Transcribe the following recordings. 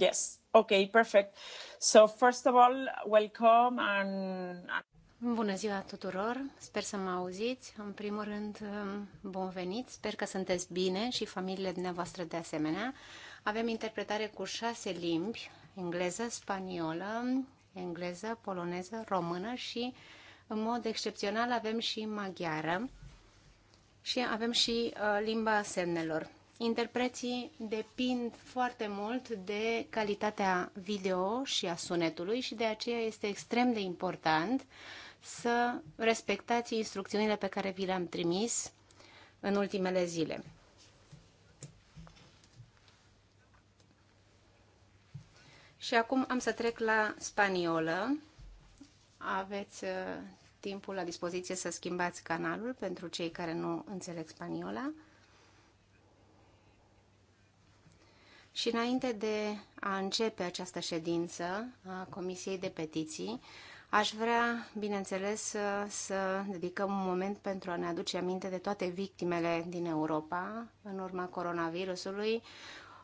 Yes. Okay, perfect. So first of all, welcome and Bună ziua tuturor! Sper să mă auziți. În primul rând, um, bun venit! Sper că sunteți bine și familiile dumneavoastră de asemenea. Avem interpretare cu șase limbi, engleză, spaniolă, engleză, poloneză, română și, în mod excepțional, avem și maghiară și avem și uh, limba semnelor. Interpreții depind foarte mult de calitatea video și a sunetului și de aceea este extrem de important să respectați instrucțiunile pe care vi le-am trimis în ultimele zile. Și acum am să trec la spaniolă. Aveți uh, timpul la dispoziție să schimbați canalul pentru cei care nu înțeleg spaniola. Și înainte de a începe această ședință a Comisiei de Petiții, aș vrea, bineînțeles, să, să dedicăm un moment pentru a ne aduce aminte de toate victimele din Europa în urma coronavirusului,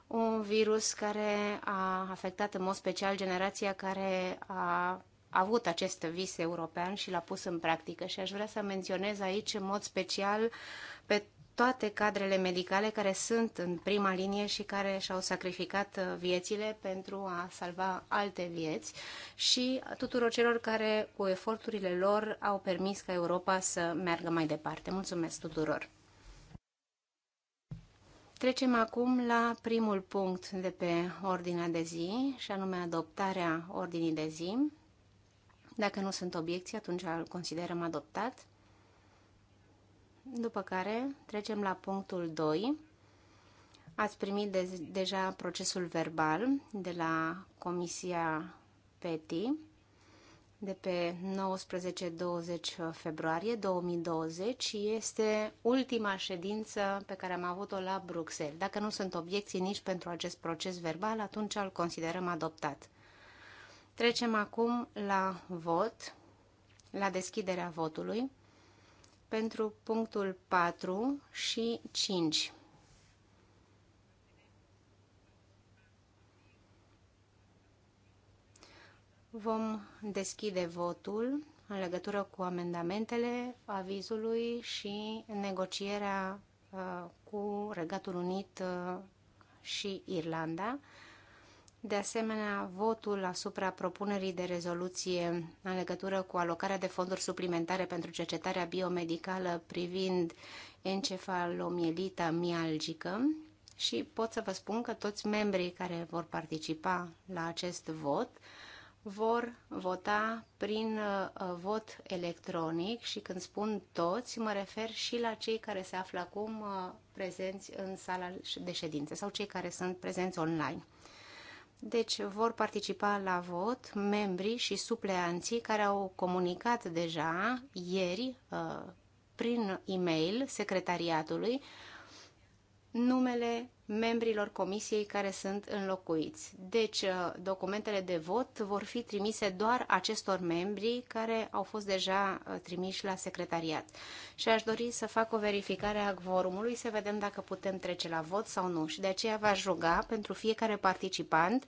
un virus care a afectat în mod special generația care a avut acest vis european și l-a pus în practică. Și aș vrea să menționez aici în mod special pe toate cadrele medicale care sunt în prima linie și care și-au sacrificat uh, viețile pentru a salva alte vieți și tuturor celor care cu eforturile lor au permis ca Europa să meargă mai departe. Mulțumesc tuturor! Trecem acum la primul punct de pe ordinea de zi, și anume adoptarea ordinii de zi. Dacă nu sunt obiecții, atunci îl considerăm adoptat după care trecem la punctul 2. Ați primit de- deja procesul verbal de la Comisia PETI de pe 19-20 februarie 2020 este ultima ședință pe care am avut-o la Bruxelles. Dacă nu sunt obiecții nici pentru acest proces verbal, atunci îl considerăm adoptat. Trecem acum la vot, la deschiderea votului pentru punctul 4 și 5. Vom deschide votul în legătură cu amendamentele avizului și negocierea uh, cu Regatul Unit uh, și Irlanda de asemenea, votul asupra propunerii de rezoluție în legătură cu alocarea de fonduri suplimentare pentru cercetarea biomedicală privind encefalomielita mialgică și pot să vă spun că toți membrii care vor participa la acest vot vor vota prin uh, vot electronic și când spun toți, mă refer și la cei care se află acum uh, prezenți în sala de ședințe sau cei care sunt prezenți online. Deci vor participa la vot membrii și supleanții care au comunicat deja ieri uh, prin e-mail secretariatului numele membrilor comisiei care sunt înlocuiți. Deci, uh, documentele de vot vor fi trimise doar acestor membri care au fost deja uh, trimiși la secretariat. Și aș dori să fac o verificare a quorumului, să vedem dacă putem trece la vot sau nu. Și de aceea v-aș ruga pentru fiecare participant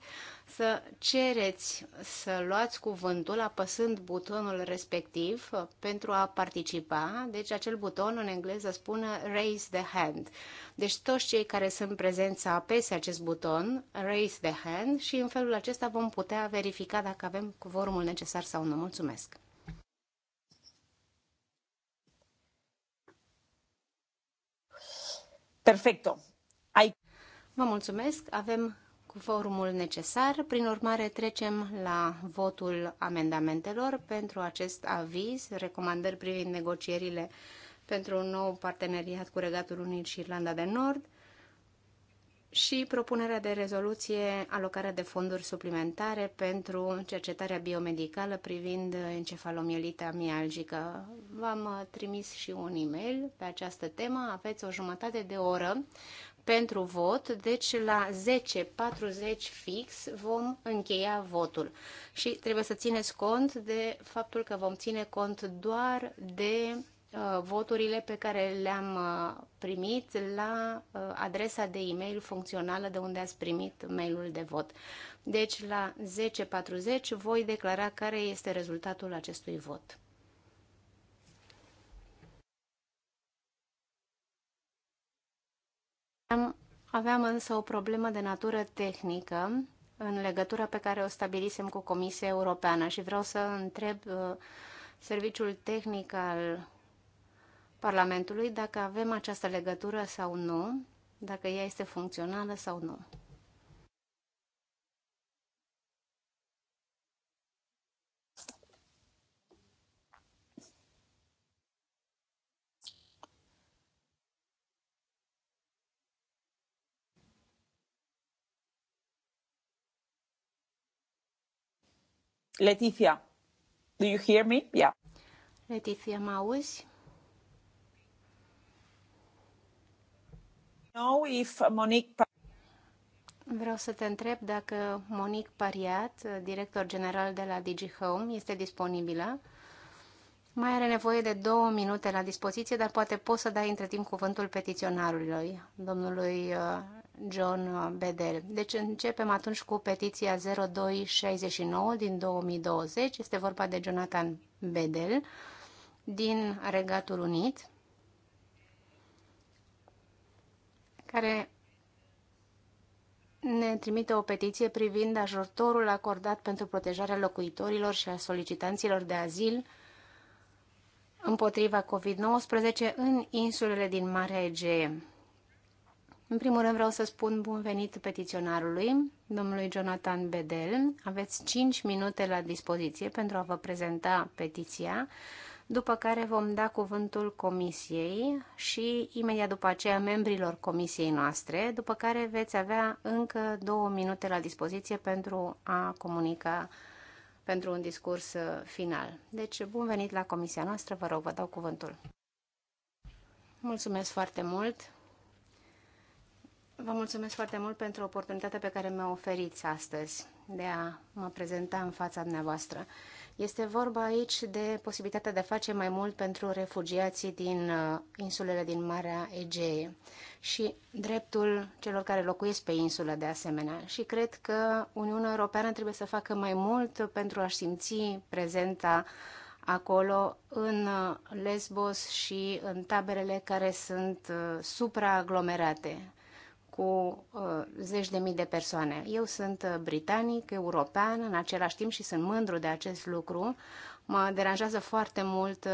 să cereți să luați cuvântul apăsând butonul respectiv uh, pentru a participa. Deci acel buton în engleză spune raise the hand. Deci toți cei care sunt prezenți să apese acest buton raise the hand și în felul acesta vom putea verifica dacă avem cuvormul necesar sau nu. Mulțumesc! Perfecto. Ai... Vă mulțumesc. Avem cuvorumul necesar. Prin urmare, trecem la votul amendamentelor pentru acest aviz, recomandări privind negocierile pentru un nou parteneriat cu Regatul Unit și Irlanda de Nord și propunerea de rezoluție alocarea de fonduri suplimentare pentru cercetarea biomedicală privind encefalomielita mialgică. V-am trimis și un e-mail pe această temă. Aveți o jumătate de oră pentru vot, deci la 10.40 fix vom încheia votul. Și trebuie să țineți cont de faptul că vom ține cont doar de uh, voturile pe care le-am uh, primit la uh, adresa de e-mail funcțională de unde ați primit mailul de vot. Deci la 10.40 voi declara care este rezultatul acestui vot. Aveam însă o problemă de natură tehnică în legătură pe care o stabilisem cu Comisia Europeană și vreau să întreb uh, serviciul tehnic al Parlamentului dacă avem această legătură sau nu, dacă ea este funcțională sau nu. Leticia, do you hear me? Yeah. Leticia, mă auzi? No, if Monique... Vreau să te întreb dacă Monique Pariat, director general de la DigiHome, este disponibilă. Mai are nevoie de două minute la dispoziție, dar poate poți să dai între timp cuvântul petiționarului, domnului uh, John Bedell. Deci începem atunci cu petiția 0269 din 2020. Este vorba de Jonathan Bedell din Regatul Unit, care ne trimite o petiție privind ajutorul acordat pentru protejarea locuitorilor și a solicitanților de azil împotriva COVID-19 în insulele din Marea Egee. În primul rând vreau să spun bun venit petiționarului, domnului Jonathan Bedel. Aveți 5 minute la dispoziție pentru a vă prezenta petiția, după care vom da cuvântul comisiei și imediat după aceea membrilor comisiei noastre, după care veți avea încă 2 minute la dispoziție pentru a comunica pentru un discurs uh, final. Deci, bun venit la comisia noastră, vă rog, vă dau cuvântul. Mulțumesc foarte mult! Vă mulțumesc foarte mult pentru oportunitatea pe care mi-o oferiți astăzi de a mă prezenta în fața dumneavoastră. Este vorba aici de posibilitatea de a face mai mult pentru refugiații din uh, insulele din Marea Egee și dreptul celor care locuiesc pe insulă de asemenea. Și cred că Uniunea Europeană trebuie să facă mai mult pentru a-și simți prezenta acolo în uh, Lesbos și în taberele care sunt uh, supraaglomerate cu uh, zeci de mii de persoane. Eu sunt uh, britanic, european în același timp și sunt mândru de acest lucru. Mă deranjează foarte mult uh,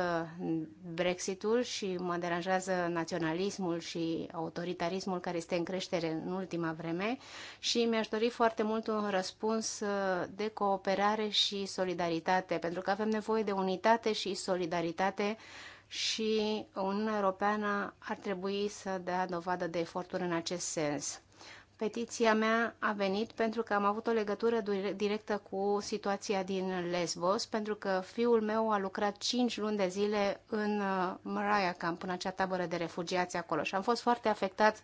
Brexitul și mă deranjează naționalismul și autoritarismul care este în creștere în ultima vreme și mi-aș dori foarte mult un răspuns uh, de cooperare și solidaritate, pentru că avem nevoie de unitate și solidaritate uh, și Uniunea Europeană ar trebui să dea dovadă de eforturi în acest sens. Petiția mea a venit pentru că am avut o legătură directă cu situația din Lesbos, pentru că fiul meu a lucrat 5 luni de zile în uh, Mariah Camp, în acea tabără de refugiați acolo și am fost foarte afectat uh,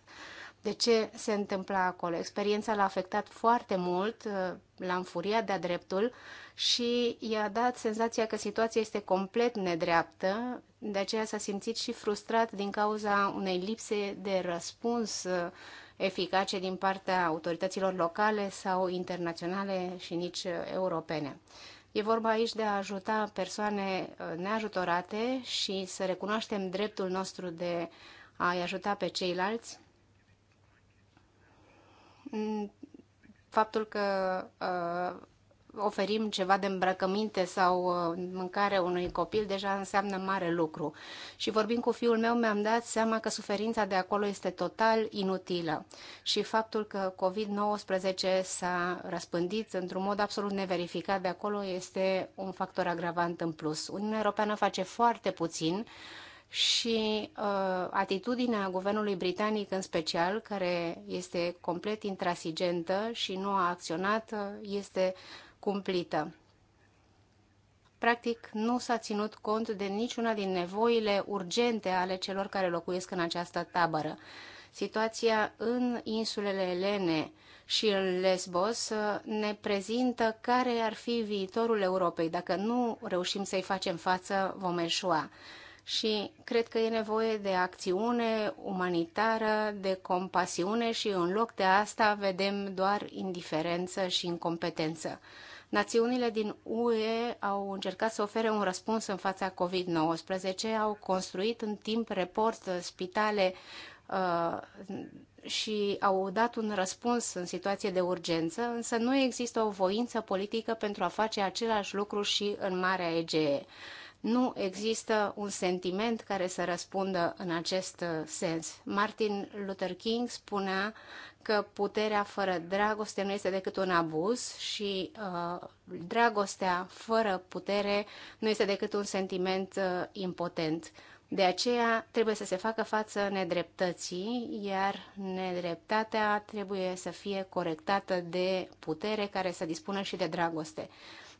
de ce se întâmpla acolo. Experiența l-a afectat foarte mult, uh, l-a înfuriat de-a dreptul și i-a dat senzația că situația este complet nedreaptă, de aceea s-a simțit și frustrat din cauza unei lipse de răspuns uh, eficace din partea autorităților locale sau internaționale și nici uh, europene. E vorba aici de a ajuta persoane neajutorate și să recunoaștem dreptul nostru de a-i ajuta pe ceilalți faptul că uh, oferim ceva de îmbrăcăminte sau uh, mâncare unui copil deja înseamnă mare lucru. Și vorbind cu fiul meu, mi-am dat seama că suferința de acolo este total inutilă. Și faptul că COVID-19 s-a răspândit într-un mod absolut neverificat de acolo este un factor agravant în plus. Uniunea Europeană face foarte puțin și uh, atitudinea guvernului britanic în special, care este complet intransigentă și nu a acționat, uh, este cumplită. Practic, nu s-a ținut cont de niciuna din nevoile urgente ale celor care locuiesc în această tabără. Situația în insulele Elene și în Lesbos uh, ne prezintă care ar fi viitorul Europei. Dacă nu reușim să-i facem față, vom eșua și cred că e nevoie de acțiune umanitară, de compasiune și în loc de asta vedem doar indiferență și incompetență. Națiunile din UE au încercat să ofere un răspuns în fața COVID-19, au construit în timp report spitale uh, și au dat un răspuns în situație de urgență, însă nu există o voință politică pentru a face același lucru și în Marea Egee nu există un sentiment care să răspundă în acest uh, sens. Martin Luther King spunea că puterea fără dragoste nu este decât un abuz și uh, dragostea fără putere nu este decât un sentiment uh, impotent. De aceea trebuie să se facă față nedreptății, iar nedreptatea trebuie să fie corectată de putere care să dispună și de dragoste.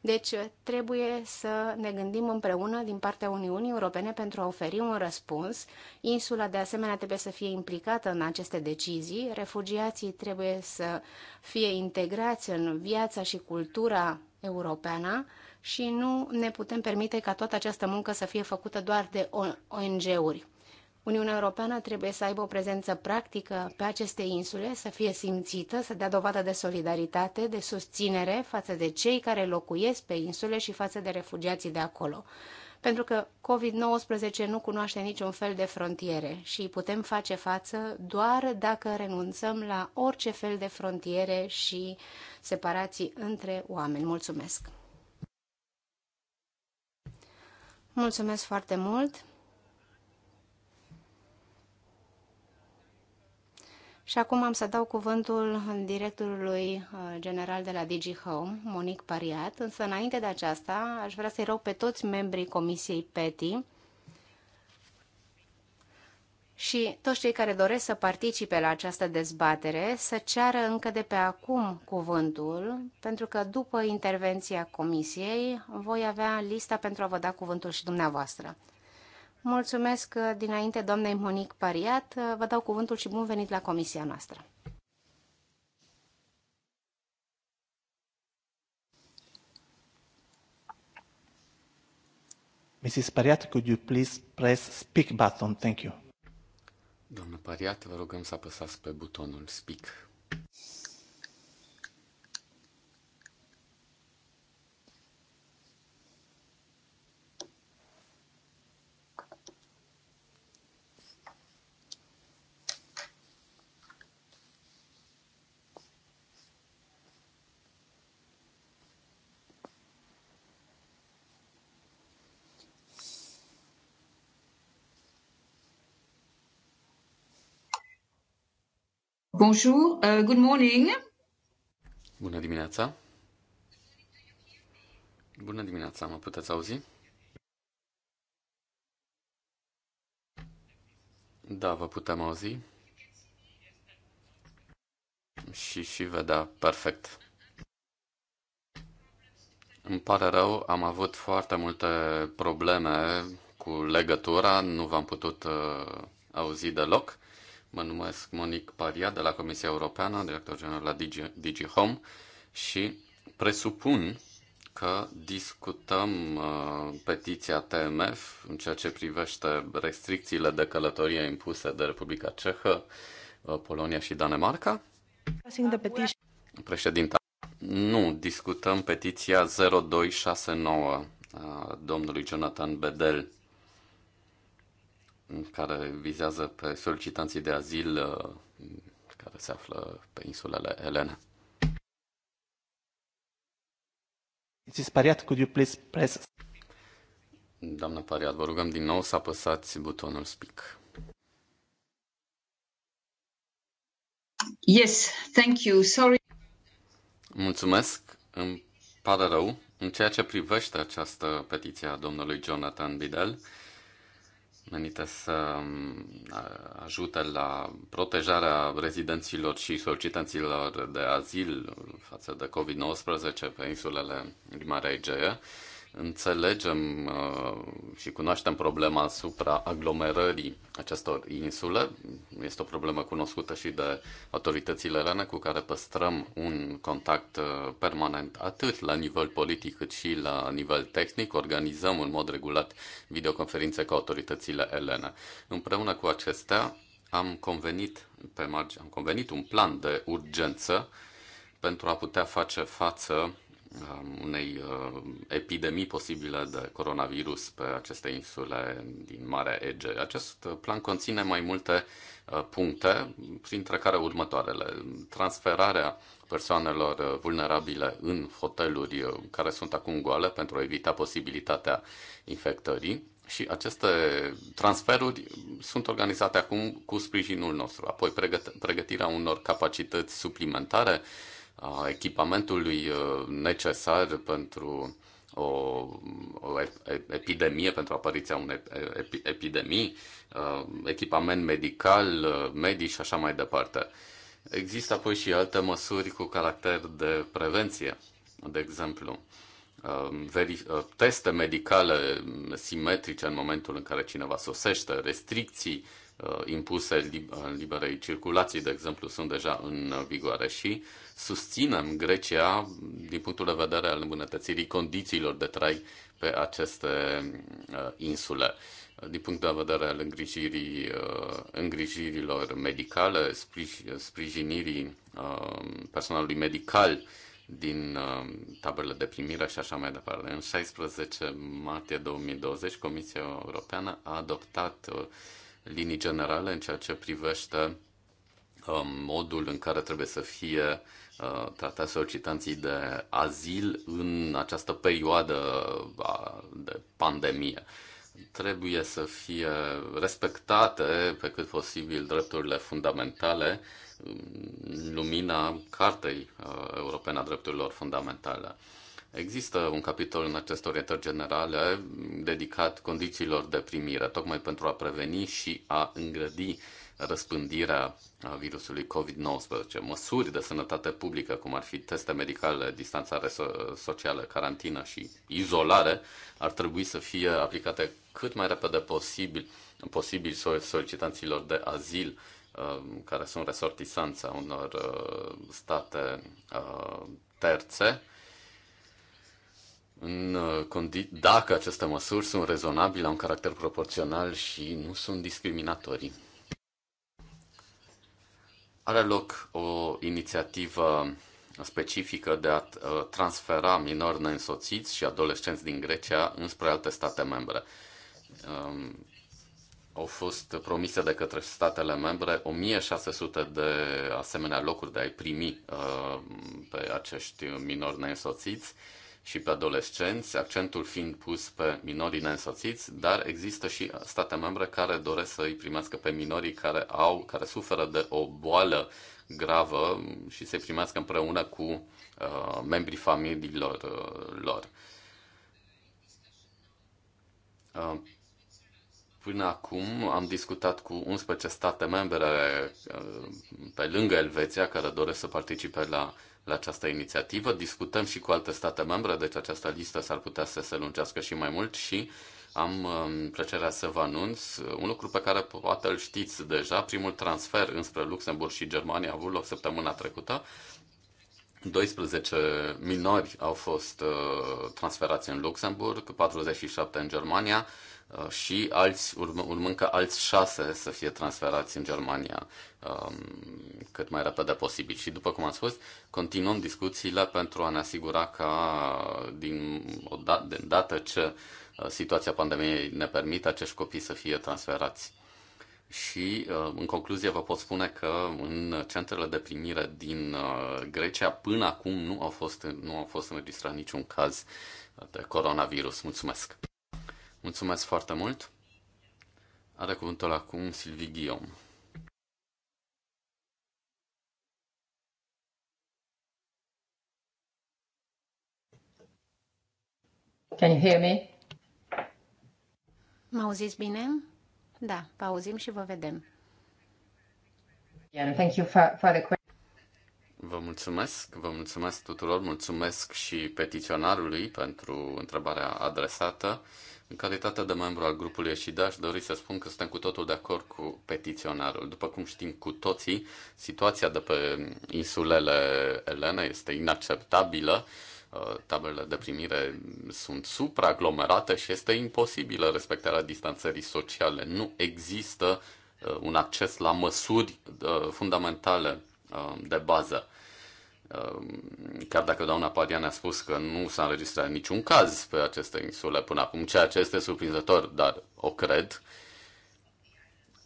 Deci trebuie să ne gândim împreună din partea Uniunii Europene pentru a oferi un răspuns. Insula de asemenea trebuie să fie implicată în aceste decizii. Refugiații trebuie să fie integrați în viața și cultura europeană și nu ne putem permite ca toată această muncă să fie făcută doar de ONG-uri. Uniunea Europeană trebuie să aibă o prezență practică pe aceste insule, să fie simțită, să dea dovadă de solidaritate, de susținere față de cei care locuiesc pe insule și față de refugiații de acolo. Pentru că COVID-19 nu cunoaște niciun fel de frontiere și putem face față doar dacă renunțăm la orice fel de frontiere și separații între oameni. Mulțumesc! Mulțumesc foarte mult! Și acum am să dau cuvântul directorului uh, general de la Digi Home, Pariat, însă înainte de aceasta aș vrea să-i rog pe toți membrii Comisiei PETI și toți cei care doresc să participe la această dezbatere să ceară încă de pe acum cuvântul, pentru că după intervenția Comisiei voi avea lista pentru a vă da cuvântul și dumneavoastră. Mulțumesc uh, dinainte doamnei Monique Pariat. Uh, vă dau cuvântul și bun venit la comisia noastră. Mrs. Pariat, could you please press speak button? Thank you. Doamna Pariat, vă rugăm să apăsați pe butonul speak. Bonjour, uh, good morning. Bună dimineața. Bună dimineața, mă puteți auzi? Da, vă putem auzi. Și și vedea perfect. Îmi pare rău, am avut foarte multe probleme cu legătura, nu v-am putut uh, auzi deloc. Mă numesc Monic Paria de la Comisia Europeană, director general la Digi, Digi Home și presupun că discutăm uh, petiția TMF în ceea ce privește restricțiile de călătorie impuse de Republica Cehă, uh, Polonia și Danemarca. Președinta, nu, discutăm petiția 0269 a uh, domnului Jonathan Bedel care vizează pe solicitanții de azil uh, care se află pe insulele Elena. Pariat, could you please press... Doamna Pariat, vă rugăm din nou să apăsați butonul speak. Yes, thank you. Sorry. Mulțumesc. Îmi pare rău. În ceea ce privește această petiție a domnului Jonathan Bidel, menite să mm, ajute la protejarea rezidenților și solicitanților de azil față de COVID-19 pe insulele din Marea Egee înțelegem uh, și cunoaștem problema asupra aglomerării acestor insule. Este o problemă cunoscută și de autoritățile elene cu care păstrăm un contact uh, permanent atât la nivel politic cât și la nivel tehnic. Organizăm în mod regulat videoconferințe cu autoritățile elene. Împreună cu acestea am convenit, pe margine, am convenit un plan de urgență pentru a putea face față Um, unei uh, epidemii posibile de coronavirus pe aceste insule din Marea Ege. Acest plan conține mai multe uh, puncte, printre care următoarele. Transferarea persoanelor uh, vulnerabile în hoteluri care sunt acum goale pentru a evita posibilitatea infectării. Și aceste transferuri sunt organizate acum cu sprijinul nostru. Apoi pregătirea unor capacități suplimentare echipamentului uh, necesar pentru o, epidemie, pentru apariția unei epidemii, uh, echipament medical, uh, medici și așa mai departe. Există apoi și alte măsuri cu caracter de prevenție, de exemplu teste medicale simetrice în momentul în care cineva sosește, restricții Uh, impuse uh, liberei circulații, de exemplu, sunt deja în vigoare și susținem Grecia din punctul de vedere al îmbunătățirii condițiilor de trai pe aceste uh, insule. Din punct de vedere al îngrijirii, îngrijirilor medicale, sprijinirii personalului medical din taberele de primire și așa mai departe. În 16 martie 2020, Comisia Europeană a adoptat linii generale în ceea ce privește uh, modul în care trebuie să fie uh, tratați solicitanții de azil în această perioadă uh, de pandemie. Trebuie să fie respectate pe cât posibil drepturile fundamentale în um, lumina Cartei Europene a Drepturilor Fundamentale. Există un capitol în acest orientări generale dedicat condițiilor de primire, tocmai pentru a preveni și a îngrădi răspândirea virusului COVID-19. Măsuri de sănătate publică, cum ar fi teste medicale, distanțare socială, carantină și izolare, ar trebui să fie aplicate cât mai repede posibil, posibil solicitanților de azil uh, care sunt resortisanța unor uh, state uh, terțe în uh, condi- dacă aceste măsuri sunt rezonabile, au un caracter proporțional și nu sunt discriminatorii. Are loc o inițiativă specifică de a uh, transfera minori neînsoțiți și adolescenți din Grecia înspre alte state membre. Um, au fost promise de către statele membre 1600 de asemenea locuri de a-i primi uh, pe acești minori neînsoțiți. Uh, și pe adolescenți, accentul fiind pus pe minorii neînsoțiți, dar există și state membre care doresc să îi primească pe minorii care au, care suferă de o boală gravă și se primească împreună cu uh, membrii familiilor uh, lor. Uh, Până acum am discutat cu 11 state membre uh, pe lângă Elveția care doresc să participe la la această inițiativă. Discutăm și cu alte state membre, deci această listă s-ar putea să se lungească și mai mult și am um, plăcerea să vă anunț un lucru pe care poate îl știți deja. Primul transfer înspre Luxemburg și Germania a avut loc săptămâna trecută. 12 minori au fost uh, transferați în Luxemburg, 47 în Germania, Uh, și alți, urmând ca alți șase să fie transferați în Germania um, cât mai repede posibil. Și după cum am spus, continuăm discuțiile pentru a ne asigura că din, odată, de dată ce uh, situația pandemiei ne permite, acești copii să fie transferați. Și, uh, în concluzie, vă pot spune că în centrele de primire din Grecia, până acum, nu au fost, nu au fost înregistrat niciun caz de coronavirus. Mulțumesc! Mulțumesc foarte mult. Are cuvântul acum Silvi Guillaume. Can you hear me? Mă auziți bine? Da, vă auzim și vă vedem. Yeah, thank you for, for the question. Vă mulțumesc, vă mulțumesc tuturor, mulțumesc și petiționarului pentru întrebarea adresată. În calitate de membru al grupului Eșida, aș dori să spun că suntem cu totul de acord cu petiționarul. După cum știm cu toții, situația de pe insulele Elena este inacceptabilă. Uh, Tablele de primire sunt supraaglomerate și este imposibilă respectarea distanțării sociale. Nu există uh, un acces la măsuri uh, fundamentale de bază. Um, chiar dacă doamna ne a spus că nu s-a înregistrat niciun caz pe aceste insule până acum, ceea ce este surprinzător, dar o cred,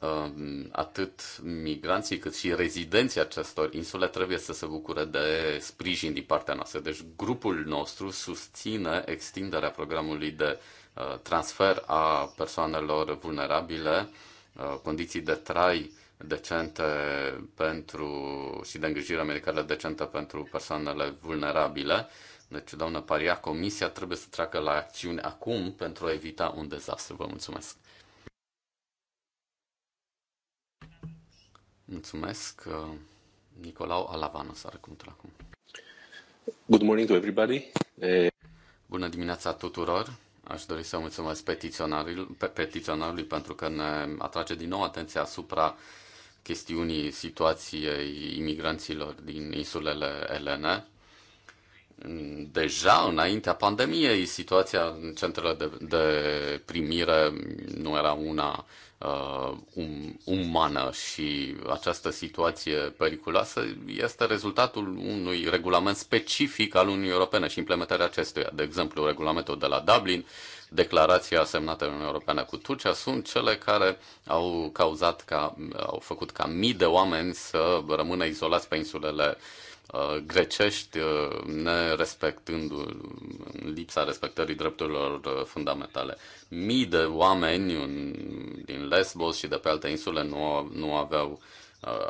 um, atât migranții cât și rezidenții acestor insule trebuie să se bucure de sprijin din partea noastră. Deci grupul nostru susține extinderea programului de uh, transfer a persoanelor vulnerabile, uh, condiții de trai decente pentru, și de îngrijire medicală decentă pentru persoanele vulnerabile. Deci, doamnă Paria, Comisia trebuie să treacă la acțiune acum pentru a evita un dezastru. Vă mulțumesc! Mulțumesc! Nicolau Alavano s-a recuntul acum. Good morning to everybody! Bună dimineața tuturor! Aș dori să mulțumesc petiționarului, petiționarului pentru că ne atrage din nou atenția asupra uh, chestiunii situației imigranților din insulele Elene. Deja înaintea pandemiei, situația în centrele de, de primire nu era una uh, um, umană și această situație periculoasă este rezultatul unui regulament specific al Uniunii Europene și implementarea acestuia. De exemplu, regulamentul de la Dublin, uh, declarația semnată în Uniunea Europeană cu Turcia sunt cele care au cauzat ca, au făcut ca mii de oameni să rămână izolați pe insulele uh, grecești, uh, nerespectând uh, lipsa respectării drepturilor fundamentale. Mii de oameni din Lesbos și de pe alte insule nu, nu aveau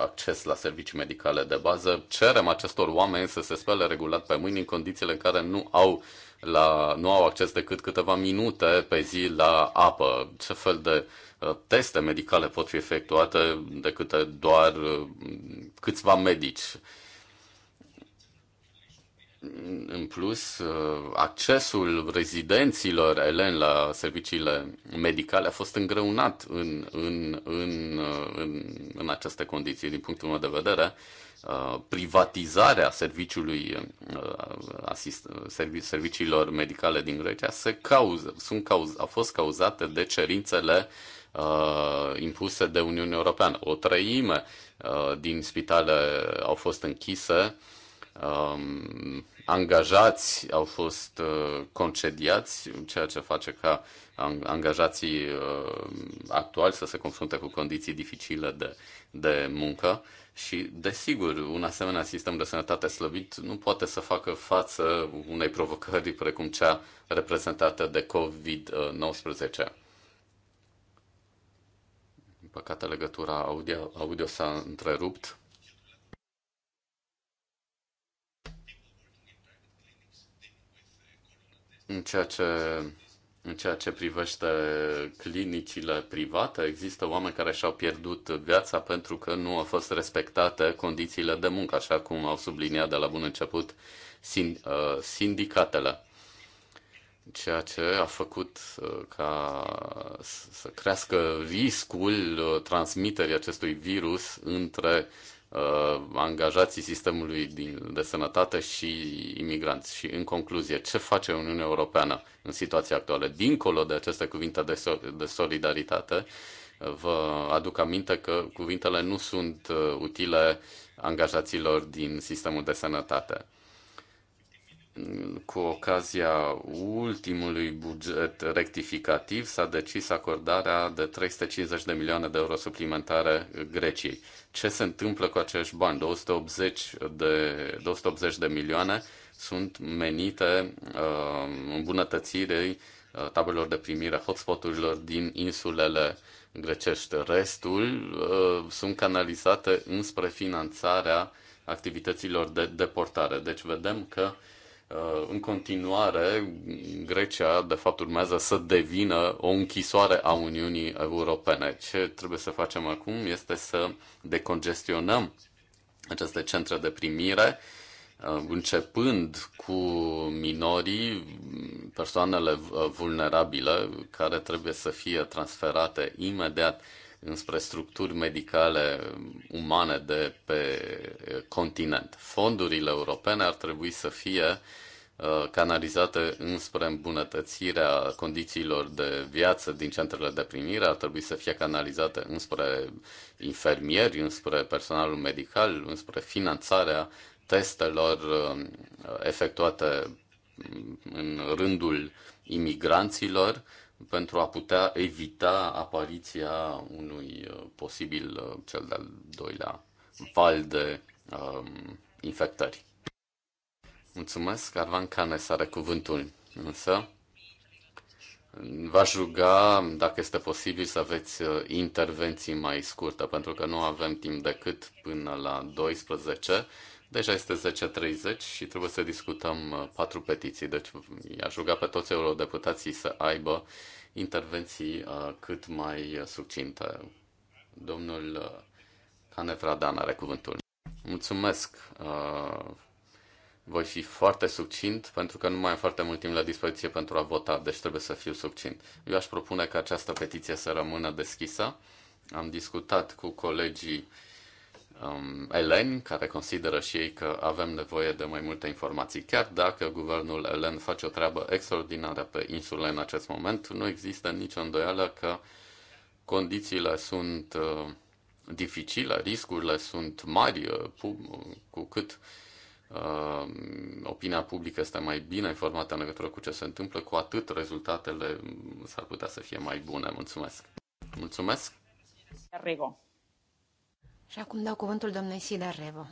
acces la servicii medicale de bază. Cerem acestor oameni să se spele regulat pe mâini în condițiile în care nu au la, nu au acces decât câteva minute pe zi la apă. Ce fel de uh, teste medicale pot fi efectuate decât doar uh, câțiva medici? În plus, uh, accesul rezidenților elen la serviciile medicale a fost îngreunat în, în, în, în, în aceste condiții, din punctul meu de vedere. Uh, Uh, privatizarea serviciului uh, asist, serviciilor medicale din Grecia se cauză, sunt cauz, a fost cauzată de cerințele uh, impuse de Uniunea Europeană. O treime uh, din spitale au fost închise, um, angajați au fost uh, concediați, ceea ce face ca angajații uh, actuali să se confrunte cu condiții dificile de, de muncă. Uh, și, desigur, un asemenea sistem de sănătate slăbit nu poate să facă față unei provocări precum cea reprezentată de COVID-19. În păcate, legătura audio, audio s-a întrerupt. În ceea ce în ceea ce privește clinicile private, există oameni care și-au pierdut viața pentru că nu au fost respectate condițiile de muncă, așa cum au subliniat de la bun început uh, sindicatele ceea ce a făcut uh, ca să crească riscul uh, transmiterii acestui virus între Uh, angajații sistemului din, de sănătate și imigranți. Și în concluzie, ce face Uniunea Europeană în situația actuală? Dincolo de aceste cuvinte de, so- de solidaritate, uh, vă aduc aminte că cuvintele nu sunt uh, utile angajaților din sistemul de sănătate cu ocazia ultimului buget rectificativ s-a decis acordarea de 350 de milioane de euro suplimentare Greciei. Ce se întâmplă cu acești bani? 280 de, 280 de milioane sunt menite uh, îmbunătățirii uh, tabelor de primire hotspoturilor din insulele grecești. Restul uh, sunt canalizate înspre finanțarea activităților de deportare. Deci vedem că uh, Uh, în continuare, Grecia, de fapt, urmează să devină o închisoare a Uniunii Europene. Ce trebuie să facem acum este să decongestionăm aceste centre de primire, uh, începând cu minorii, persoanele uh, vulnerabile, care trebuie să fie transferate imediat înspre structuri medicale umane de pe continent. Fondurile europene ar trebui să fie uh, Uh, canalizate înspre îmbunătățirea condițiilor de viață din centrele de primire, ar trebui să fie canalizate înspre infermieri, înspre personalul medical, înspre finanțarea testelor uh, efectuate în rândul imigranților pentru a putea evita apariția unui uh, posibil cel de-al doilea val de um, infectări. Mulțumesc, Arvan Cane să are cuvântul, însă v-aș ruga, dacă este posibil, să aveți uh, intervenții mai scurte, pentru că nu avem timp decât până la 12. Deja este 10.30 și trebuie să discutăm uh, patru petiții, deci i-aș ruga pe toți eurodeputații să aibă intervenții uh, cât mai succinte. Domnul Canefradan are cuvântul. Mulțumesc! Voi fi foarte succint pentru că nu mai am foarte mult timp la dispoziție pentru a vota, deci trebuie să fiu succint. Eu aș propune ca această petiție să rămână deschisă. Am discutat cu colegii um, eleni, care consideră și ei că avem nevoie de mai multe informații. Chiar dacă guvernul elen face o treabă extraordinară pe insulă în acest moment, nu există nicio îndoială că condițiile sunt uh, dificile, riscurile sunt mari, uh, cu cât uh, uh, opinia publică este mai bine informată în legătură cu ce se întâmplă, cu atât rezultatele s-ar putea să fie mai bune. Mulțumesc! Mulțumesc! Rigo. Și acum dau cuvântul doamnei Sida Revo.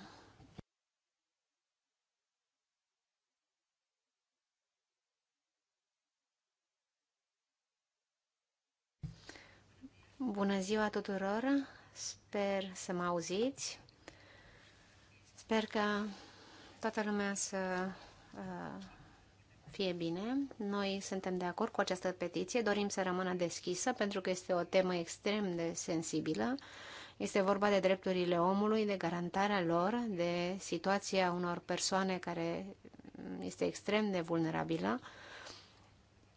Bună ziua tuturor! Sper să mă auziți. Sper că toată lumea să uh, fie bine. Noi suntem de acord cu această petiție, dorim să rămână deschisă pentru că este o temă extrem de sensibilă. Este vorba de drepturile omului, de garantarea lor, de situația unor persoane care este extrem de vulnerabilă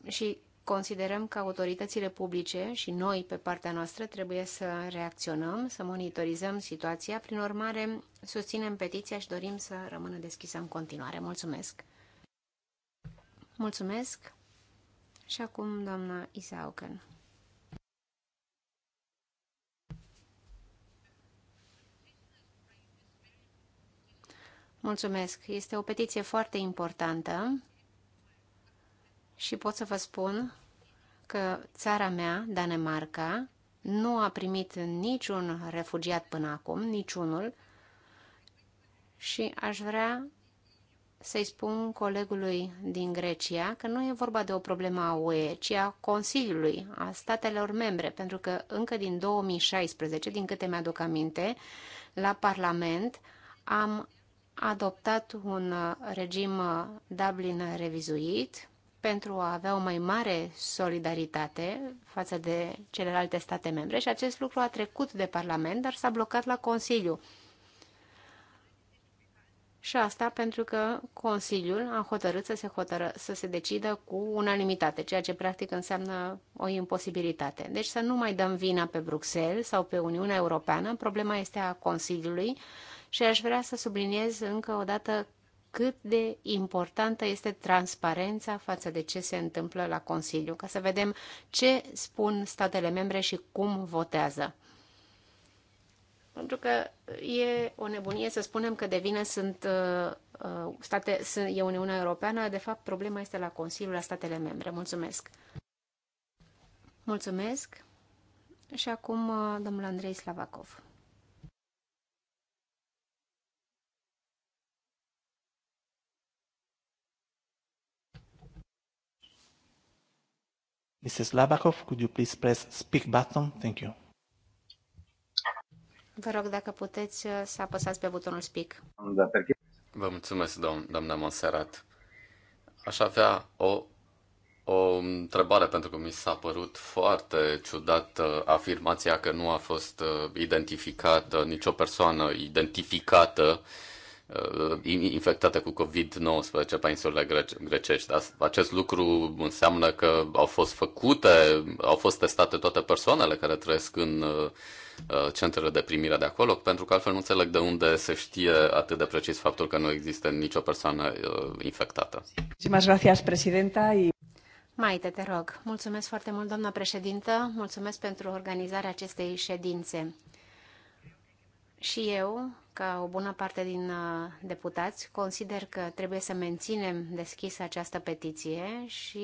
și Considerăm că autoritățile publice și noi pe partea noastră trebuie să reacționăm, să monitorizăm situația. Prin urmare, susținem petiția și dorim să rămână deschisă în continuare. Mulțumesc! Mulțumesc! Și acum doamna Isauken. Mulțumesc! Este o petiție foarte importantă și pot să vă spun că țara mea, Danemarca, nu a primit niciun refugiat până acum, niciunul, și aș vrea să-i spun colegului din Grecia că nu e vorba de o problemă a UE, ci a Consiliului, a statelor membre, pentru că încă din 2016, din câte mi-aduc aminte, la Parlament am adoptat un regim Dublin revizuit, pentru a avea o mai mare solidaritate față de celelalte state membre și acest lucru a trecut de Parlament, dar s-a blocat la Consiliu. Și asta pentru că Consiliul a hotărât să se, hotără, să se decidă cu unanimitate, ceea ce practic înseamnă o imposibilitate. Deci să nu mai dăm vina pe Bruxelles sau pe Uniunea Europeană, problema este a Consiliului și aș vrea să subliniez încă o dată cât de importantă este transparența față de ce se întâmplă la Consiliu, ca să vedem ce spun statele membre și cum votează. Pentru că e o nebunie să spunem că de vină sunt uh, uh state, sunt, e Uniunea Europeană, de fapt problema este la Consiliu, la statele membre. Mulțumesc! Mulțumesc! Și acum uh, domnul Andrei Slavakov. Mrs. Labakov, could you please press speak button? Thank you. Vă rog dacă puteți uh, să apăsați pe butonul speak. Vă mulțumesc, domn, doamna Monserrat. Aș avea o, o întrebare, pentru că mi s-a părut foarte ciudată afirmația că nu a fost uh, identificată nicio persoană identificată uh, Uh, infectate cu COVID-19 pe insulele grecești. Acest lucru înseamnă că au fost făcute, au fost testate toate persoanele care trăiesc în uh, uh, centrele de primire de acolo, pentru că altfel nu înțeleg de unde se știe atât de precis faptul că nu există nicio persoană infectată. Maite, te rog. Mulțumesc foarte mult, doamna președintă. Mulțumesc pentru organizarea acestei ședințe. Și eu, ca o bună parte din uh, deputați, consider că trebuie să menținem deschisă această petiție și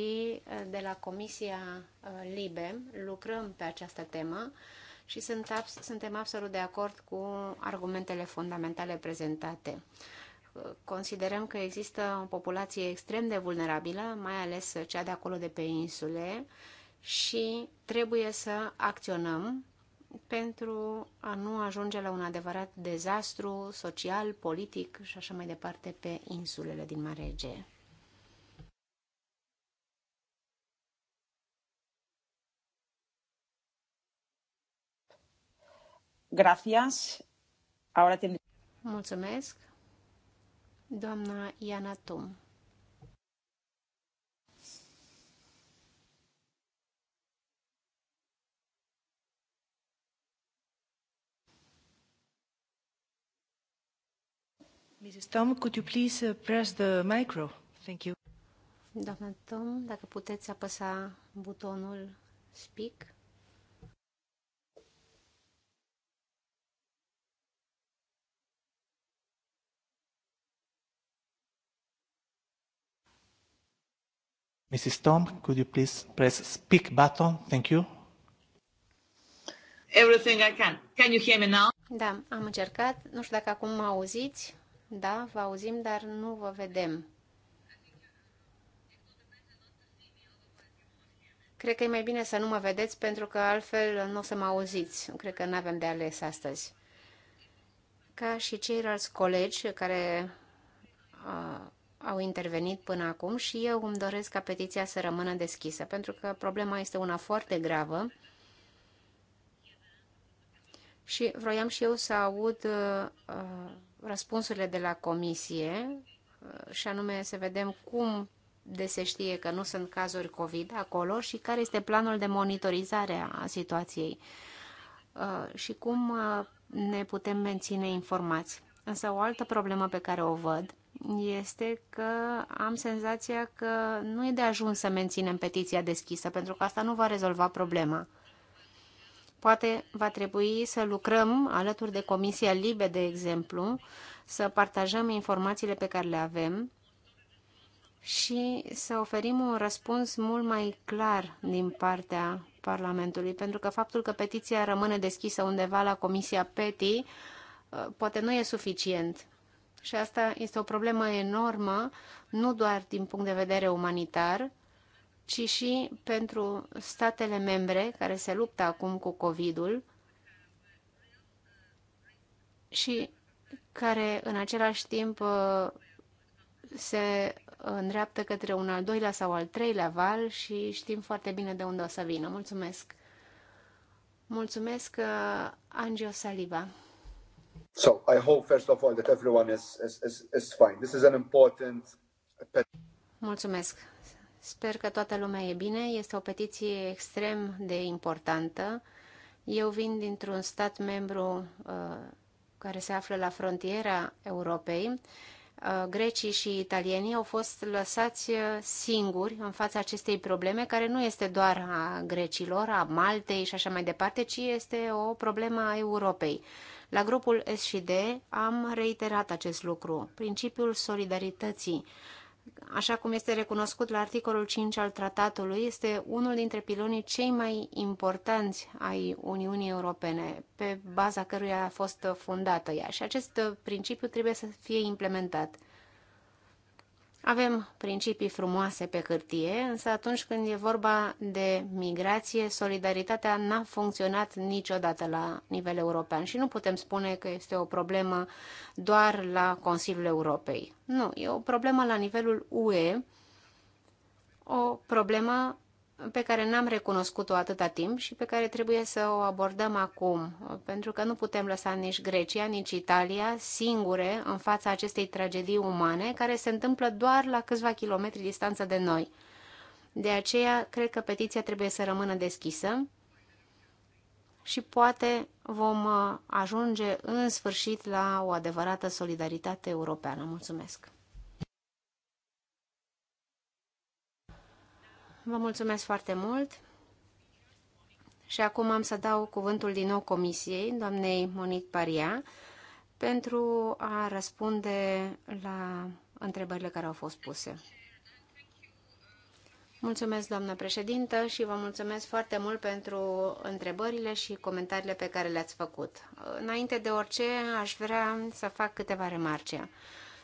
uh, de la Comisia uh, Libe lucrăm pe această temă și sunt, suntem absolut de acord cu argumentele fundamentale prezentate. Considerăm că există o populație extrem de vulnerabilă, mai ales cea de acolo de pe insule, și trebuie să acționăm pentru a nu ajunge la un adevărat dezastru social, politic și așa mai departe pe insulele din mare. Egee. Gracias. Ahora Mulțumesc. Doamna Iana Tum. Mrs. Tom, could you please uh, press the micro? Thank you. Doamna Tom, dacă puteți apăsa butonul speak. Mrs. Tom, could you please press speak button? Thank you. Everything I can. Can you hear me now? Da, am încercat. Nu știu dacă acum mă auziți. Da, vă auzim, dar nu vă vedem. Cred că e mai bine să nu mă vedeți, pentru că altfel nu o să mă auziți. Cred că nu avem de ales astăzi. Ca și ceilalți colegi care uh, au intervenit până acum și eu îmi doresc ca petiția să rămână deschisă, pentru că problema este una foarte gravă și vroiam și eu să aud uh, răspunsurile de la comisie uh, și anume să vedem cum de se știe că nu sunt cazuri COVID acolo și care este planul de monitorizare a situației uh, și cum uh, ne putem menține informați. Însă o altă problemă pe care o văd este că am senzația că nu e de ajuns să menținem petiția deschisă, pentru că asta nu va rezolva problema. Poate va trebui să lucrăm alături de Comisia Libe, de exemplu, să partajăm informațiile pe care le avem și să oferim un răspuns mult mai clar din partea Parlamentului, pentru că faptul că petiția rămâne deschisă undeva la Comisia PETI uh, poate nu e suficient. Și asta este o problemă enormă, nu doar din punct de vedere umanitar, ci și pentru statele membre care se luptă acum cu COVID-ul și care în același timp uh, se îndreaptă către un al doilea sau al treilea val și știm foarte bine de unde o să vină. Mulțumesc! Mulțumesc, uh, Angio Saliba! So, I hope first of all that everyone is, is, is, is fine. This is an important... Mulțumesc! Sper că toată lumea e bine. Este o petiție extrem de importantă. Eu vin dintr-un stat membru uh, care se află la frontiera Europei. Uh, grecii și italienii au fost lăsați uh, singuri în fața acestei probleme, care nu este doar a grecilor, a Maltei și așa mai departe, ci este o problemă a Europei. La grupul S&D am reiterat acest lucru, principiul solidarității așa cum este recunoscut la articolul 5 al tratatului, este unul dintre pilonii cei mai importanți ai Uniunii Europene, pe baza căruia a fost fundată ea. Și acest principiu trebuie să fie implementat. Avem principii frumoase pe hârtie, însă atunci când e vorba de migrație, solidaritatea n-a funcționat niciodată la nivel european și nu putem spune că este o problemă doar la Consiliul Europei. Nu, e o problemă la nivelul UE, o problemă pe care n-am recunoscut-o atâta timp și pe care trebuie să o abordăm acum, pentru că nu putem lăsa nici Grecia, nici Italia singure în fața acestei tragedii umane care se întâmplă doar la câțiva kilometri distanță de noi. De aceea, cred că petiția trebuie să rămână deschisă și poate vom uh, ajunge în sfârșit la o adevărată solidaritate europeană. Mulțumesc! Vă mulțumesc foarte mult. Și acum am să dau cuvântul din nou Comisiei, doamnei Monique Paria, pentru a răspunde la întrebările care au fost puse. Mulțumesc, doamnă președintă, și vă mulțumesc foarte mult pentru întrebările și comentariile pe care le-ați făcut. Înainte de orice, aș vrea să fac câteva remarce.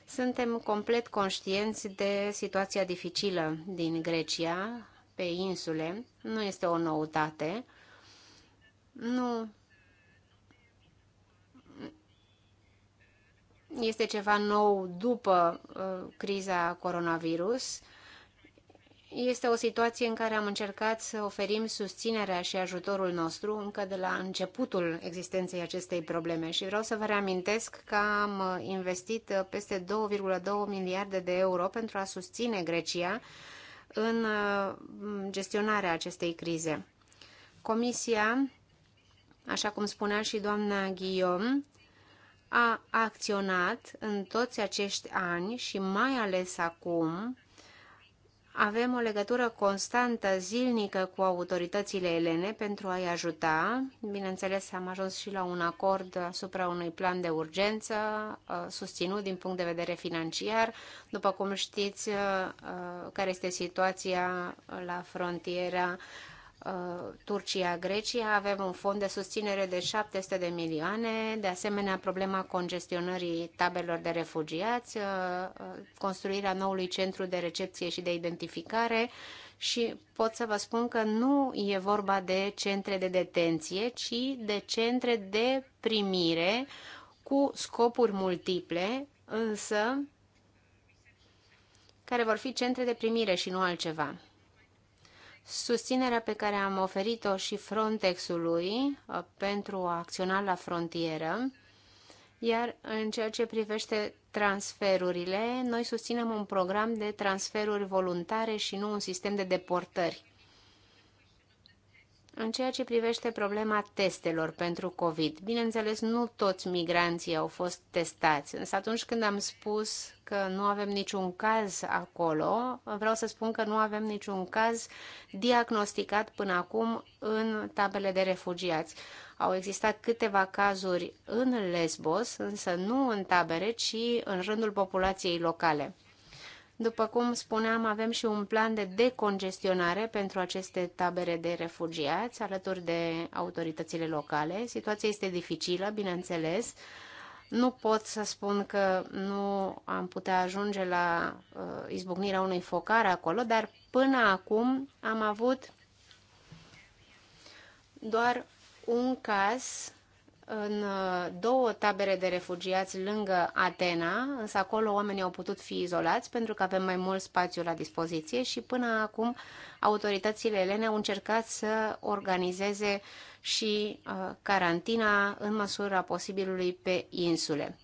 Suntem complet conștienți de situația dificilă din Grecia pe insule. Nu este o noutate. Nu este ceva nou după uh, criza coronavirus. Este o situație în care am încercat să oferim susținerea și ajutorul nostru încă de la începutul existenței acestei probleme și vreau să vă reamintesc că am uh, investit uh, peste 2,2 miliarde de euro pentru a susține Grecia în uh, gestionarea acestei crize. Comisia, așa cum spunea și doamna Guillaume, a acționat în toți acești ani și mai ales acum avem o legătură constantă, zilnică cu autoritățile elene pentru a-i ajuta. Bineînțeles, am ajuns și la un acord asupra unui plan de urgență uh, susținut din punct de vedere financiar. După cum știți, uh, uh, care este situația la frontiera Uh, Turcia-Grecia, avem un fond de susținere de 700 de milioane, de asemenea problema congestionării tabelor de refugiați, uh, uh, construirea noului centru de recepție și de identificare și pot să vă spun că nu e vorba de centre de detenție, ci de centre de primire cu scopuri multiple, însă care vor fi centre de primire și nu altceva. Susținerea pe care am oferit-o și Frontexului uh, pentru a acționa la frontieră, iar în ceea ce privește transferurile, noi susținem un program de transferuri voluntare și nu un sistem de deportări. În ceea ce privește problema testelor pentru COVID, bineînțeles, nu toți migranții au fost testați, însă atunci când am spus că nu avem niciun caz acolo, vreau să spun că nu avem niciun caz diagnosticat până acum în tabele de refugiați. Au existat câteva cazuri în Lesbos, însă nu în tabere, ci în rândul populației locale. După cum spuneam, avem și un plan de decongestionare pentru aceste tabere de refugiați alături de autoritățile locale. Situația este dificilă, bineînțeles. Nu pot să spun că nu am putea ajunge la uh, izbucnirea unui focar acolo, dar până acum am avut doar un caz în uh, două tabere de refugiați lângă Atena, însă acolo oamenii au putut fi izolați pentru că avem mai mult spațiu la dispoziție și până acum autoritățile elene au încercat să organizeze și uh, carantina în măsura posibilului pe insule.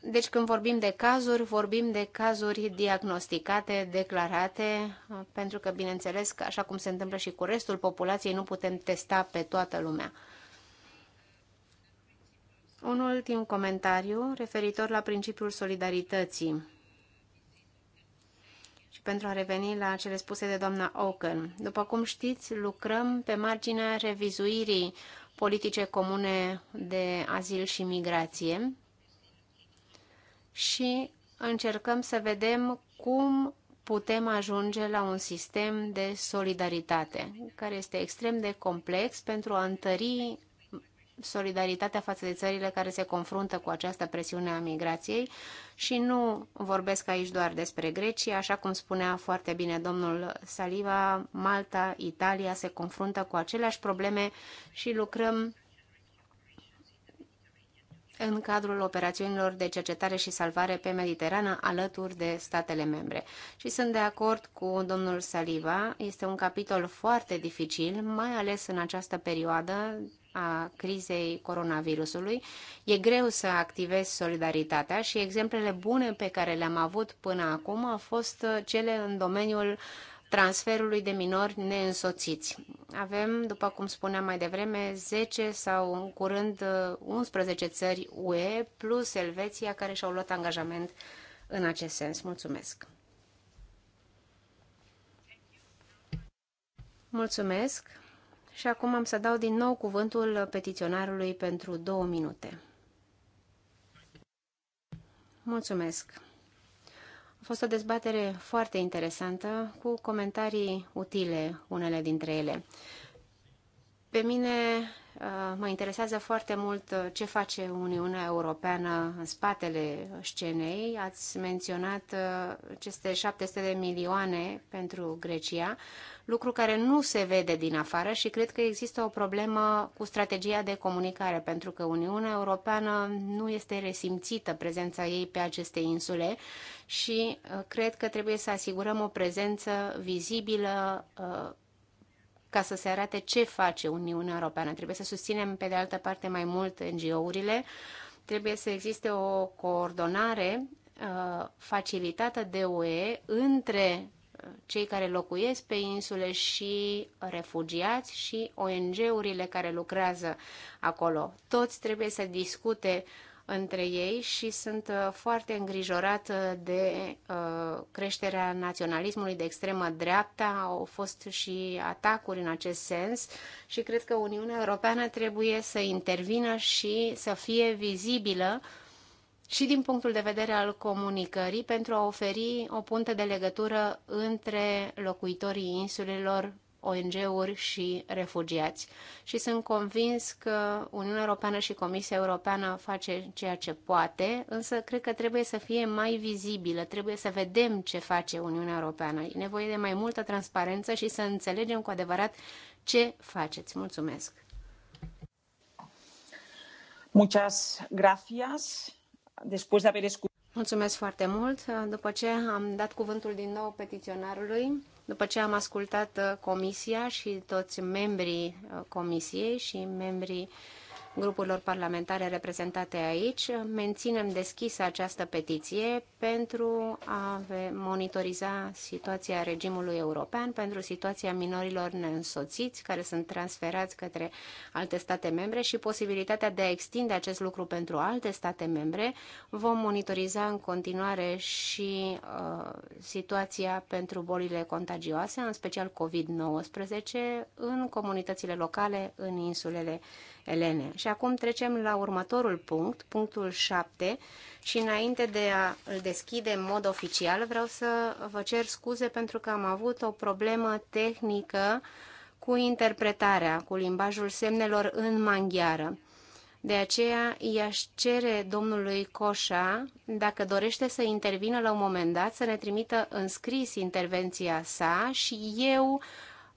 Deci când vorbim de cazuri, vorbim de cazuri diagnosticate, declarate, uh, pentru că, bineînțeles, că așa cum se întâmplă și cu restul populației, nu putem testa pe toată lumea. Un ultim comentariu referitor la principiul solidarității. Și pentru a reveni la cele spuse de doamna Oaken, după cum știți, lucrăm pe marginea revizuirii politice comune de azil și migrație și încercăm să vedem cum putem ajunge la un sistem de solidaritate, care este extrem de complex pentru a întări solidaritatea față de țările care se confruntă cu această presiune a migrației și nu vorbesc aici doar despre Grecia, așa cum spunea foarte bine domnul Saliva, Malta, Italia se confruntă cu aceleași probleme și lucrăm în cadrul operațiunilor de cercetare și salvare pe Mediterană alături de statele membre. Și sunt de acord cu domnul Saliva, este un capitol foarte dificil, mai ales în această perioadă a crizei coronavirusului, e greu să activezi solidaritatea și exemplele bune pe care le-am avut până acum au fost cele în domeniul transferului de minori neînsoțiți. Avem, după cum spuneam mai devreme, 10 sau în curând 11 uh, țări UE plus Elveția care și-au luat angajament în acest sens. Mulțumesc! Mulțumesc! Și acum am să dau din nou cuvântul petiționarului pentru două minute. Mulțumesc! A fost o dezbatere foarte interesantă, cu comentarii utile, unele dintre ele. Pe mine Mă interesează foarte mult uh, ce face Uniunea Europeană în spatele scenei. Ați menționat uh, aceste 700 de milioane pentru Grecia, lucru care nu se vede din afară și cred că există o problemă cu strategia de comunicare, pentru că Uniunea Europeană nu este resimțită prezența ei pe aceste insule și uh, cred că trebuie să asigurăm o prezență vizibilă ca să se arate ce face Uniunea Europeană. Trebuie să susținem, pe de altă parte, mai mult NGO-urile, trebuie să existe o coordonare uh, facilitată de UE între uh, cei care locuiesc pe insule și refugiați și ONG-urile care lucrează acolo. Toți trebuie să discute uh, între ei și sunt uh, foarte îngrijorat uh, de uh, creșterea naționalismului de extremă dreapta. Au fost și atacuri în acest sens și cred că Uniunea Europeană trebuie să intervină și să fie vizibilă și din punctul de vedere al comunicării pentru a oferi o punte de legătură între locuitorii insulelor ONG-uri și refugiați. Și sunt convins că Uniunea Europeană și Comisia Europeană face ceea ce poate, însă cred că trebuie să fie mai vizibilă, trebuie să vedem ce face Uniunea Europeană. E nevoie de mai multă transparență și să înțelegem cu adevărat ce faceți. Mulțumesc! Muchas gracias. Después de haber escuchado Mulțumesc foarte mult. După ce am dat cuvântul din nou petiționarului, după ce am ascultat uh, comisia și toți membrii uh, comisiei și membrii uh, grupurilor parlamentare reprezentate aici, menținem deschisă această petiție pentru a monitoriza situația regimului european, pentru situația minorilor neînsoțiți care sunt transferați către alte state membre și posibilitatea de a extinde acest lucru pentru alte state membre. Vom monitoriza în continuare și uh, situația pentru bolile contagioase, în special COVID-19, în comunitățile locale, în insulele Elene. Și acum trecem la următorul punct, punctul 7, și înainte de a îl deschide în mod oficial, vreau să vă cer scuze pentru că am avut o problemă tehnică cu interpretarea, cu limbajul semnelor în maghiară. De aceea i-aș cere domnului Coșa, dacă dorește să intervină la un moment dat, să ne trimită în scris intervenția sa și eu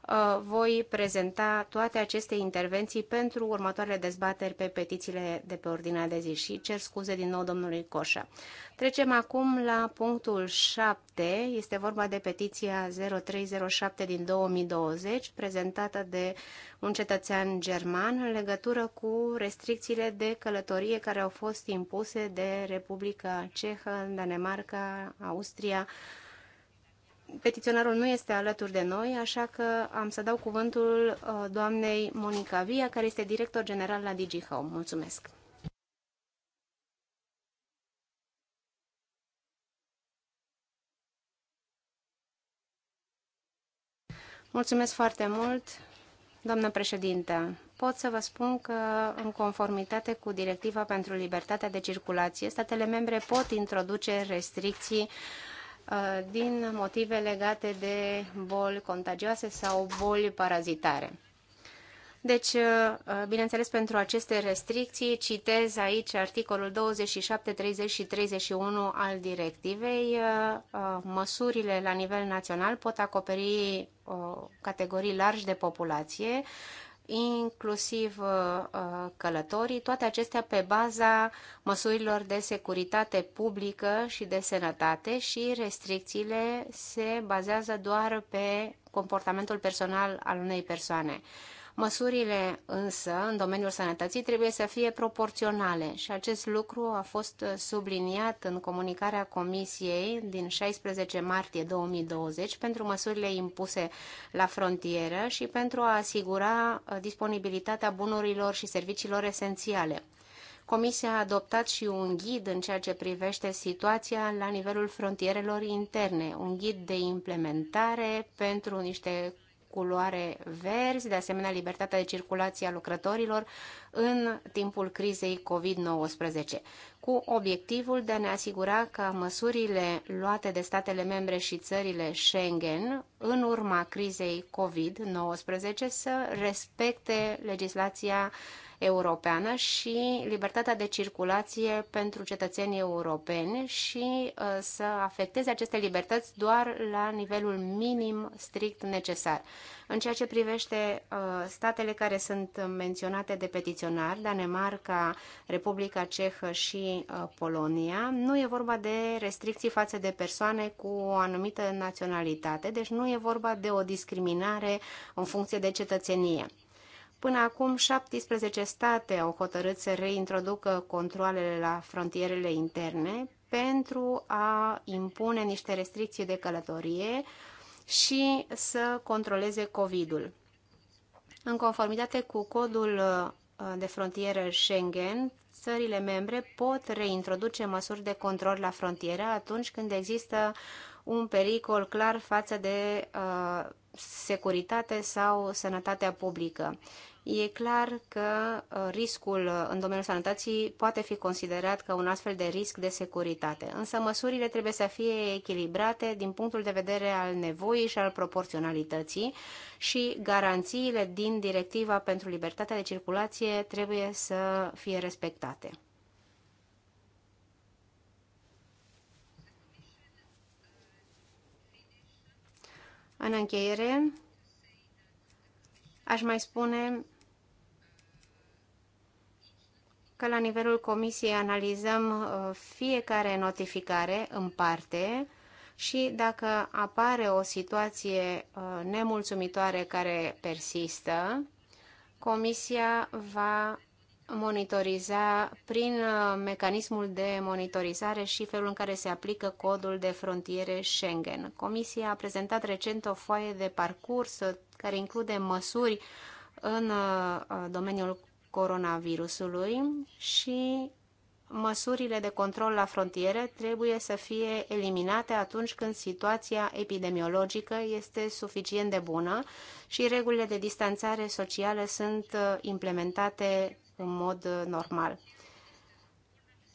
Uh, voi prezenta toate aceste intervenții pentru următoarele dezbateri pe petițiile de pe ordinea de zi și cer scuze din nou domnului Coșa. Trecem acum la punctul 7. Este vorba de petiția 0307 din 2020, prezentată de un cetățean german în legătură cu restricțiile de călătorie care au fost impuse de Republica Cehă, Danemarca, Austria, petiționarul nu este alături de noi, așa că am să dau cuvântul uh, doamnei Monica Via, care este director general la DigiHome. Mulțumesc! Mulțumesc foarte mult, doamnă președinte. Pot să vă spun că, în conformitate cu Directiva pentru Libertatea de Circulație, statele membre pot introduce restricții uh, Uh, din motive legate de boli contagioase sau boli parazitare. Deci, uh, bineînțeles, pentru aceste restricții citez aici articolul 27, 30 și 31 al directivei. Uh, măsurile la nivel național pot acoperi categorii largi de populație, inclusiv uh, călătorii, toate acestea pe baza măsurilor de securitate publică și de sănătate și restricțiile se bazează doar pe comportamentul personal al unei persoane. Măsurile însă în domeniul sănătății trebuie să fie proporționale și acest lucru a fost uh, subliniat în comunicarea Comisiei din 16 martie 2020 pentru măsurile impuse la frontieră și pentru a asigura uh, disponibilitatea bunurilor și serviciilor esențiale. Comisia a adoptat și un ghid în ceea ce privește situația la nivelul frontierelor interne, un ghid de implementare pentru niște culoare verzi, de asemenea libertatea de circulație a lucrătorilor în timpul crizei COVID-19, cu obiectivul de a ne asigura că măsurile luate de statele membre și țările Schengen în urma crizei COVID-19 să respecte legislația europeană și libertatea de circulație pentru cetățenii europeni și uh, să afecteze aceste libertăți doar la nivelul minim strict necesar. În ceea ce privește uh, statele care sunt menționate de petiționar, Danemarca, Republica Cehă și uh, Polonia, nu e vorba de restricții față de persoane cu o anumită naționalitate, deci nu e vorba de o discriminare în funcție de cetățenie. Până acum, 17 state au hotărât să reintroducă controlele la frontierele interne pentru a impune niște restricții de călătorie și să controleze COVID-ul. În conformitate cu codul uh, de frontieră Schengen, țările membre pot reintroduce măsuri de control la frontieră atunci când există un pericol clar față de uh, securitate sau sănătatea publică. E clar că uh, riscul uh, în domeniul sănătății poate fi considerat ca un astfel de risc de securitate, însă măsurile trebuie să fie echilibrate din punctul de vedere al nevoii și al proporționalității și garanțiile din Directiva pentru Libertatea de Circulație trebuie să fie respectate. În încheiere, aș mai spune că la nivelul comisiei analizăm uh, fiecare notificare în parte și dacă apare o situație uh, nemulțumitoare care persistă, comisia va monitoriza prin uh, mecanismul de monitorizare și felul în care se aplică codul de frontiere Schengen. Comisia a prezentat recent o foaie de parcurs care include măsuri în domeniul coronavirusului și măsurile de control la frontieră trebuie să fie eliminate atunci când situația epidemiologică este suficient de bună și regulile de distanțare socială sunt uh, implementate în mod uh, normal.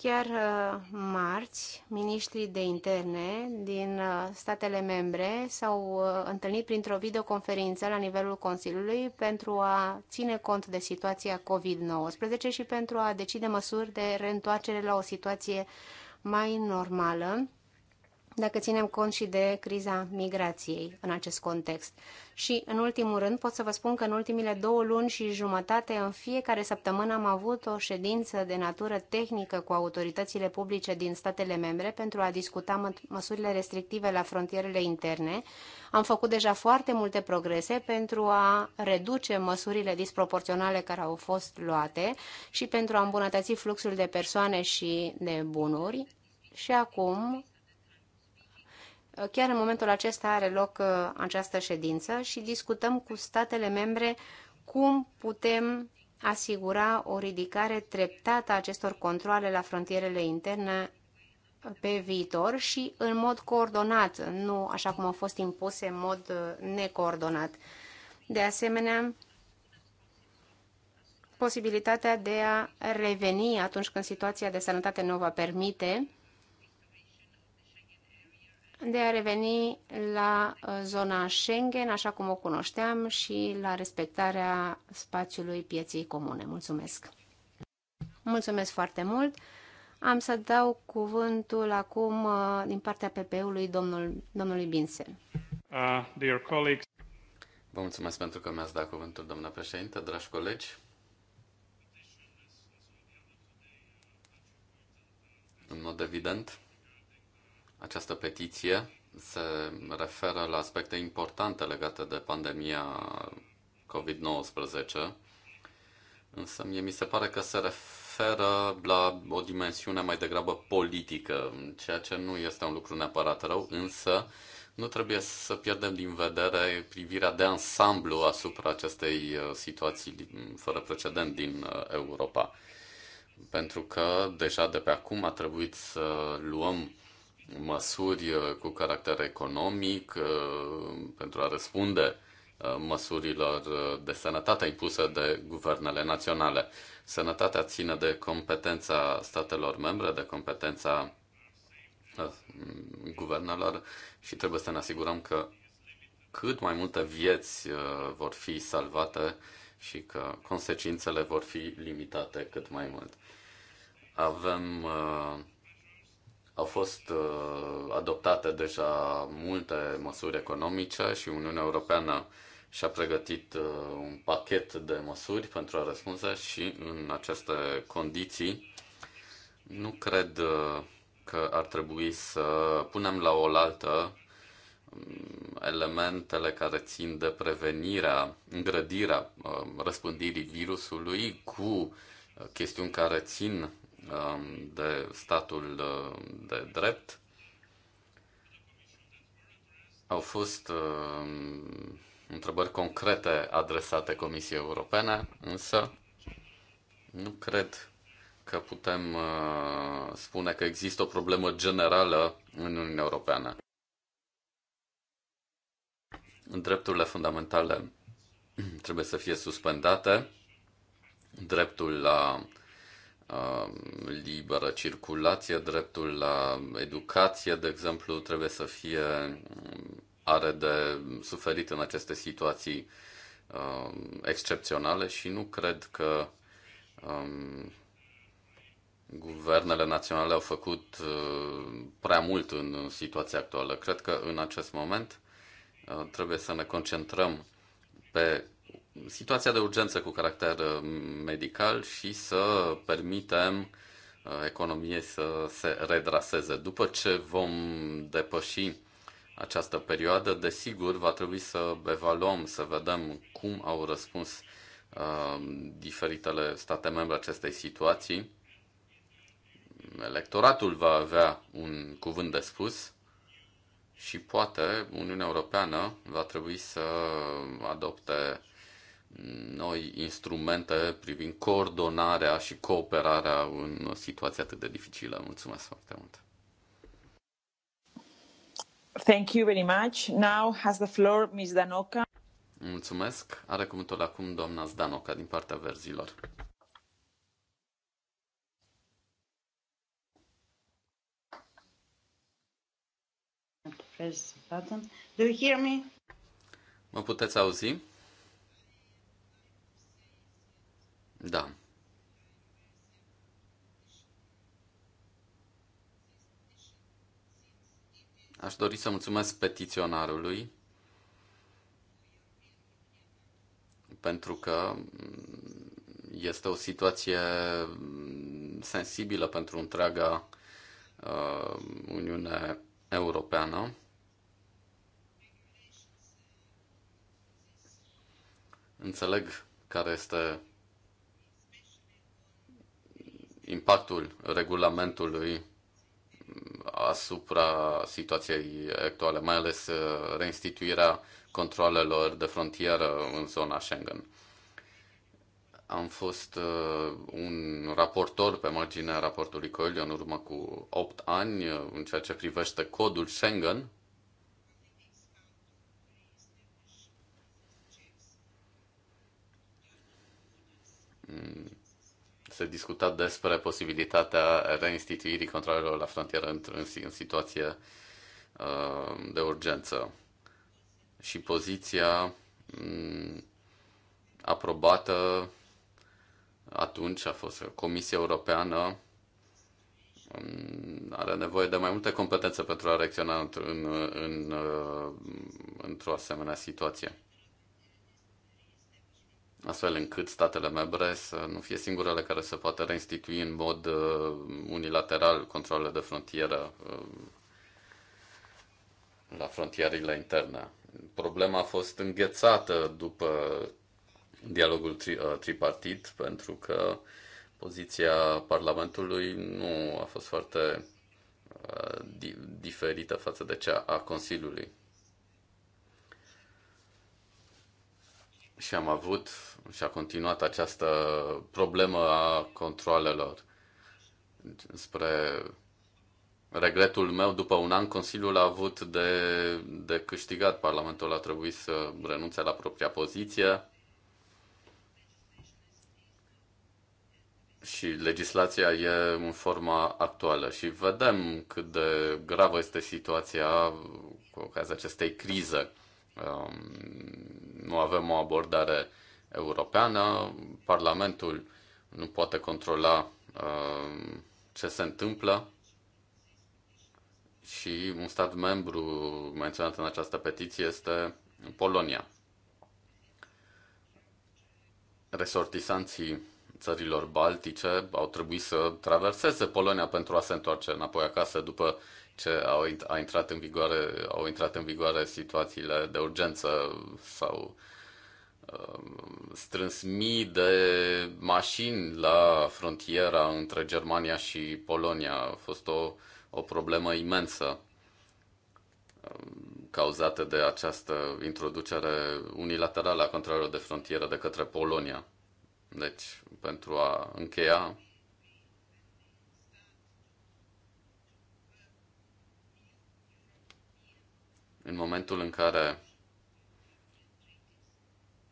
Chiar uh, marți, miniștrii de interne din uh, statele membre s-au uh, întâlnit printr-o videoconferință la nivelul Consiliului pentru a ține cont de situația COVID-19 și pentru a decide măsuri de reîntoarcere la o situație mai normală dacă ținem cont și de criza migrației în acest context. Și, în ultimul rând, pot să vă spun că în ultimile două luni și jumătate, în fiecare săptămână, am avut o ședință de natură tehnică cu autoritățile publice din statele membre pentru a discuta măsurile restrictive la frontierele interne. Am făcut deja foarte multe progrese pentru a reduce măsurile disproporționale care au fost luate și pentru a îmbunătăți fluxul de persoane și de bunuri. Și acum Chiar în momentul acesta are loc uh, această ședință și discutăm cu statele membre cum putem asigura o ridicare treptată a acestor controle la frontierele interne pe viitor și în mod coordonat, nu așa cum au fost impuse în mod uh, necoordonat. De asemenea, posibilitatea de a reveni atunci când situația de sănătate nu va permite de a reveni la uh, zona Schengen, așa cum o cunoșteam, și la respectarea spațiului pieței comune. Mulțumesc! Mulțumesc foarte mult! Am să dau cuvântul acum uh, din partea PP-ului domnul, domnului Binsen. Uh, dear colleagues. Vă mulțumesc pentru că mi-ați dat cuvântul, doamna președinte, dragi colegi. În mod evident, această petiție se referă la aspecte importante legate de pandemia COVID-19, însă mie mi se pare că se referă la o dimensiune mai degrabă politică, ceea ce nu este un lucru neapărat rău, însă nu trebuie să pierdem din vedere privirea de ansamblu asupra acestei uh, situații fără precedent din uh, Europa. Pentru că deja de pe acum a trebuit să luăm măsuri uh, cu caracter economic uh, pentru a răspunde uh, măsurilor de sănătate impuse de guvernele naționale. Sănătatea ține de competența statelor membre, de competența guvernelor și trebuie să ne asigurăm că cât mai multe vieți vor fi salvate și că consecințele vor fi limitate cât mai mult. Avem uh, au fost uh, adoptate deja multe măsuri economice și Uniunea Europeană și-a pregătit uh, un pachet de măsuri pentru a răspunde și în aceste condiții nu cred uh, că ar trebui să punem la oaltă um, elementele care țin de prevenirea, îngrădirea uh, răspândirii virusului cu uh, chestiuni care țin Um, de statul um, de drept au fost um, întrebări concrete adresate Comisiei Europene, însă nu cred că putem uh, spune că există o problemă generală în Uniunea Europeană. Drepturile fundamentale trebuie să fie suspendate, dreptul la Um, liberă circulație, dreptul la educație, de exemplu, trebuie să fie um, are de suferit în aceste situații um, excepționale și nu cred că um, guvernele naționale au făcut uh, prea mult în situația actuală. Cred că în acest moment uh, trebuie să ne concentrăm pe situația de urgență cu caracter uh, medical și să permitem uh, economiei să se redraseze. După ce vom depăși această perioadă, desigur, va trebui să evaluăm, să vedem cum au răspuns uh, diferitele state membre acestei situații. Electoratul va avea un cuvânt de spus și poate Uniunea Europeană va trebui să adopte noi instrumente privind coordonarea și cooperarea în situații atât de dificile. Mulțumesc foarte mult! Thank you very much. Now has the floor Ms. Danoka. Mulțumesc. Are cuvântul acum doamna Zdanoca din partea verzilor. Press button. Do you hear me? Mă puteți auzi? Da. Aș dori să mulțumesc petiționarului pentru că este o situație sensibilă pentru întreaga uh, Uniune Europeană. Înțeleg care este impactul regulamentului asupra situației actuale, mai ales uh, reinstituirea controlelor de frontieră în zona Schengen. Am fost uh, un raportor pe marginea raportului Coelho în urmă cu 8 ani uh, în ceea ce privește codul Schengen. Mm se discuta despre posibilitatea reinstituirii controlelor la frontieră în, în, în situație uh, de urgență. Și poziția um, aprobată atunci a fost Comisia Europeană mm, are nevoie de mai multe competențe pentru a reacționa în, în, în, uh, într-o asemenea situație astfel încât statele membre să nu fie singurele care să poate reinstitui în mod uh, unilateral controlele de frontieră uh, la frontierile interne. Problema a fost înghețată după dialogul tri, uh, tripartit, pentru că poziția Parlamentului nu a fost foarte diferită față de cea a Consiliului. și am avut și a continuat această problemă a controlelor. Spre regretul meu, după un an, Consiliul a avut de, de câștigat. Parlamentul a trebuit să renunțe la propria poziție și legislația e în forma actuală. Și vedem cât de gravă este situația cu ocazia acestei crize Um, nu avem o abordare europeană, Parlamentul nu poate controla um, ce se întâmplă și un stat membru menționat în această petiție este Polonia. Resortisanții țărilor baltice au trebuit să traverseze Polonia pentru a se întoarce înapoi acasă după ce au, a intrat în vigoare, au intrat în vigoare situațiile de urgență sau um, strâns mii de mașini la frontiera între Germania și Polonia. A fost o, o problemă imensă um, cauzată de această introducere unilaterală a controlelor de frontieră de către Polonia. Deci, pentru a încheia, în momentul în care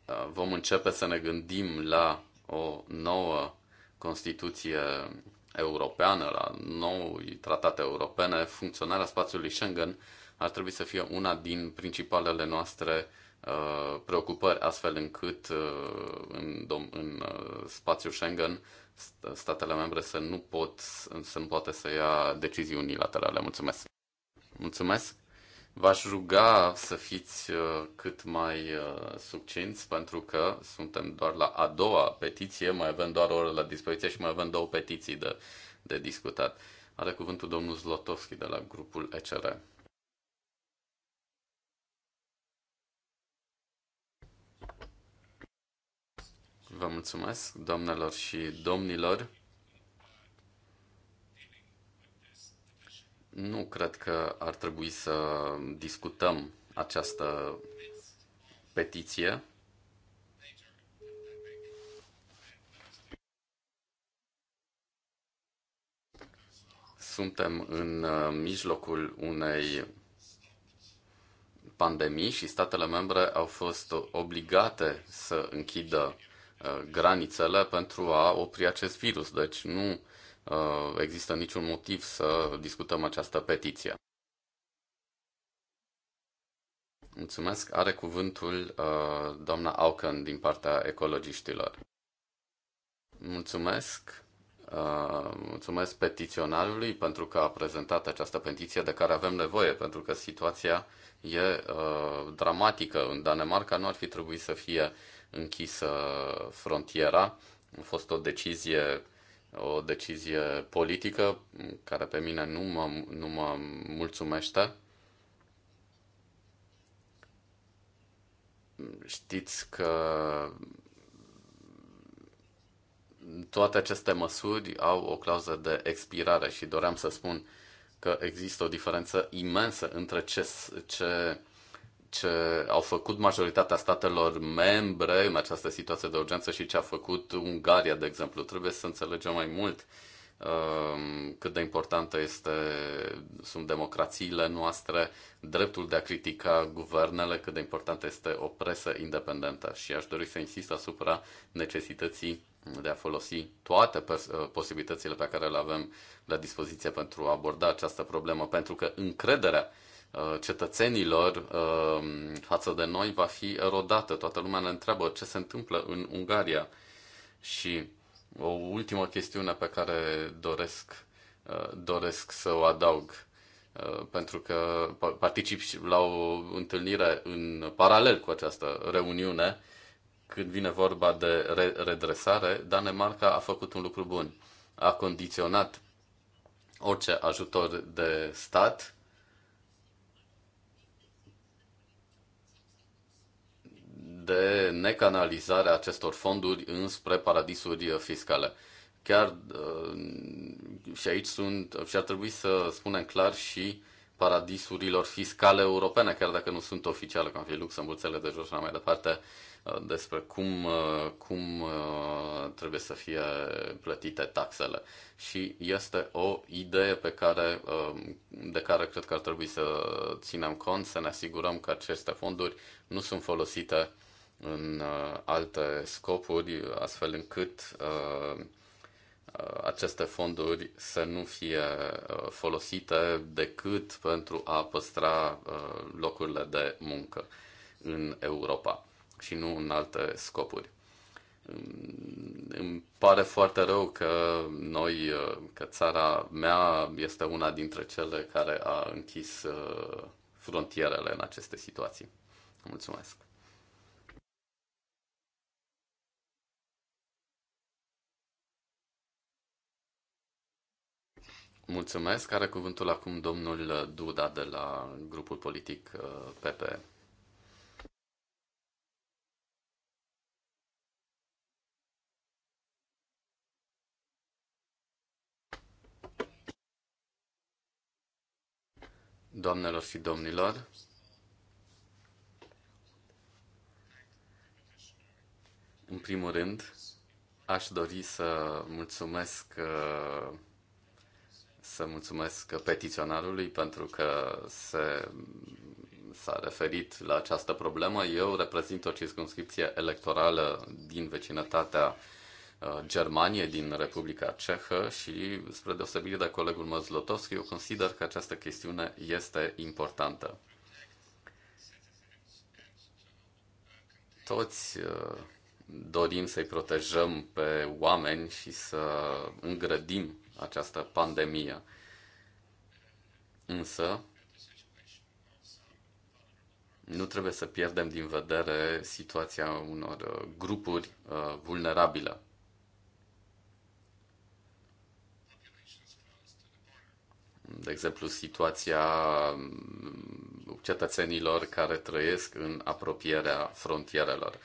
uh, vom începe să ne gândim la o nouă Constituție europeană, la noi tratate europene, funcționarea spațiului Schengen ar trebui să fie una din principalele noastre uh, preocupări, astfel încât uh, în, în spațiul Schengen statele membre să nu pot să nu poate să ia decizii unilaterale. Mulțumesc! Mulțumesc! V-aș ruga să fiți uh, cât mai uh, succinți, pentru că suntem doar la a doua petiție, mai avem doar o oră la dispoziție și mai avem două petiții de, de discutat. Are cuvântul domnul Zlotovski de la grupul ECR. Vă mulțumesc, doamnelor și domnilor. Nu cred că ar trebui să discutăm această petiție. Suntem în uh, mijlocul unei pandemii și statele membre au fost obligate să închidă uh, granițele pentru a opri acest virus. Deci nu Uh, există niciun motiv să discutăm această petiție. Mulțumesc. Are cuvântul uh, doamna Auken din partea ecologiștilor. Mulțumesc. Uh, mulțumesc petiționarului pentru că a prezentat această petiție de care avem nevoie, pentru că situația e dramatică. În Danemarca nu ar fi trebuit să fie închisă frontiera. A fost o decizie o decizie politică care pe mine nu mă, nu mă mulțumește. Știți că toate aceste măsuri au o clauză de expirare și doream să spun că există o diferență imensă între ce, ce ce au făcut majoritatea statelor membre în această situație de urgență și ce a făcut Ungaria, de exemplu. Trebuie să înțelegem mai mult um, cât de importantă este, sunt democrațiile noastre, dreptul de a critica guvernele, cât de importantă este o presă independentă. Și aș dori să insist asupra necesității de a folosi toate uh, posibilitățile pe care le avem la dispoziție pentru a aborda această problemă, pentru că încrederea Uh, cetățenilor uh, față de noi va fi erodată. Toată lumea ne întreabă ce se întâmplă în Ungaria. Și o ultimă chestiune pe care doresc, uh, doresc să o adaug, pentru că particip la o întâlnire în paralel cu această reuniune, când vine vorba de redresare, Danemarca a făcut un lucru bun. A condiționat orice ajutor de stat de necanalizare a acestor fonduri înspre paradisuri fiscale. Chiar uh, și aici sunt, și ar trebui să spunem clar și paradisurilor fiscale europene, chiar dacă nu sunt oficiale, cum fi Luxemburg, țările de jos și mai departe, uh, despre cum, uh, cum trebuie să fie plătite taxele. Și este o idee pe care, de care cred că ar trebui să ținem cont, să ne asigurăm că aceste fonduri nu sunt folosite în uh, alte scopuri, astfel încât uh, uh, aceste fonduri să nu fie folosite decât pentru a păstra locurile de muncă în Europa și nu în alte scopuri. Îmi pare foarte rău că noi, că țara mea este una dintre cele care a închis frontierele în aceste situații. Mulțumesc! Mulțumesc. Are cuvântul acum domnul Duda de la grupul politic PP. Uh, Doamnelor și domnilor, în primul rând, aș dori să mulțumesc uh, să mulțumesc petiționarului pentru că se, s-a referit la această problemă. Eu reprezint o circunscripție electorală din vecinătatea uh, Germanie, din Republica Cehă și, spre deosebire de colegul meu Zlotowski, eu consider că această chestiune este importantă. Toți uh, dorim să-i protejăm pe oameni și să îngrădim această pandemie. Însă, nu trebuie să pierdem din vedere situația unor uh, grupuri uh, vulnerabile. De exemplu, situația mm, cetățenilor care trăiesc în apropierea frontierelor.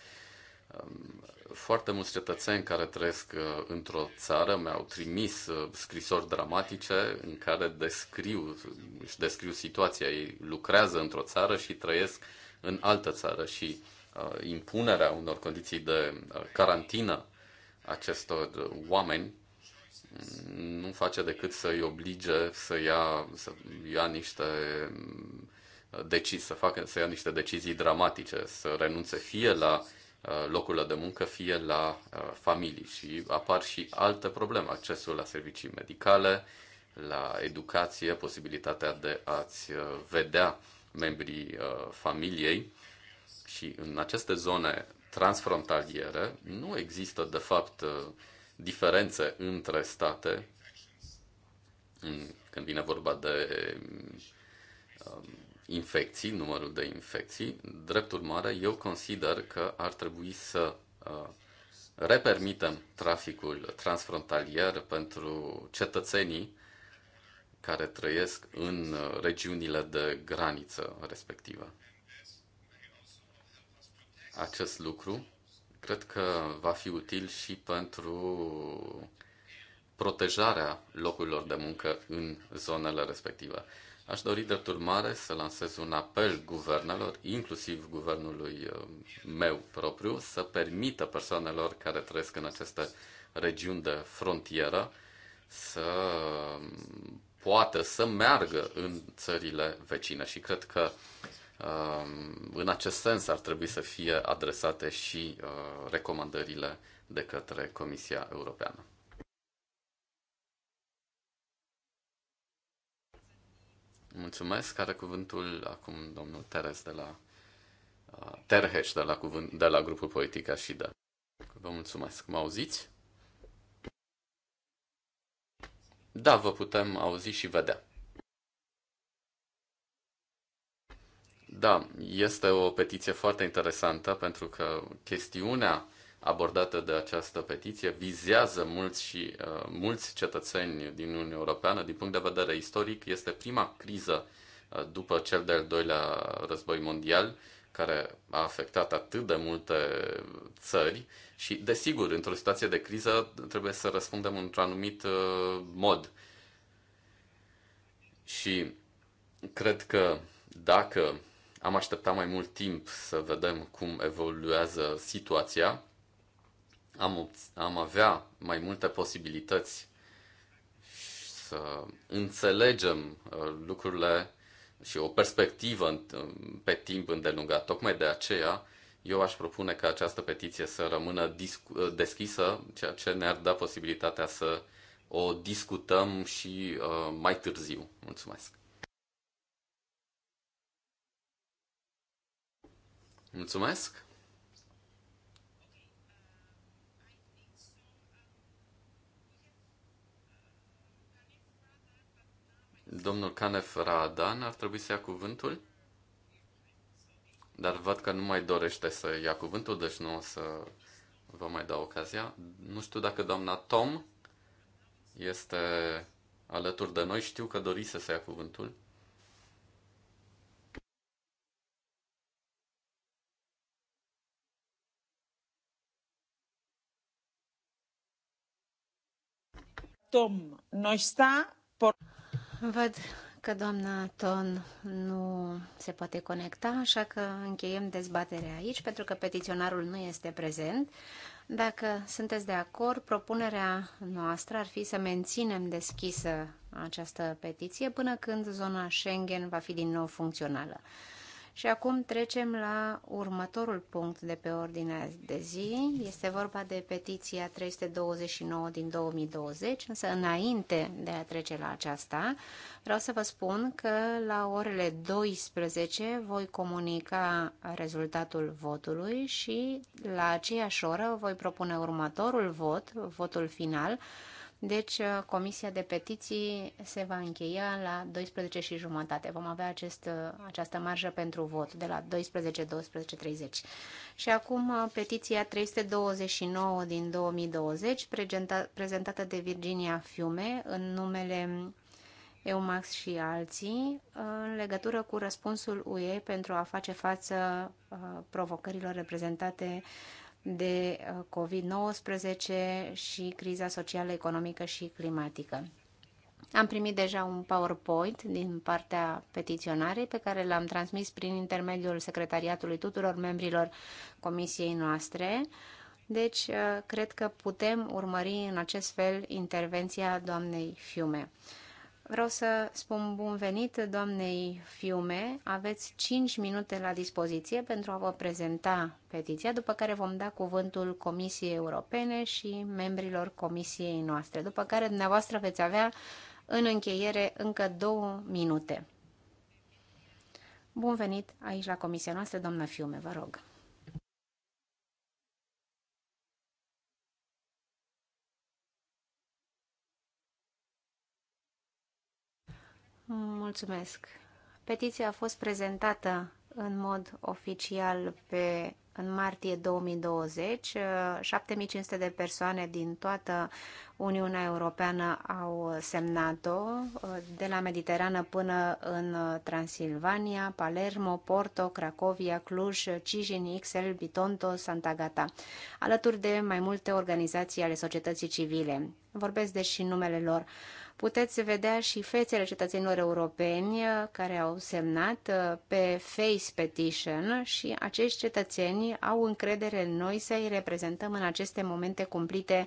Foarte mulți cetățeni care trăiesc uh, într-o țară mi-au trimis uh, scrisori dramatice în care descriu, își descriu situația. Ei lucrează într-o țară și trăiesc în altă țară și uh, impunerea unor condiții de carantină acestor oameni nu face decât să-i oblige să ia, să ia niște um, decizii, să facă, să ia niște decizii dramatice, să renunțe fie la Uh, locurile de muncă, fie la uh, familii și apar și alte probleme, accesul la servicii medicale, la educație, posibilitatea de a-ți uh, vedea membrii familiei și în aceste zone transfrontaliere nu există de fapt diferențe între state când vine vorba de um, infecții, numărul de infecții. Drept urmare, eu consider că ar trebui să uh, repermitem traficul transfrontalier pentru cetățenii care trăiesc în uh, regiunile de graniță respectivă. Acest lucru cred că va fi util și pentru protejarea locurilor de muncă în zonele respective. Aș dori de turmare să lansez un apel guvernelor, inclusiv guvernului uh, meu propriu, să permită persoanelor care trăiesc în aceste regiuni de frontieră să um, poată să meargă în țările vecine și cred că um, în acest sens ar trebui să fie adresate și uh, recomandările de către Comisia Europeană. Mulțumesc. Are cuvântul acum domnul Teres de la uh, Terheș de la, cuvânt, de la grupul politic Așida. Vă mulțumesc. Mă auziți? Da, vă putem auzi și vedea. Da, este o petiție foarte interesantă pentru că chestiunea abordată de această petiție vizează mulți și uh, mulți cetățeni din Uniunea Europeană. Din punct de vedere istoric, este prima criză uh, după cel de-al doilea război mondial care a afectat atât de multe țări și, desigur, într-o situație de criză trebuie să răspundem într-un anumit uh, mod. Și cred că dacă am așteptat mai mult timp să vedem cum evoluează situația, am, am avea mai multe posibilități să înțelegem uh, lucrurile și o perspectivă pe timp îndelungat. Tocmai de aceea eu aș propune ca această petiție să rămână uh, deschisă, ceea ce ne-ar da posibilitatea să o discutăm și uh, mai târziu. Mulțumesc! Mulțumesc! Domnul Canef Radan ar trebui să ia cuvântul, dar văd că nu mai dorește să ia cuvântul, deci nu o să vă mai dau ocazia. Nu știu dacă doamna Tom este alături de noi, știu că dorise să ia cuvântul. Tom, no está por... Văd că doamna Ton nu se poate conecta, așa că încheiem dezbaterea aici, pentru că petiționarul nu este prezent. Dacă sunteți de acord, propunerea noastră ar fi să menținem deschisă această petiție până când zona Schengen va fi din nou funcțională. Și acum trecem la următorul punct de pe ordinea de zi. Este vorba de petiția 329 din 2020, însă înainte de a trece la aceasta, vreau să vă spun că la orele 12 voi comunica rezultatul votului și la aceeași oră voi propune următorul vot, votul final, deci, uh, Comisia de Petiții se va încheia la 12 și jumătate. Vom avea acest, uh, această marjă pentru vot de la 12 30. Și acum uh, petiția 329 din 2020, prezentată de Virginia Fiume în numele EUMAX și alții, în legătură cu răspunsul UE pentru a face față provocărilor reprezentate de uh, COVID-19 și criza socială, economică și climatică. Am primit deja un PowerPoint din partea petiționarei pe care l-am transmis prin intermediul secretariatului tuturor membrilor comisiei noastre. Deci, uh, cred că putem urmări în acest fel intervenția doamnei Fiume. Vreau să spun bun venit doamnei Fiume. Aveți 5 minute la dispoziție pentru a vă prezenta petiția, după care vom da cuvântul Comisiei Europene și membrilor Comisiei noastre, după care dumneavoastră veți avea în încheiere încă 2 minute. Bun venit aici la Comisia noastră, doamna Fiume, vă rog. Mulțumesc. Petiția a fost prezentată în mod oficial pe, în martie 2020. 7500 de persoane din toată Uniunea Europeană au semnat-o, uh, de la Mediterană până în Transilvania, Palermo, Porto, Cracovia, Cluj, Cijin, Ixel, Bitonto, Santa Gata, alături de mai multe organizații ale societății civile. Vorbesc deși și numele lor puteți vedea și fețele cetățenilor europeni uh, care au semnat uh, pe Face Petition și acești cetățeni au încredere în noi să-i reprezentăm în aceste momente cumplite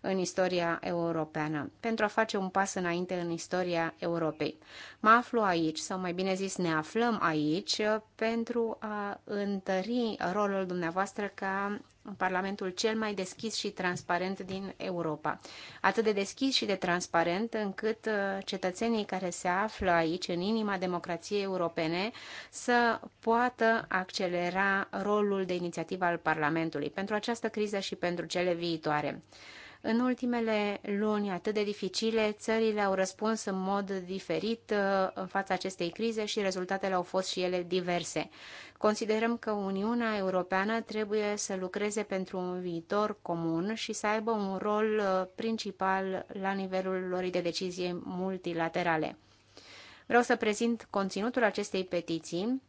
în istoria europeană, pentru a face un pas înainte în istoria Europei. Mă aflu aici, sau mai bine zis, ne aflăm aici, pentru a întări rolul dumneavoastră ca Parlamentul cel mai deschis și transparent din Europa. Atât de deschis și de transparent încât uh, cetățenii care se află aici, în inima democrației europene, să poată accelera rolul de inițiativă al Parlamentului pentru această criză și pentru cele viitoare. În ultimele luni atât de dificile, țările au răspuns în mod diferit uh, în fața acestei crize și rezultatele au fost și ele diverse. Considerăm că Uniunea Europeană trebuie să lucreze pentru un viitor comun și să aibă un rol uh, principal la nivelul lor de decizie multilaterale. Vreau să prezint conținutul acestei petiții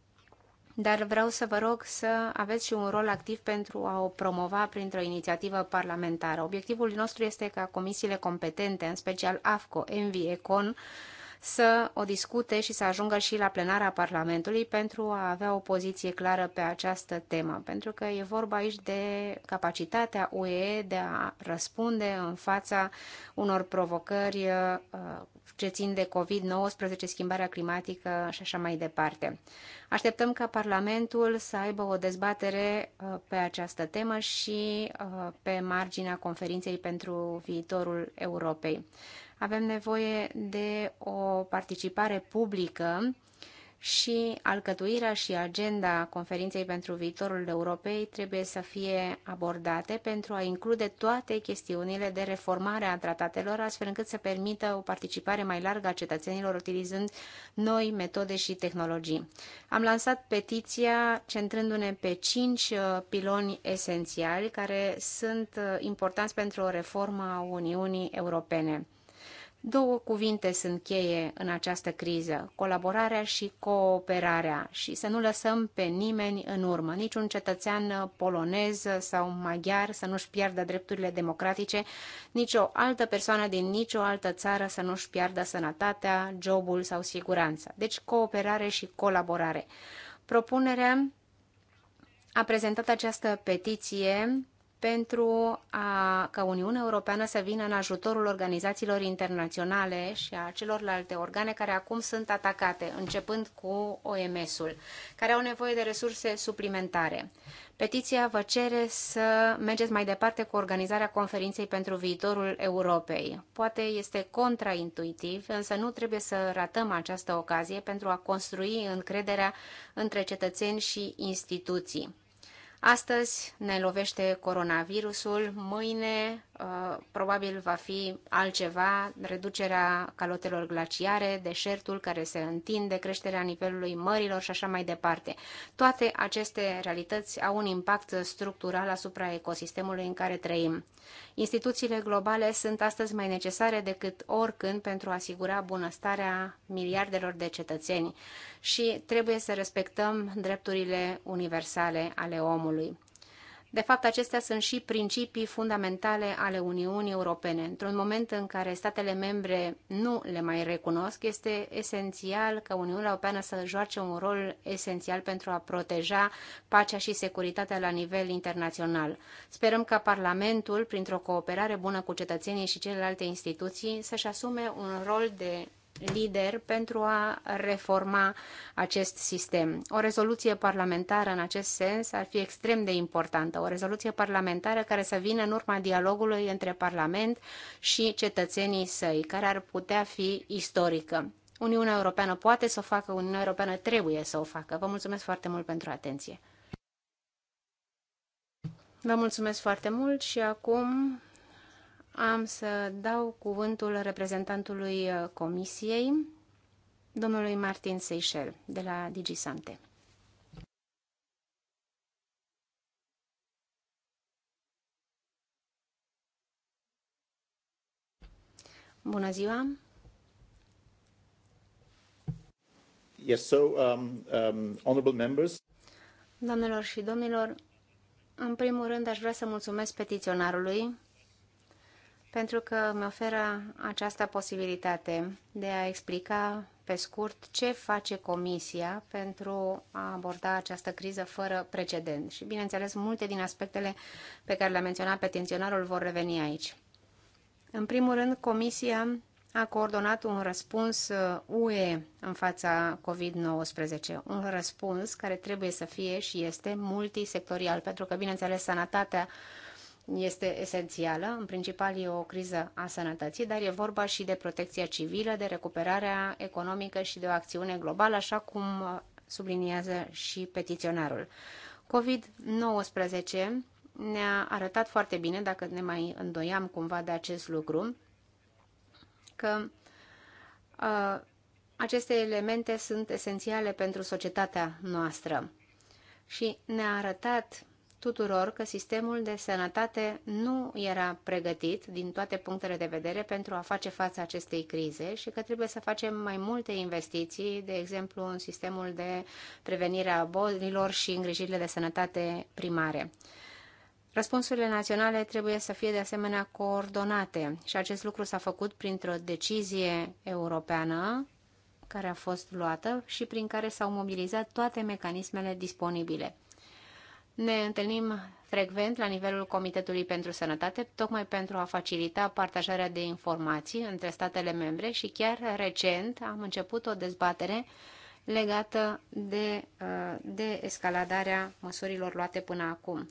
dar vreau să vă rog să aveți și un rol activ pentru a o promova printr-o inițiativă parlamentară. Obiectivul nostru este ca comisiile competente, în special AFCO, ENVI, ECON, să o discute și să ajungă și la plenara Parlamentului pentru a avea o poziție clară pe această temă, pentru că e vorba aici de capacitatea UE de a răspunde în fața unor provocări uh, ce țin de COVID-19, schimbarea climatică și așa mai departe. Așteptăm ca Parlamentul să aibă o dezbatere uh, pe această temă și uh, pe marginea conferinței pentru viitorul Europei. Avem nevoie de o participare publică și alcătuirea și agenda conferinței pentru viitorul Europei trebuie să fie abordate pentru a include toate chestiunile de reformare a tratatelor, astfel încât să permită o participare mai largă a cetățenilor utilizând noi metode și tehnologii. Am lansat petiția centrându-ne pe cinci uh, piloni esențiali care sunt uh, importanți pentru o reformă a Uniunii Europene. Două cuvinte sunt cheie în această criză, colaborarea și cooperarea și să nu lăsăm pe nimeni în urmă, niciun cetățean polonez sau maghiar să nu-și piardă drepturile democratice, nicio altă persoană din nicio altă țară să nu-și piardă sănătatea, jobul sau siguranța. Deci cooperare și colaborare. Propunerea a prezentat această petiție pentru a, ca Uniunea Europeană să vină în ajutorul organizațiilor internaționale și a celorlalte organe care acum sunt atacate, începând cu OMS-ul, care au nevoie de resurse suplimentare. Petiția vă cere să mergeți mai departe cu organizarea conferinței pentru viitorul Europei. Poate este contraintuitiv, însă nu trebuie să ratăm această ocazie pentru a construi încrederea între cetățeni și instituții. Astăzi ne lovește coronavirusul, mâine Uh, probabil va fi altceva, reducerea calotelor glaciare, deșertul care se întinde, creșterea nivelului mărilor și așa mai departe. Toate aceste realități au un impact structural asupra ecosistemului în care trăim. Instituțiile globale sunt astăzi mai necesare decât oricând pentru a asigura bunăstarea miliardelor de cetățeni și trebuie să respectăm drepturile universale ale omului. De fapt, acestea sunt și principii fundamentale ale Uniunii Europene. Într-un moment în care statele membre nu le mai recunosc, este esențial ca Uniunea Europeană să joace un rol esențial pentru a proteja pacea și securitatea la nivel internațional. Sperăm ca Parlamentul, printr-o cooperare bună cu cetățenii și celelalte instituții, să-și asume un rol de lider pentru a reforma acest sistem. O rezoluție parlamentară în acest sens ar fi extrem de importantă, o rezoluție parlamentară care să vină în urma dialogului între Parlament și cetățenii săi, care ar putea fi istorică. Uniunea Europeană poate să o facă, Uniunea Europeană trebuie să o facă. Vă mulțumesc foarte mult pentru atenție. Vă mulțumesc foarte mult și acum am să dau cuvântul reprezentantului uh, Comisiei, domnului Martin Seychelles, de la DigiSante. Bună ziua! Yes, so, um, um, honorable members. Doamnelor și domnilor, în primul rând aș vrea să mulțumesc petiționarului pentru că mi oferă această posibilitate de a explica pe scurt ce face Comisia pentru a aborda această criză fără precedent. Și, bineînțeles, multe din aspectele pe care le-a menționat petiționarul vor reveni aici. În primul rând, Comisia a coordonat un răspuns uh, UE în fața COVID-19, un răspuns care trebuie să fie și este multisectorial, pentru că, bineînțeles, sănătatea este esențială. În principal e o criză a sănătății, dar e vorba și de protecția civilă, de recuperarea economică și de o acțiune globală, așa cum uh, subliniază și petiționarul. COVID-19 ne-a arătat foarte bine, dacă ne mai îndoiam cumva de acest lucru, că uh, aceste elemente sunt esențiale pentru societatea noastră și ne-a arătat tuturor că sistemul de sănătate nu era pregătit din toate punctele de vedere pentru a face față acestei crize și că trebuie să facem mai multe investiții, de exemplu în sistemul de prevenire a bolilor și îngrijirile de sănătate primare. Răspunsurile naționale trebuie să fie de asemenea coordonate și acest lucru s-a făcut printr-o decizie europeană care a fost luată și prin care s-au mobilizat toate mecanismele disponibile. Ne întâlnim frecvent la nivelul Comitetului pentru Sănătate, tocmai pentru a facilita partajarea de informații între statele membre și chiar recent am început o dezbatere legată de, uh, de escaladarea măsurilor luate până acum.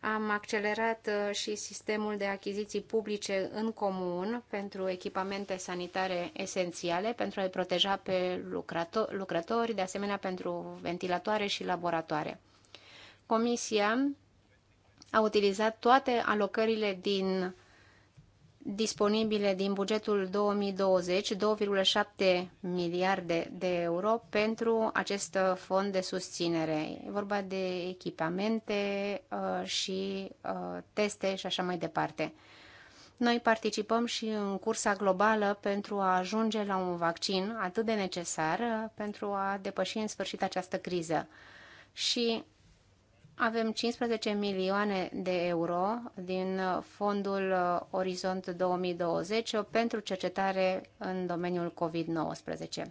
Am accelerat uh, și sistemul de achiziții publice în comun pentru echipamente sanitare esențiale pentru a-i proteja pe lucrători, de asemenea pentru ventilatoare și laboratoare. Comisia a utilizat toate alocările din disponibile din bugetul 2020, 2,7 miliarde de euro pentru acest fond de susținere. E vorba de echipamente uh, și uh, teste și așa mai departe. Noi participăm și în cursa globală pentru a ajunge la un vaccin atât de necesar uh, pentru a depăși în sfârșit această criză. Și avem 15 milioane de euro din uh, fondul uh, Orizont 2020 uh, pentru cercetare în domeniul COVID-19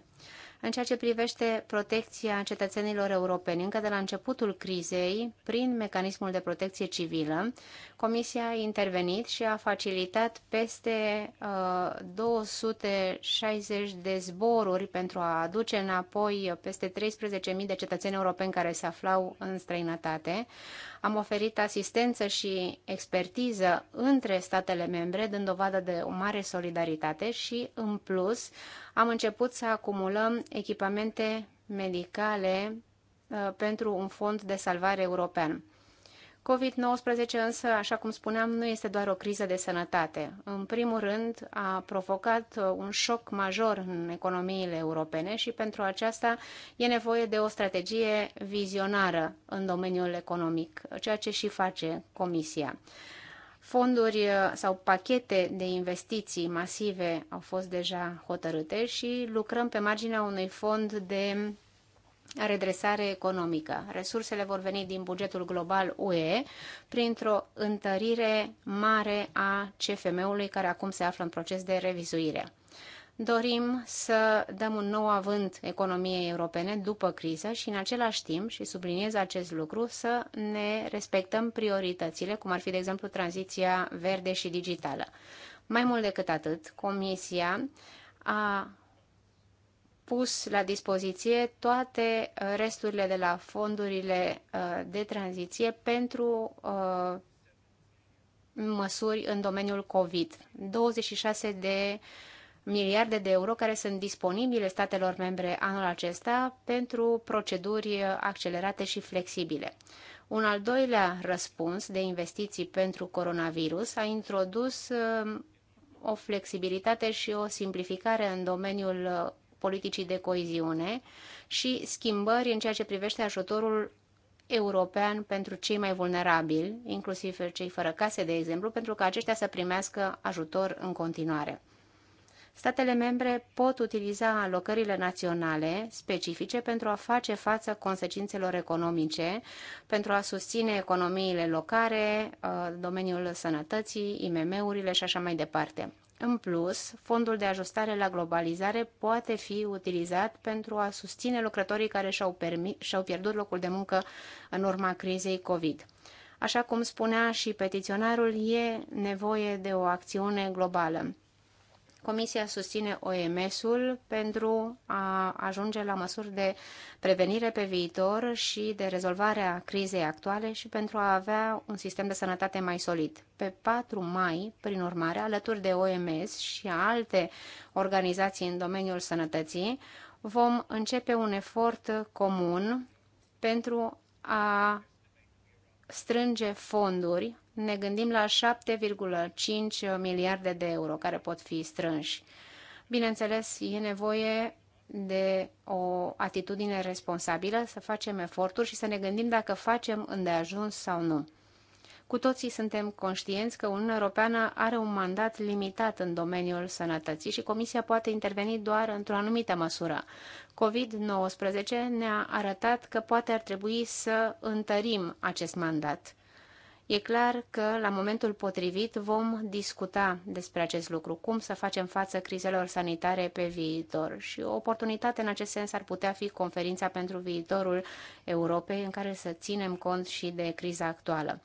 în ceea ce privește protecția cetățenilor europeni. Încă de la începutul crizei, prin mecanismul de protecție civilă, Comisia a intervenit și a facilitat peste uh, 260 de zboruri pentru a aduce înapoi peste 13.000 de cetățeni europeni care se aflau în străinătate. Am oferit asistență și expertiză între statele membre, dând dovadă de o mare solidaritate și, în plus, am început să acumulăm echipamente medicale uh, pentru un fond de salvare european. COVID-19 însă, așa cum spuneam, nu este doar o criză de sănătate. În primul rând, a provocat uh, un șoc major în economiile europene și pentru aceasta e nevoie de o strategie vizionară în domeniul economic, ceea ce și face Comisia. Fonduri uh, sau pachete de investiții masive au fost deja hotărâte și lucrăm pe marginea unui fond de redresare economică. Resursele vor veni din bugetul global UE printr-o întărire mare a CFM-ului care acum se află în proces de revizuire dorim să dăm un nou avânt economiei europene după criză și în același timp, și subliniez acest lucru, să ne respectăm prioritățile, cum ar fi, de exemplu, tranziția verde și digitală. Mai mult decât atât, Comisia a pus la dispoziție toate resturile de la fondurile uh, de tranziție pentru uh, măsuri în domeniul COVID. 26 de miliarde de euro care sunt disponibile statelor membre anul acesta pentru proceduri accelerate și flexibile. Un al doilea răspuns de investiții pentru coronavirus a introdus um, o flexibilitate și o simplificare în domeniul uh, politicii de coeziune și schimbări în ceea ce privește ajutorul european pentru cei mai vulnerabili, inclusiv cei fără case, de exemplu, pentru ca aceștia să primească ajutor în continuare statele membre pot utiliza alocările naționale specifice pentru a face față consecințelor economice, pentru a susține economiile locale, uh, domeniul sănătății, IMM-urile și așa mai departe. În plus, fondul de ajustare la globalizare poate fi utilizat pentru a susține lucrătorii care și-au, și-au pierdut locul de muncă în urma crizei COVID. Așa cum spunea și petiționarul, e nevoie de o acțiune globală. Comisia susține OMS-ul pentru a ajunge la măsuri de prevenire pe viitor și de rezolvare a crizei actuale și pentru a avea un sistem de sănătate mai solid. Pe 4 mai, prin urmare, alături de OMS și alte organizații în domeniul sănătății, vom începe un efort comun pentru a strânge fonduri, ne gândim la 7,5 miliarde de euro care pot fi strânși. Bineînțeles, e nevoie de o atitudine responsabilă, să facem eforturi și să ne gândim dacă facem îndeajuns sau nu. Cu toții suntem conștienți că Uniunea Europeană are un mandat limitat în domeniul sănătății și Comisia poate interveni doar într-o anumită măsură. COVID-19 ne-a arătat că poate ar trebui să întărim acest mandat. E clar că la momentul potrivit vom discuta despre acest lucru, cum să facem față crizelor sanitare pe viitor. Și o oportunitate în acest sens ar putea fi conferința pentru viitorul Europei, în care să ținem cont și de criza actuală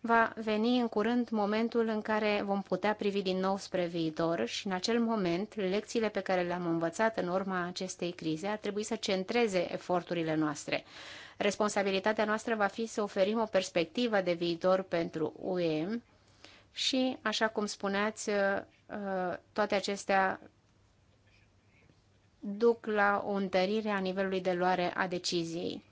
va veni în curând momentul în care vom putea privi din nou spre viitor și în acel moment lecțiile pe care le-am învățat în urma acestei crize ar trebui să centreze eforturile noastre. Responsabilitatea noastră va fi să oferim o perspectivă de viitor pentru UE și, așa cum spuneați, uh, toate acestea duc la o întărire a nivelului de luare a deciziei.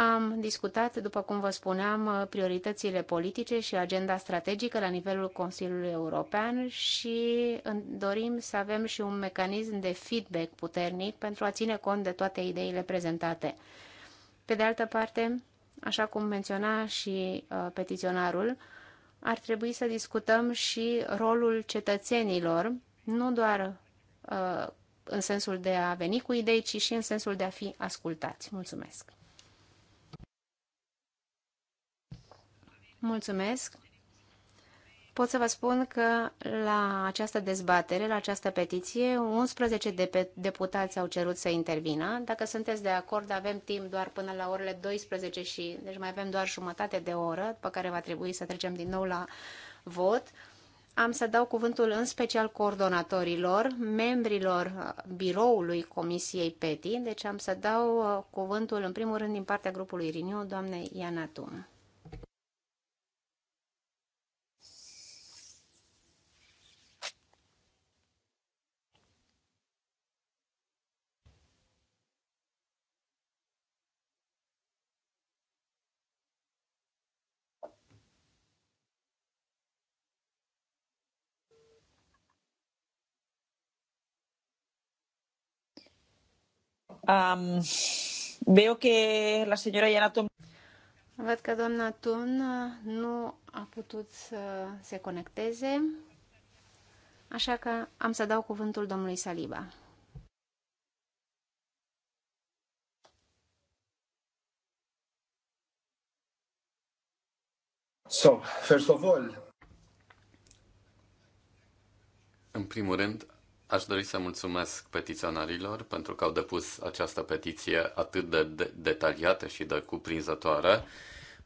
Am discutat, după cum vă spuneam, prioritățile politice și agenda strategică la nivelul Consiliului European și dorim să avem și un mecanism de feedback puternic pentru a ține cont de toate ideile prezentate. Pe de altă parte, așa cum menționa și uh, petiționarul, ar trebui să discutăm și rolul cetățenilor, nu doar uh, în sensul de a veni cu idei, ci și în sensul de a fi ascultați. Mulțumesc! Mulțumesc! Pot să vă spun că la această dezbatere, la această petiție, 11 de deputați au cerut să intervină. Dacă sunteți de acord, avem timp doar până la orele 12 și, deci mai avem doar jumătate de oră, după care va trebui să trecem din nou la vot. Am să dau cuvântul în special coordonatorilor, membrilor uh, biroului Comisiei PETI, deci am să dau uh, cuvântul în primul rând din partea grupului Riniu, doamnei Tum. Um, veo que la señora Yana Tom... Văd că doamna Tun nu a putut să se conecteze, așa că am să dau cuvântul domnului Saliba. So, first of all... În primul rând, Aș dori să mulțumesc petiționarilor pentru că au depus această petiție atât de, de detaliată și de cuprinzătoare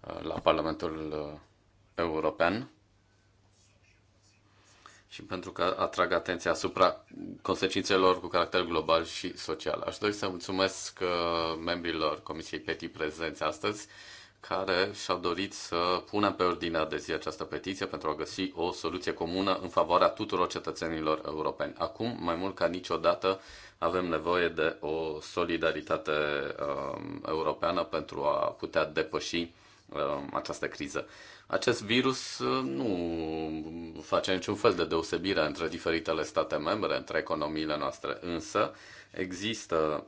uh, la Parlamentul uh, European și pentru că atrag atenția asupra consecințelor cu caracter global și social. Aș dori să mulțumesc uh, membrilor Comisiei PETI prezenți astăzi care și-au dorit să pună pe ordinea de zi această petiție pentru a găsi o soluție comună în favoarea tuturor cetățenilor europeni. Acum, mai mult ca niciodată, avem nevoie de o solidaritate um, europeană pentru a putea depăși um, această criză. Acest virus uh, nu face niciun fel de deosebire între diferitele state membre, între economiile noastre, însă există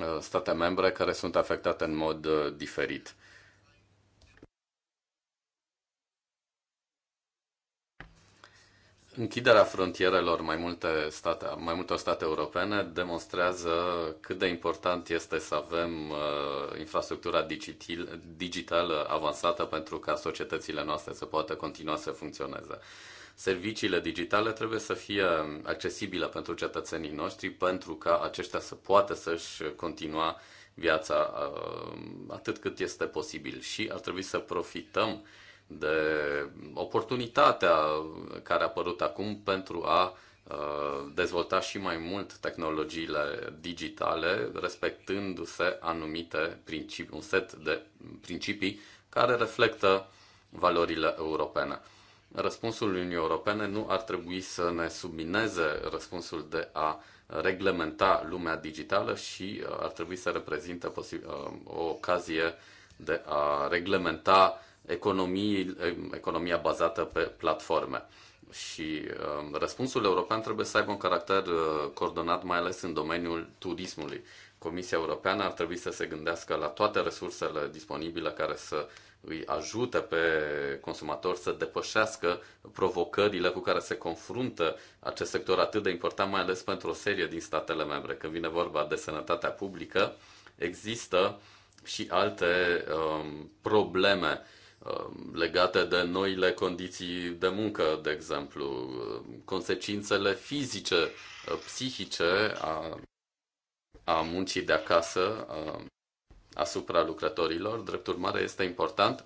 Uh, state membre care sunt afectate în mod uh, diferit. Închiderea frontierelor mai, multe state, mai multor state europene demonstrează cât de important este să avem uh, infrastructura digital, digitală avansată pentru ca societățile noastre să poată continua să funcționeze. Uh, serviciile digitale trebuie să fie accesibile pentru cetățenii noștri pentru ca aceștia să poată să-și continua viața uh, atât cât este posibil și ar trebui să profităm de oportunitatea care a apărut acum pentru a uh, dezvolta și mai mult tehnologiile digitale, respectându-se anumite principii, un set de principii care reflectă valorile europene răspunsul Uniunii Europene nu ar trebui să ne submineze răspunsul de a reglementa lumea digitală și uh, ar trebui să reprezinte uh, o ocazie de a reglementa economii, uh, economia bazată pe platforme. Și um, răspunsul european trebuie să aibă un caracter coordonat, mai ales în domeniul turismului. Comisia Europeană ar trebui să se gândească la toate resursele disponibile care să îi ajute pe consumator să depășească provocările cu care se confruntă acest sector atât de important, mai ales pentru o serie din statele membre. Când vine vorba de sănătatea publică, există și alte um, probleme um, legate de noile condiții de muncă, de exemplu, um, consecințele fizice, uh, psihice a, a muncii de acasă, Um, asupra lucrătorilor. Drept urmare, este important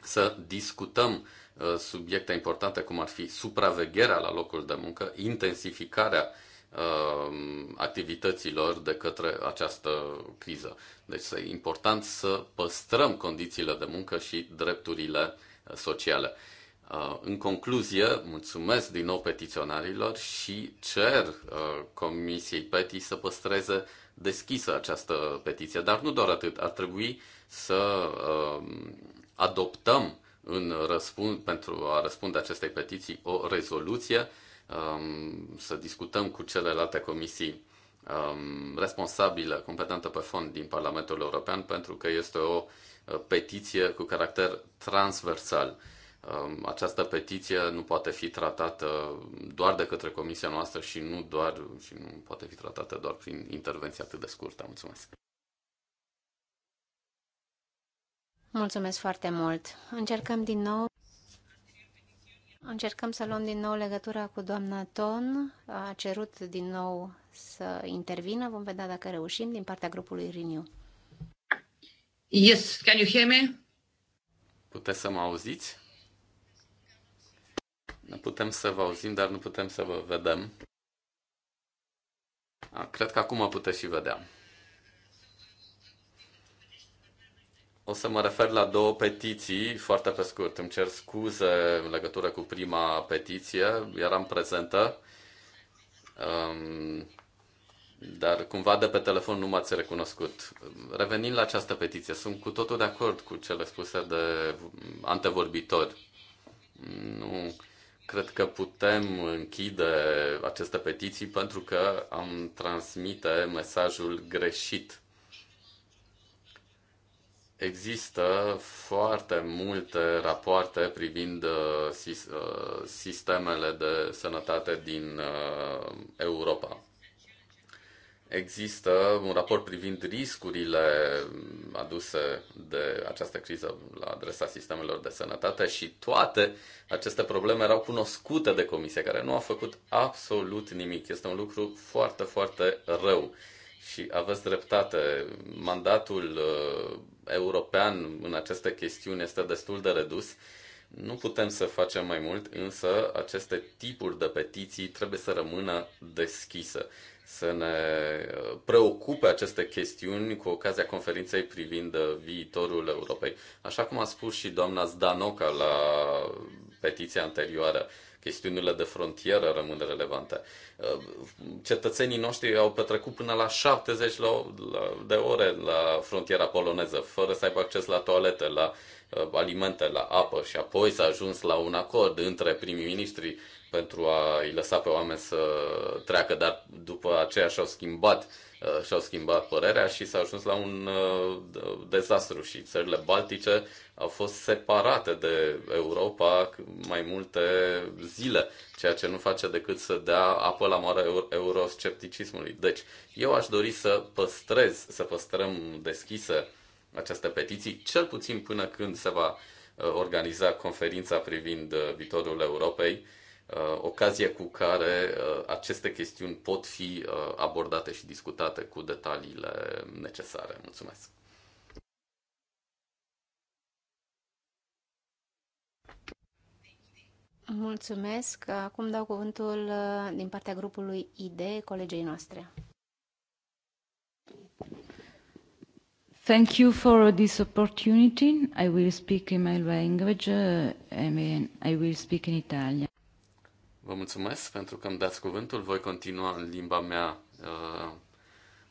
să discutăm uh, subiecte importante cum ar fi supravegherea la locul de muncă, intensificarea uh, activităților de către această criză. Deci este important să păstrăm condițiile de muncă și drepturile uh, sociale. În concluzie, mulțumesc din nou petiționarilor și cer Comisiei PETI să păstreze deschisă această petiție, dar nu doar atât. Ar trebui să uh, adoptăm în răspund, pentru a răspunde acestei petiții o rezoluție, um, să discutăm cu celelalte comisii um, responsabile, competentă pe fond din Parlamentul European, pentru că este o uh, petiție cu caracter transversal Um, această petiție nu poate fi tratată doar de către comisia noastră și nu doar și nu poate fi tratată doar prin intervenție atât de scurtă. Mulțumesc. Mulțumesc foarte mult. Încercăm din nou Încercăm să luăm din nou legătura cu doamna Ton. A cerut din nou să intervină. Vom vedea dacă reușim din partea grupului Renew. Yes, can you hear me? Puteți să mă auziți? Putem să vă auzim, dar nu putem să vă vedem. Cred că acum mă puteți și vedea. O să mă refer la două petiții, foarte pe scurt. Îmi cer scuze în legătură cu prima petiție, eram prezentă, um, dar cumva de pe telefon nu m-ați recunoscut. Revenind la această petiție, sunt cu totul de acord cu cele spuse de antevorbitori. Nu Cred că putem închide aceste petiții pentru că am transmite mesajul greșit. Există foarte multe rapoarte privind uh, uh, sistemele de sănătate din uh, Europa. Există un raport privind riscurile aduse de această criză la adresa sistemelor de sănătate și toate aceste probleme erau cunoscute de comisie, care nu a făcut absolut nimic. Este un lucru foarte, foarte rău. Și aveți dreptate, mandatul uh, european în aceste chestiuni este destul de redus. Nu putem să facem mai mult, însă aceste tipuri de petiții trebuie să rămână deschise să ne uh, preocupe aceste chestiuni cu ocazia conferinței privind uh, viitorul Europei. Așa cum a spus și doamna Zdanoca la petiția anterioară, chestiunile de frontieră rămân relevante. Uh, cetățenii noștri au petrecut până la 70 de ore la frontiera poloneză, fără să aibă acces la toalete, la alimente, la apă și apoi s-a ajuns la un acord între primii ministri pentru a-i lăsa pe oameni să treacă, dar după aceea și-au schimbat, uh, și-au schimbat părerea și s-a ajuns la un uh, dezastru și țările baltice au fost separate de Europa mai multe zile, ceea ce nu face decât să dea apă la mare euroscepticismului. Deci, eu aș dori să păstrez, să păstrăm deschise aceste petiții, cel puțin până când se va uh, organiza conferința privind viitorul Europei, Uh, ocazia cu care uh, aceste chestiuni pot fi uh, abordate și discutate cu detaliile necesare. Mulțumesc! Mulțumesc. Acum dau cuvântul din partea grupului ID, colegei noastre. Thank you for this opportunity. I will speak in my language uh, and I will speak in Italian. Vă mulțumesc pentru că îmi dați cuvântul. Voi continua în limba mea uh,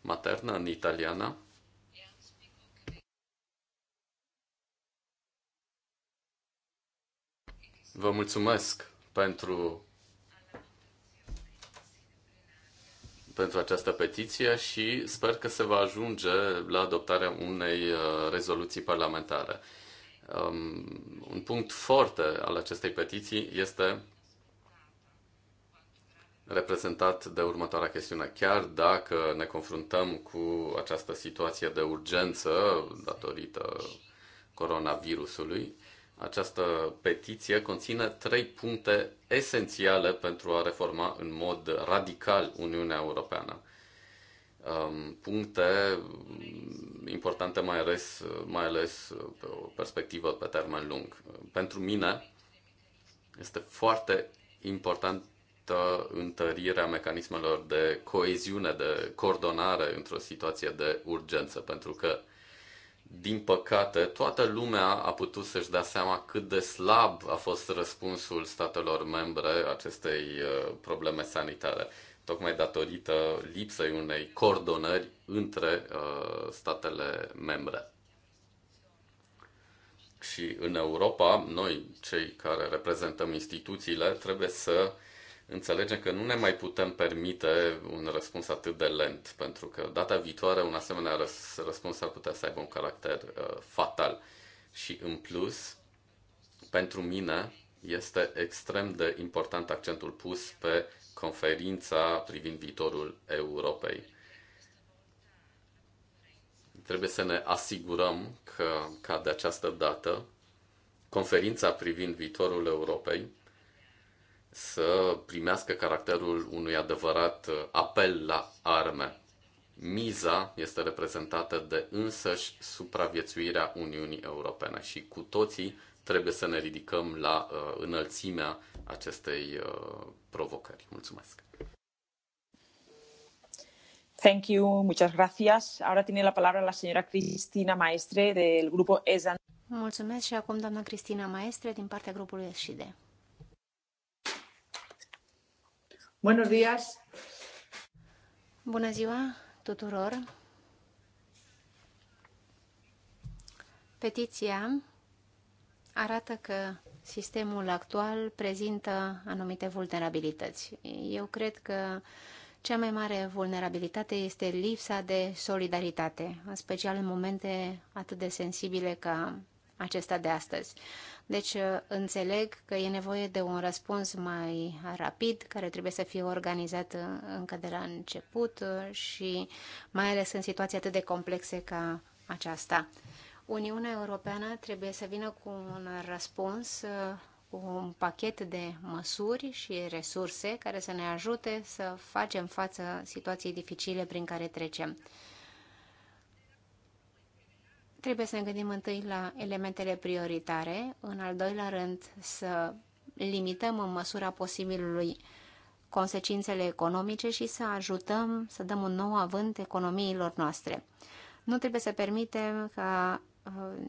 maternă, în italiană. Vă mulțumesc pentru pentru această petiție și sper că se va ajunge la adoptarea unei uh, rezoluții parlamentare. Um, un punct foarte al acestei petiții este reprezentat de următoarea chestiune. Chiar dacă ne confruntăm cu această situație de urgență datorită coronavirusului, această petiție conține trei puncte esențiale pentru a reforma în mod radical Uniunea Europeană. Um, puncte importante mai ales, mai ales pe o perspectivă pe termen lung. Pentru mine este foarte important necesită întărirea mecanismelor de coeziune, de coordonare într-o situație de urgență, pentru că, din păcate, toată lumea a putut să-și dea seama cât de slab a fost răspunsul statelor membre acestei uh, probleme sanitare, tocmai datorită lipsei unei coordonări între uh, statele membre. Și în Europa, noi, cei care reprezentăm instituțiile, trebuie să înțelegem că nu ne mai putem permite un răspuns atât de lent, pentru că data viitoare un asemenea răspuns ar putea să aibă un caracter uh, fatal. Și în plus, pentru mine este extrem de important accentul pus pe conferința privind viitorul Europei. Trebuie să ne asigurăm că, ca de această dată, conferința privind viitorul Europei să primească caracterul unui adevărat uh, apel la arme. Miza este reprezentată de însăși supraviețuirea Uniunii Europene și cu toții trebuie să ne ridicăm la uh, înălțimea acestei uh, provocări. Mulțumesc! Thank you, muchas gracias. Ahora tiene la palabra la señora Cristina Maestre del grupo ESAN. Mulțumesc și acum doamna Cristina Maestre din partea grupului SIDE. Buenos días. Bună ziua tuturor. Petiția arată că sistemul actual prezintă anumite vulnerabilități. Eu cred că cea mai mare vulnerabilitate este lipsa de solidaritate, în special în momente atât de sensibile ca acesta de astăzi. Deci uh, înțeleg că e nevoie de un răspuns mai rapid, care trebuie să fie organizat uh, încă de la început uh, și mai ales în situații atât de complexe ca aceasta. Uniunea Europeană trebuie să vină cu un răspuns un pachet de măsuri și resurse care să ne ajute să facem față situației dificile prin care trecem. Trebuie să ne gândim întâi la elementele prioritare, în al doilea rând să limităm în măsura posibilului consecințele economice și să ajutăm să dăm un nou avânt economiilor noastre. Nu trebuie să permitem ca uh,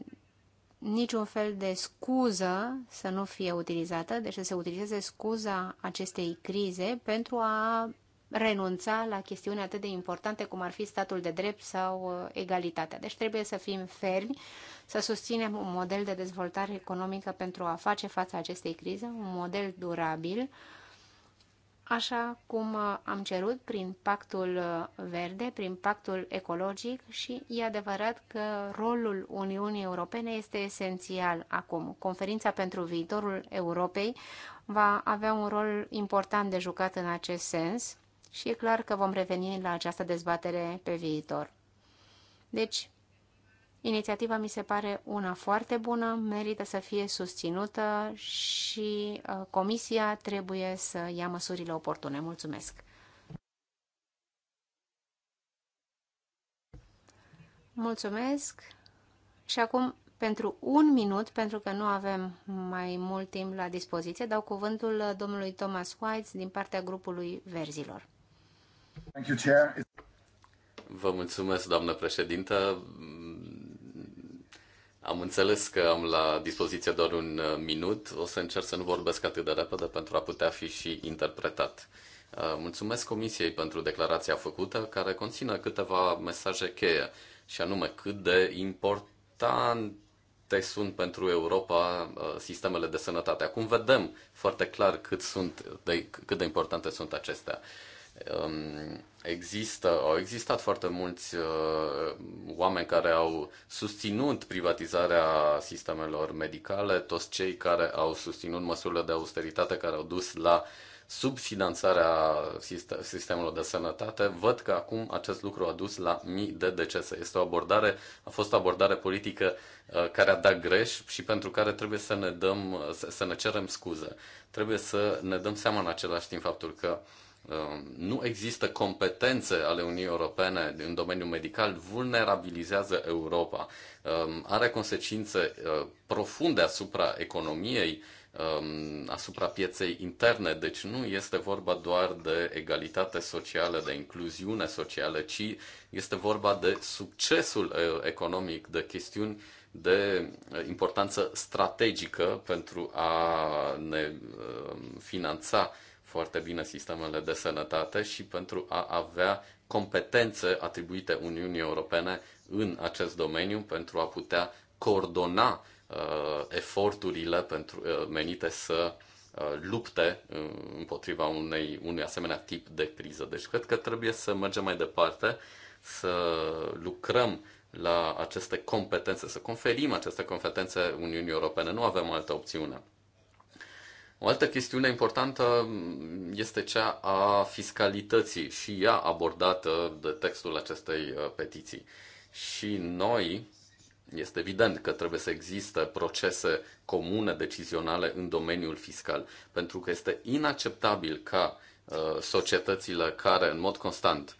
niciun fel de scuză să nu fie utilizată, deci să se utilizeze scuza acestei crize pentru a renunța la chestiuni atât de importante cum ar fi statul de drept sau uh, egalitatea. Deci trebuie să fim fermi, să susținem un model de dezvoltare economică pentru a face față acestei crize, un model durabil, așa cum uh, am cerut prin pactul uh, verde, prin pactul ecologic și e adevărat că rolul Uniunii Europene este esențial acum. Conferința pentru viitorul Europei va avea un rol important de jucat în acest sens și e clar că vom reveni la această dezbatere pe viitor. Deci, inițiativa mi se pare una foarte bună, merită să fie susținută și uh, comisia trebuie să ia măsurile oportune. Mulțumesc! Mulțumesc! Și acum, pentru un minut, pentru că nu avem mai mult timp la dispoziție, dau cuvântul uh, domnului Thomas White din partea grupului Verzilor. Thank you, Chair. Vă mulțumesc, doamnă președintă. Am înțeles că am la dispoziție doar un uh, minut. O să încerc să nu vorbesc atât de repede pentru a putea fi și interpretat. Uh, mulțumesc Comisiei pentru declarația făcută, care conține câteva mesaje cheie, și anume cât de importante sunt pentru Europa uh, sistemele de sănătate. Acum vedem foarte clar cât, sunt de, cât de importante sunt acestea. Um, există, au existat foarte mulți uh, oameni care au susținut privatizarea sistemelor medicale, toți cei care au susținut măsurile de austeritate care au dus la subfinanțarea sistemelor de sănătate, văd că acum acest lucru a dus la mii de decese. Este o abordare, a fost o abordare politică uh, care a dat greș și pentru care trebuie să ne dăm, să ne cerem scuze. Trebuie să ne dăm seama în același timp faptul că uh, Um, nu există competențe ale Uniunii Europene în domeniul medical, vulnerabilizează Europa, um, are consecințe uh, profunde asupra economiei, um, asupra pieței interne. Deci nu este vorba doar de egalitate socială, de incluziune socială, ci este vorba de succesul uh, economic, de chestiuni de uh, importanță strategică pentru a ne finanța foarte bine sistemele de sănătate și pentru a avea competențe atribuite Uniunii Europene în acest domeniu pentru a putea coordona uh, eforturile pentru, uh, menite să uh, lupte uh, împotriva unei, unui asemenea tip de criză. Deci cred că trebuie să mergem mai departe, să lucrăm la aceste competențe, să conferim aceste competențe Uniunii Europene. Nu avem altă opțiune. O altă chestiune importantă mm, este cea a fiscalității și ea abordată de textul acestei uh, petiții. Și noi, este evident că trebuie să existe procese comune decizionale în domeniul fiscal, pentru că este inacceptabil ca uh, societățile care în mod constant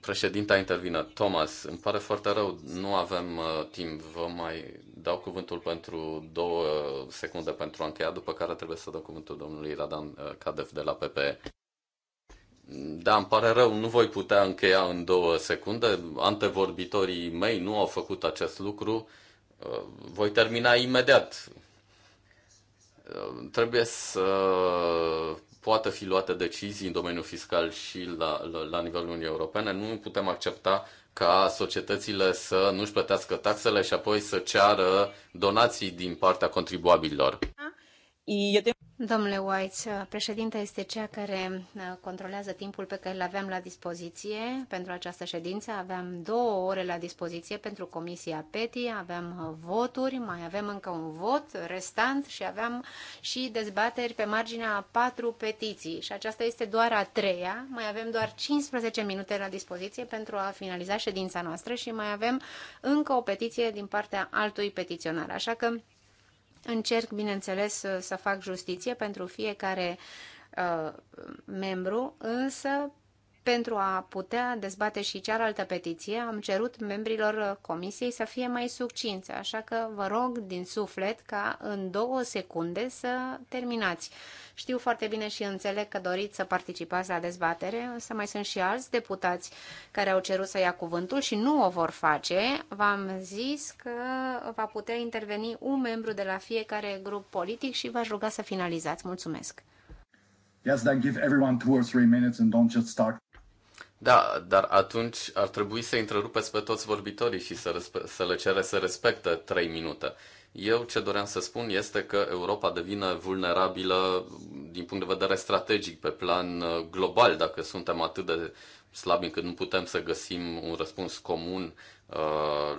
Președinta intervine. Thomas, îmi pare foarte rău, nu avem uh, timp. Vă mai dau cuvântul pentru două uh, secunde pentru a încheia, după care trebuie să dau cuvântul domnului Radan uh, Cadef de la PPE. Da, îmi pare rău, nu voi putea încheia în două secunde. Antevorbitorii mei nu au făcut acest lucru. Uh, voi termina imediat uh, trebuie să poată fi luate decizii în domeniul fiscal și la, la, la nivelul Uniunii Europene, nu putem accepta ca societățile să nu-și plătească taxele și apoi să ceară donații din partea contribuabililor. Domnule White, președinta este cea care uh, controlează timpul pe care îl aveam la dispoziție pentru această ședință. Aveam două ore la dispoziție pentru Comisia PETI, aveam uh, voturi, mai avem încă un vot restant și aveam și dezbateri pe marginea a patru petiții. Și aceasta este doar a treia. Mai avem doar 15 minute la dispoziție pentru a finaliza ședința noastră și mai avem încă o petiție din partea altui petiționar. Așa că Încerc, bineînțeles, să fac justiție pentru fiecare uh, membru, însă pentru a putea dezbate și cealaltă petiție, am cerut membrilor comisiei să fie mai succinți, așa că vă rog din suflet ca în două secunde să terminați. Știu foarte bine și înțeleg că doriți să participați la dezbatere, însă mai sunt și alți deputați care au cerut să ia cuvântul și nu o vor face. V-am zis că va putea interveni un membru de la fiecare grup politic și v-aș ruga să finalizați. Mulțumesc! Yes, then give everyone two or three minutes and don't just start. Da, dar atunci ar trebui să întrerupeți pe toți vorbitorii și să, să le cere să respecte trei minute. Eu ce doream să spun este că Europa devine vulnerabilă din punct de vedere strategic, pe plan uh, global, dacă suntem atât de slabi încât nu putem să găsim un răspuns comun uh,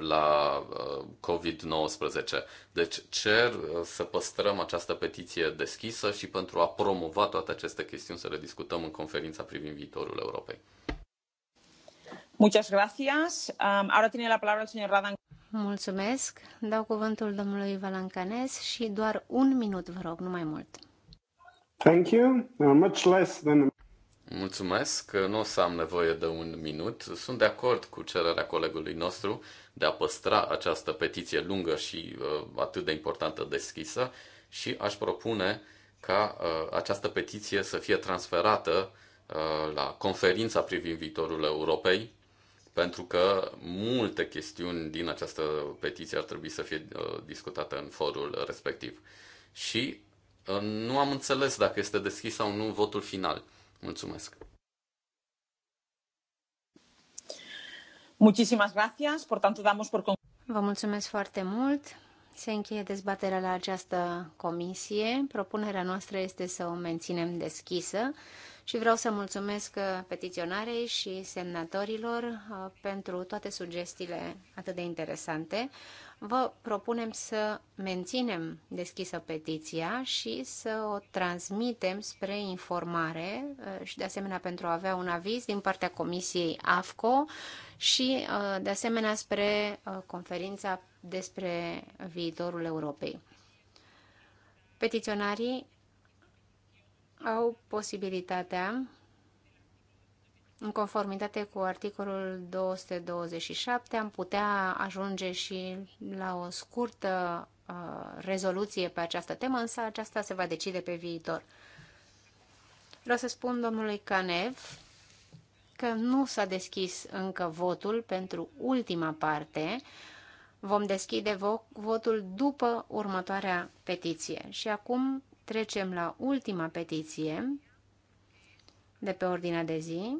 la uh, COVID-19. Deci cer uh, să păstrăm această petiție deschisă și pentru a promova toate aceste chestiuni să le discutăm în conferința privind viitorul Europei. Muchas gracias. Um, ahora tiene la palabra el señor Radan. Mulțumesc. Dau cuvântul domnului Valancanes și doar un minut, vă rog, nu mai mult. Thank you. Uh, much less than... Mulțumesc. Uh, nu o să am nevoie de un minut. Sunt de acord cu cererea colegului nostru de a păstra această petiție lungă și uh, atât de importantă deschisă și aș propune ca uh, această petiție să fie transferată uh, la conferința privind viitorul Europei, pentru că multe chestiuni din această petiție ar trebui să fie uh, discutate în forul respectiv. Și uh, nu am înțeles dacă este deschis sau nu votul final. Mulțumesc. Muchísimas gracias. Por tanto, damos por Vă mulțumesc foarte mult. Se încheie dezbaterea la această comisie. Propunerea noastră este să o menținem deschisă și vreau să mulțumesc uh, petiționarei și semnatorilor uh, pentru toate sugestiile atât de interesante. Vă propunem să menținem deschisă petiția și să o transmitem spre informare uh, și de asemenea pentru a avea un aviz din partea Comisiei AFCO și de asemenea spre conferința despre viitorul Europei. Petiționarii au posibilitatea, în conformitate cu articolul 227, am putea ajunge și la o scurtă uh, rezoluție pe această temă, însă aceasta se va decide pe viitor. Vreau să spun domnului Canev că nu s-a deschis încă votul pentru ultima parte Vom deschide votul după următoarea petiție. Și acum trecem la ultima petiție de pe ordinea de zi.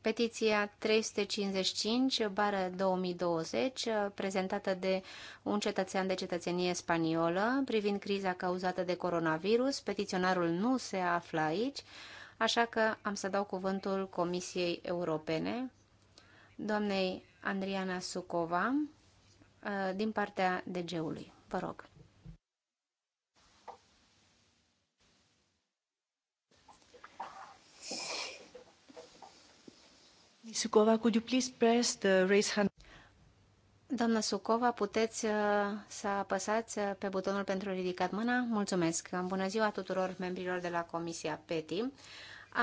Petiția 355 2020, prezentată de un cetățean de cetățenie spaniolă privind criza cauzată de coronavirus. Petiționarul nu se află aici așa că am să dau cuvântul Comisiei Europene, doamnei Andriana Sucova, uh, din partea DG-ului. Vă rog. Sucova, could you please press the raise hand? Doamna Sucova, puteți uh, să apăsați uh, pe butonul pentru ridicat mâna? Mulțumesc! Bună ziua tuturor membrilor de la Comisia PETI!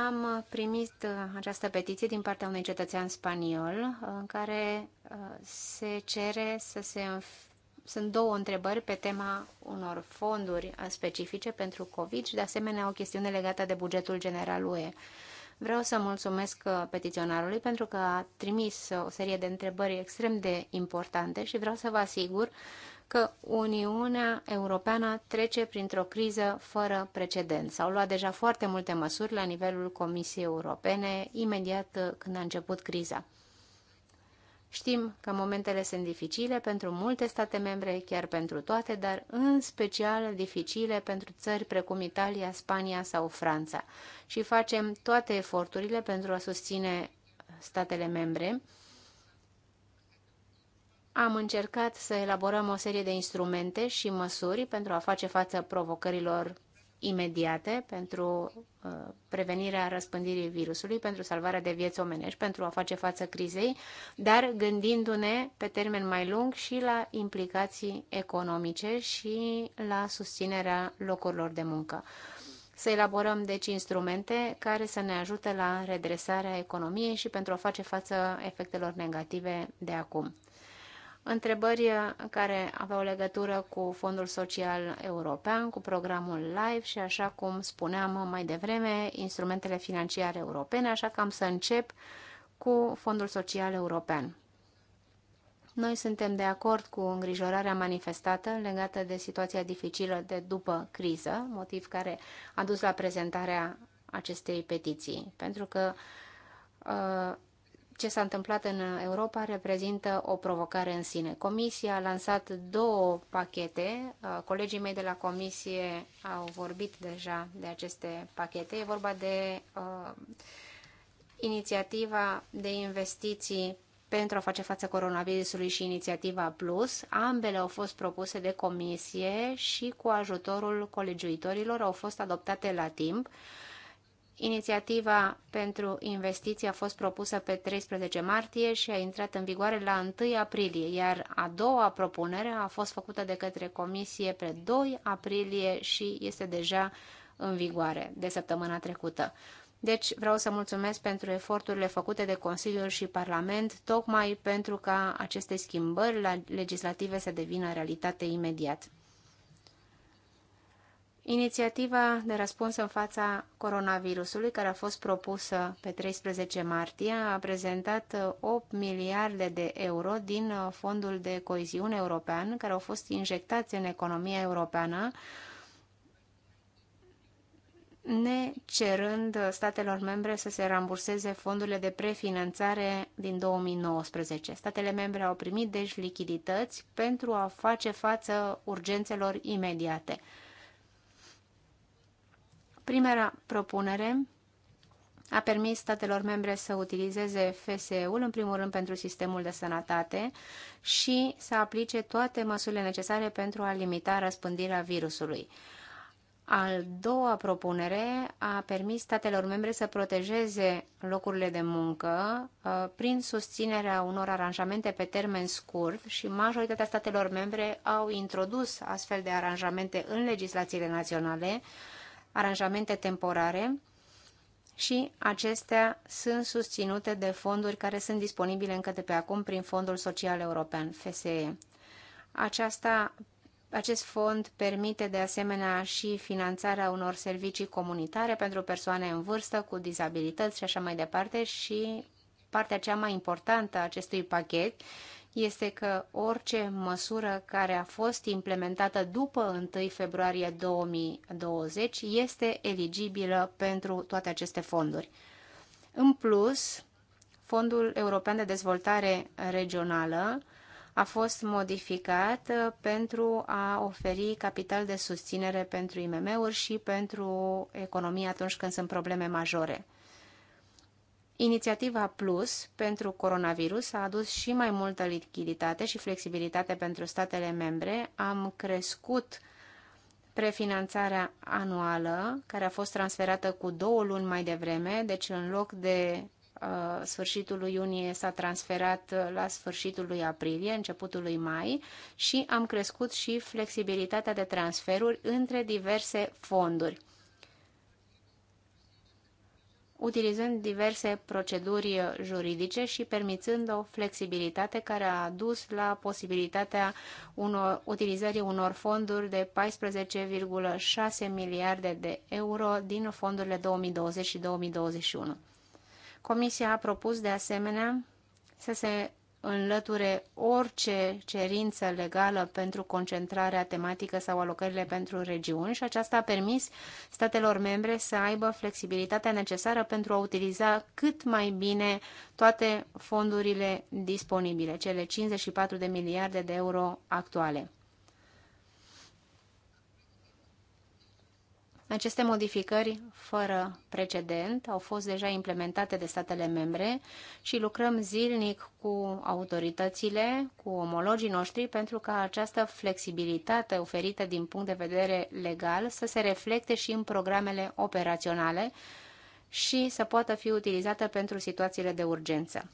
Am primit uh, această petiție din partea unui cetățean spaniol în care se cere să se sunt două întrebări pe tema unor fonduri specifice pentru COVID și de asemenea o chestiune legată de bugetul general UE. Vreau să mulțumesc uh, petiționarului pentru că a trimis uh, o serie de întrebări extrem de importante și vreau să vă asigur că Uniunea Europeană trece printr-o criză fără precedent. S-au luat deja foarte multe măsuri la nivelul Comisiei Europene imediat uh, când a început criza. Știm că momentele sunt dificile pentru multe state membre, chiar pentru toate, dar în special dificile pentru țări precum Italia, Spania sau Franța. Și facem toate eforturile pentru a susține statele membre. Am încercat să elaborăm o serie de instrumente și măsuri pentru a face față provocărilor imediate pentru uh, prevenirea răspândirii virusului, pentru salvarea de vieți omenești, pentru a face față crizei, dar gândindu-ne pe termen mai lung și la implicații economice și la susținerea locurilor de muncă. Să elaborăm, deci, instrumente care să ne ajute la redresarea economiei și pentru a face față efectelor negative de acum întrebări care aveau legătură cu Fondul Social European, cu programul LIFE și, așa cum spuneam mai devreme, instrumentele financiare europene, așa că am să încep cu Fondul Social European. Noi suntem de acord cu îngrijorarea manifestată legată de situația dificilă de după criză, motiv care a dus la prezentarea acestei petiții, pentru că uh, ce s-a întâmplat în Europa reprezintă o provocare în sine. Comisia a lansat două pachete. Uh, colegii mei de la comisie au vorbit deja de aceste pachete. E vorba de uh, inițiativa de investiții pentru a face față coronavirusului și inițiativa Plus. Ambele au fost propuse de comisie și cu ajutorul colegiuitorilor au fost adoptate la timp. Uh, Inițiativa pentru investiții a fost propusă pe 13 martie și a intrat în vigoare la 1 aprilie, iar a doua propunere a fost făcută de către Comisie pe 2 aprilie și este deja în vigoare de săptămâna trecută. Deci vreau să mulțumesc pentru eforturile făcute de Consiliul și Parlament, tocmai pentru ca aceste schimbări legislative să devină realitate imediat. Inițiativa de răspuns în fața coronavirusului, care a fost propusă pe 13 martie, a prezentat 8 uh, miliarde de euro din uh, fondul de coeziune european, care au fost injectați în economia europeană, ne cerând uh, statelor membre să se ramburseze fondurile de prefinanțare din 2019. Statele membre au primit deci lichidități pentru a face față urgențelor imediate. Primera propunere a permis statelor membre să utilizeze FSE-ul, în primul rând pentru sistemul de sănătate, și să aplice toate măsurile necesare pentru a limita răspândirea virusului. Al doua propunere a permis statelor membre să protejeze locurile de muncă uh, prin susținerea unor aranjamente pe termen scurt și majoritatea statelor membre au introdus astfel de aranjamente în legislațiile naționale, aranjamente temporare și acestea sunt susținute de fonduri care sunt disponibile încă de pe acum prin Fondul Social European, FSE. Aceasta, acest fond permite de asemenea și finanțarea unor servicii comunitare pentru persoane în vârstă, cu dizabilități și așa mai departe și partea cea mai importantă a acestui pachet este că orice măsură care a fost implementată după 1 februarie 2020 este eligibilă pentru toate aceste fonduri. În plus, Fondul European de Dezvoltare Regională a fost modificat uh, pentru a oferi capital de susținere pentru IMM-uri și pentru economie atunci când sunt probleme majore. Inițiativa Plus pentru coronavirus a adus și mai multă lichiditate și flexibilitate pentru statele membre. Am crescut prefinanțarea anuală, care a fost transferată cu două luni mai devreme, deci în loc de uh, sfârșitul lui iunie s-a transferat uh, la sfârșitul lui aprilie, începutul lui mai și am crescut și flexibilitatea de transferuri între diverse fonduri utilizând diverse proceduri juridice și permițând o flexibilitate care a dus la posibilitatea unor, utilizării unor fonduri de 14,6 miliarde de euro din fondurile 2020 și 2021. Comisia a propus de asemenea să se înlăture orice cerință legală pentru concentrarea tematică sau alocările pentru regiuni și aceasta a permis statelor membre să aibă flexibilitatea necesară pentru a utiliza cât mai bine toate fondurile disponibile, cele 54 de miliarde de euro actuale. Aceste modificări fără precedent au fost deja implementate de statele membre și lucrăm zilnic cu autoritățile, cu omologii noștri, pentru ca această flexibilitate oferită din punct de vedere legal să se reflecte și în programele operaționale și să poată fi utilizată pentru situațiile de urgență.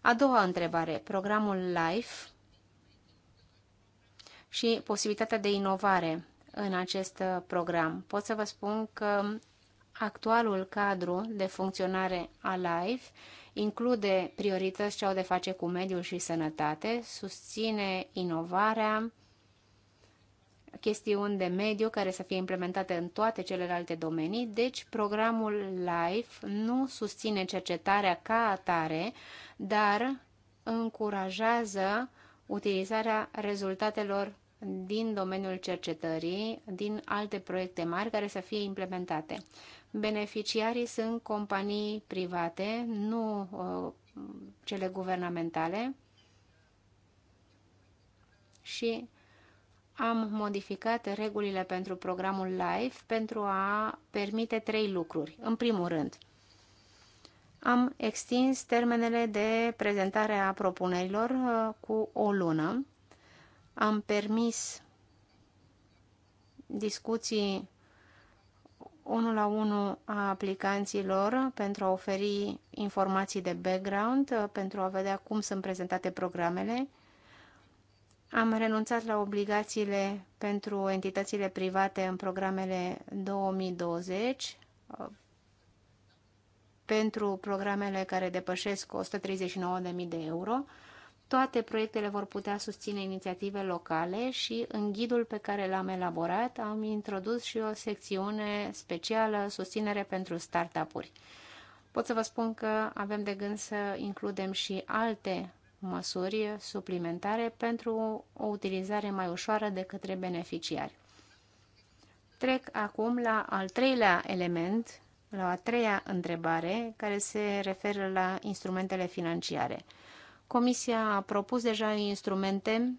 A doua întrebare, programul LIFE și posibilitatea de inovare în acest uh, program. Pot să vă spun că actualul cadru de funcționare a LIFE include priorități ce au de face cu mediul și sănătate, susține inovarea, chestiuni de mediu care să fie implementate în toate celelalte domenii, deci programul LIFE nu susține cercetarea ca atare, dar încurajează utilizarea rezultatelor din domeniul cercetării, din alte proiecte mari care să fie implementate. Beneficiarii sunt companii private, nu uh, cele guvernamentale și am modificat regulile pentru programul LIFE pentru a permite trei lucruri. În primul rând, am extins termenele de prezentare a propunerilor uh, cu o lună am permis discuții unul la unul a aplicanților pentru a oferi informații de background, uh, pentru a vedea cum sunt prezentate programele. Am renunțat la obligațiile pentru entitățile private în programele 2020, uh, pentru programele care depășesc 139.000 de euro toate proiectele vor putea susține inițiative locale și în ghidul pe care l-am elaborat am introdus și o secțiune specială susținere pentru startup-uri. Pot să vă spun că avem de gând să includem și alte măsuri suplimentare pentru o utilizare mai ușoară de către beneficiari. Trec acum la al treilea element, la a treia întrebare, care se referă la instrumentele financiare. Comisia a propus deja instrumente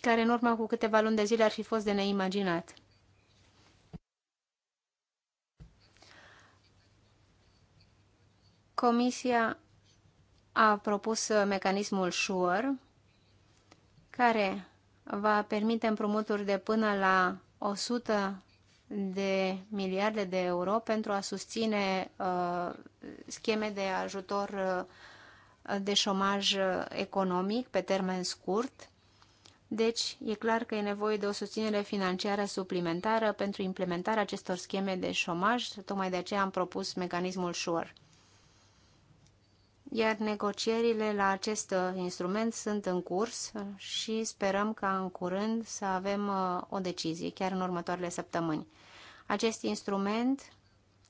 care în urmă cu câteva luni de zile ar fi fost de neimaginat. Comisia a propus mecanismul SURE, care va permite împrumuturi de până la 100 de miliarde de euro pentru a susține uh, scheme de ajutor uh, de șomaj uh, economic pe termen scurt. Deci, e clar că e nevoie de o susținere financiară suplimentară pentru implementarea acestor scheme de șomaj, tocmai de aceea am propus mecanismul SURE iar negocierile la acest uh, instrument sunt în curs uh, și sperăm ca în curând să avem uh, o decizie, chiar în următoarele săptămâni. Acest instrument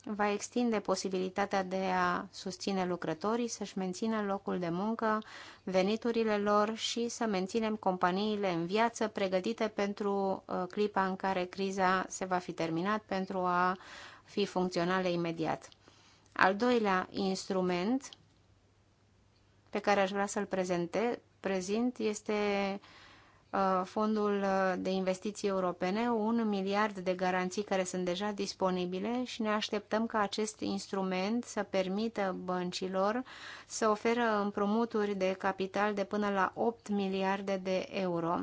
va extinde posibilitatea de a susține lucrătorii să-și mențină locul de muncă, veniturile lor și să menținem companiile în viață pregătite pentru clipa în care criza se va fi terminat pentru a fi funcționale imediat. Al doilea instrument pe care aș vrea să-l prezint este uh, fondul uh, de investiții europene, un miliard de garanții care sunt deja disponibile și ne așteptăm ca acest instrument să permită băncilor să oferă împrumuturi de capital de până la 8 miliarde de euro.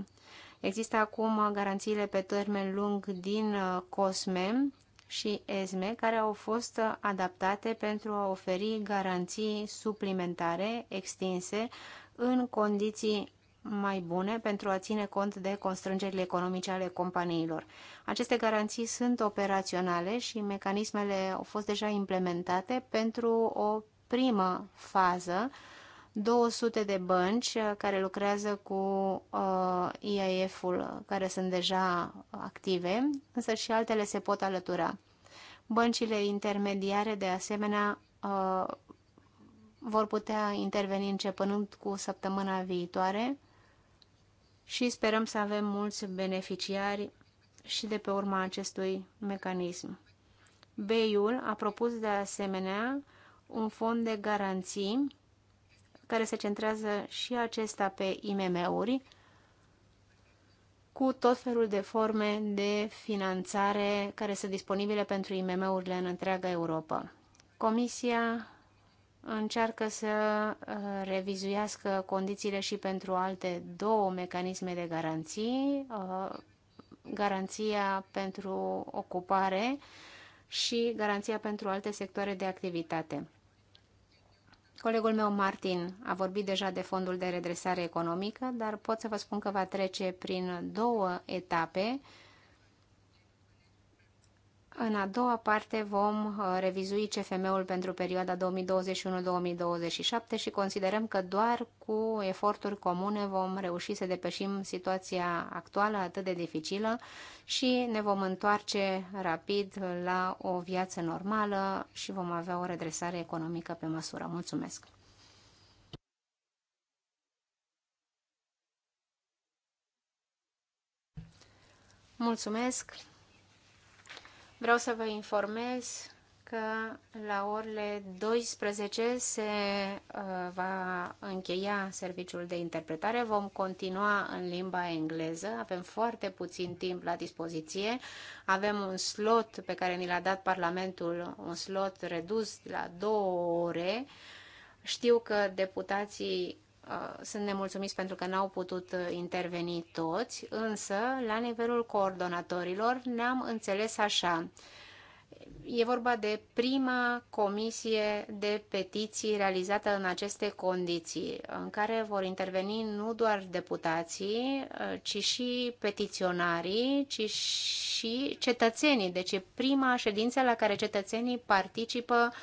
Există acum garanțiile pe termen lung din uh, COSME, și ESME, care au fost adaptate pentru a oferi garanții suplimentare extinse în condiții mai bune pentru a ține cont de constrângerile economice ale companiilor. Aceste garanții sunt operaționale și mecanismele au fost deja implementate pentru o primă fază 200 de bănci uh, care lucrează cu uh, IAF-ul, uh, care sunt deja active, însă și altele se pot alătura. Băncile intermediare, de asemenea, uh, vor putea interveni începând cu săptămâna viitoare și sperăm să avem mulți beneficiari și de pe urma acestui mecanism. BEI-ul a propus de asemenea un fond de garanții care se centrează și acesta pe IMM-uri, cu tot felul de forme de finanțare care sunt disponibile pentru IMM-urile în întreaga Europa. Comisia încearcă să uh, revizuiască condițiile și pentru alte două mecanisme de garanții, uh, garanția pentru ocupare și garanția pentru alte sectoare de activitate. Colegul meu, Martin, a vorbit deja de fondul de redresare economică, dar pot să vă spun că va trece prin două etape în a doua parte vom uh, revizui CFM-ul pentru perioada 2021-2027 și considerăm că doar cu eforturi comune vom reuși să depășim situația actuală atât de dificilă și ne vom întoarce rapid la o viață normală și vom avea o redresare economică pe măsură. Mulțumesc! Mulțumesc! Vreau să vă informez că la orele 12 se uh, va încheia serviciul de interpretare. Vom continua în limba engleză. Avem foarte puțin timp la dispoziție. Avem un slot pe care ni l-a dat Parlamentul, un slot redus la două ore. Știu că deputații Uh, sunt nemulțumiți pentru că n-au putut uh, interveni toți, însă la nivelul coordonatorilor ne-am înțeles așa. E vorba de prima comisie de petiții realizată în aceste condiții, în care vor interveni nu doar deputații, uh, ci și petiționarii, ci și cetățenii. Deci e prima ședință la care cetățenii participă uh,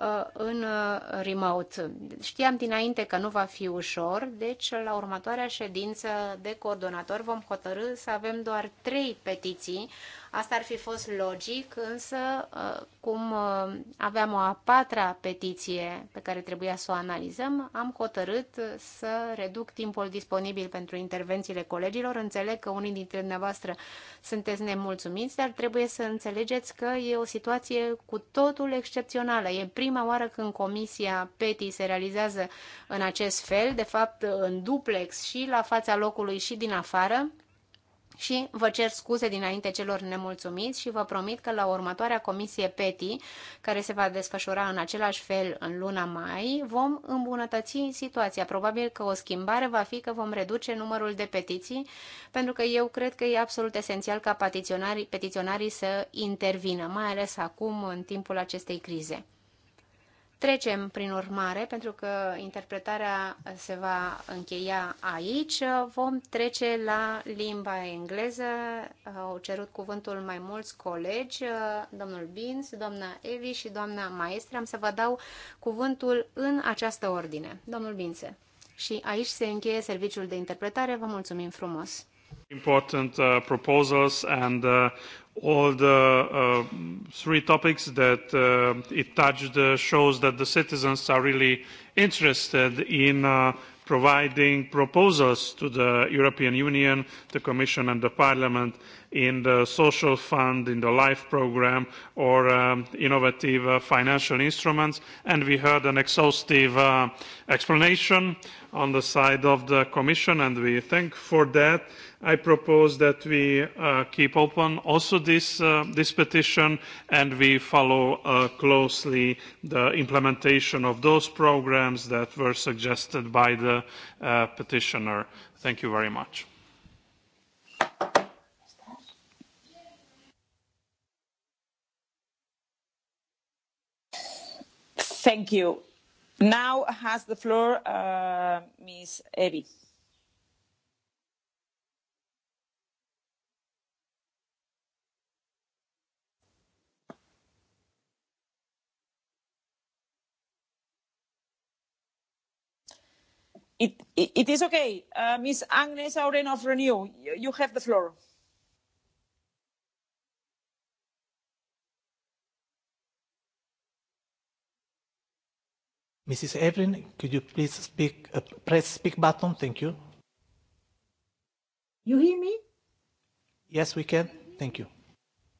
Uh, în uh, remote. Știam dinainte că nu va fi ușor, deci la următoarea ședință de coordonator vom hotărâ să avem doar trei petiții Asta ar fi fost logic, însă ă, cum ă, aveam o a patra petiție pe care trebuia să o analizăm, am hotărât să reduc timpul disponibil pentru intervențiile colegilor. Înțeleg că unii dintre dumneavoastră sunteți nemulțumiți, dar trebuie să înțelegeți că e o situație cu totul excepțională. E prima oară când Comisia PETI se realizează în acest fel, de fapt în duplex și la fața locului și din afară și vă cer scuze dinainte celor nemulțumiți și vă promit că la următoarea comisie PETI, care se va desfășura în același fel în luna mai, vom îmbunătăți situația. Probabil că o schimbare va fi că vom reduce numărul de petiții, pentru că eu cred că e absolut esențial ca petiționarii, petiționarii să intervină, mai ales acum, în timpul acestei crize. Trecem prin urmare, pentru că interpretarea se va încheia aici, vom trece la limba engleză. Au cerut cuvântul mai mulți colegi, domnul Bins, doamna Evi și doamna Maestre. Am să vă dau cuvântul în această ordine. Domnul Binse. Și aici se încheie serviciul de interpretare. Vă mulțumim frumos! Important uh, proposals and uh, all the uh, three topics that uh, it touched uh, shows that the citizens are really interested in uh, providing proposals to the European Union, the Commission and the Parliament in the social fund, in the LIFE programme or um, innovative uh, financial instruments. And we heard an exhaustive uh, explanation on the side of the Commission, and we thank for that. I propose that we uh, keep open also this, uh, this petition, and we follow uh, closely the implementation of those programs that were suggested by the uh, petitioner. Thank you very much. Thank you Now has the floor uh, Ms. Evi. It, it, it is okay. Uh, Ms. Agnes Auren of Renew, you, you have the floor. Mrs. Evelyn, could you please speak, uh, press speak button? Thank you. You hear me? Yes, we can. Thank you.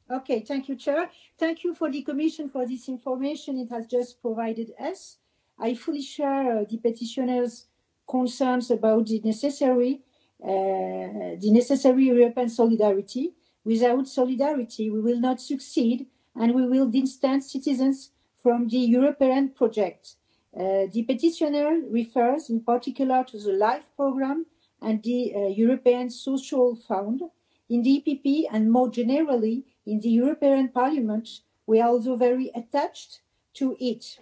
Okay, thank you, Chair. Thank you for the Commission for this information it has just provided us. I fully share uh, the petitioner's concerns about the necessary, uh, the necessary European solidarity. Without solidarity, we will not succeed and we will distance citizens from the European project Uh, the petitioner refers in particular to the LIFE program and the uh, European Social Fund. In the EPP and more generally in the European Parliament, we are also very attached to it.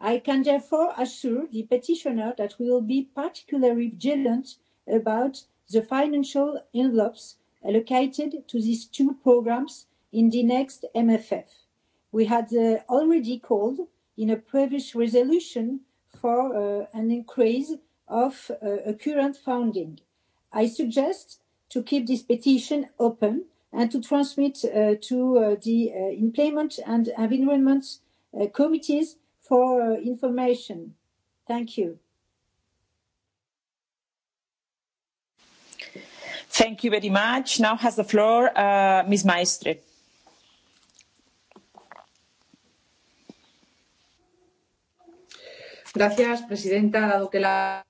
I can therefore assure the petitioner that we will be particularly vigilant about the financial envelopes allocated to these two programs in the next MFF. We had uh, already called in a previous resolution for uh, an increase of uh, a current funding. I suggest to keep this petition open and to transmit uh, to uh, the uh, Employment and Environment uh, Committees for uh, information. Thank you. Thank you very much. Now has the floor uh, Ms. Maestre. Gracias, presidenta. Dado que la,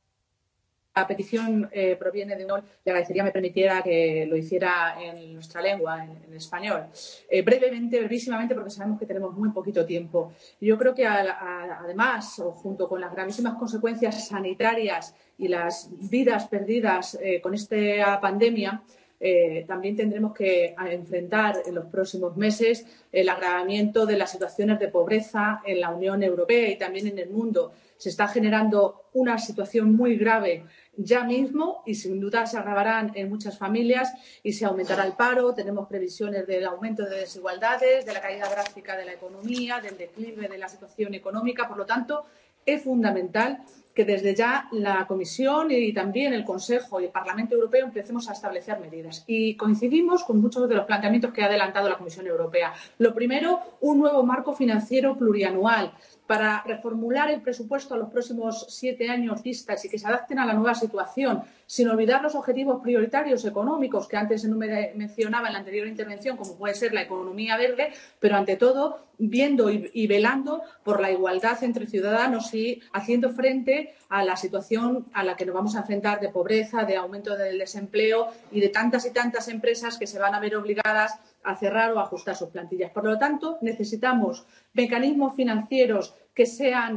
la petición eh, proviene de un le agradecería me permitiera que lo hiciera en nuestra lengua, en, en español. Eh, brevemente, brevísimamente, porque sabemos que tenemos muy poquito tiempo. Yo creo que, a, a, además, o junto con las gravísimas consecuencias sanitarias y las vidas perdidas eh, con esta pandemia, eh, también tendremos que enfrentar en los próximos meses el agravamiento de las situaciones de pobreza en la Unión Europea y también en el mundo. Se está generando una situación muy grave ya mismo y sin duda se agravarán en muchas familias y se aumentará el paro. Tenemos previsiones del aumento de desigualdades, de la caída drástica de la economía, del declive de la situación económica. Por lo tanto, es fundamental que desde ya la Comisión y también el Consejo y el Parlamento Europeo empecemos a establecer medidas. Y coincidimos con muchos de los planteamientos que ha adelantado la Comisión Europea. Lo primero, un nuevo marco financiero plurianual para reformular el presupuesto a los próximos siete años vistas y que se adapten a la nueva situación, sin olvidar los objetivos prioritarios económicos que antes no me mencionaba en la anterior intervención, como puede ser la economía verde, pero ante todo viendo y, y velando por la igualdad entre ciudadanos y haciendo frente a la situación a la que nos vamos a enfrentar de pobreza, de aumento del desempleo y de tantas y tantas empresas que se van a ver obligadas a cerrar o ajustar sus plantillas. Por lo tanto, necesitamos mecanismos financieros que sean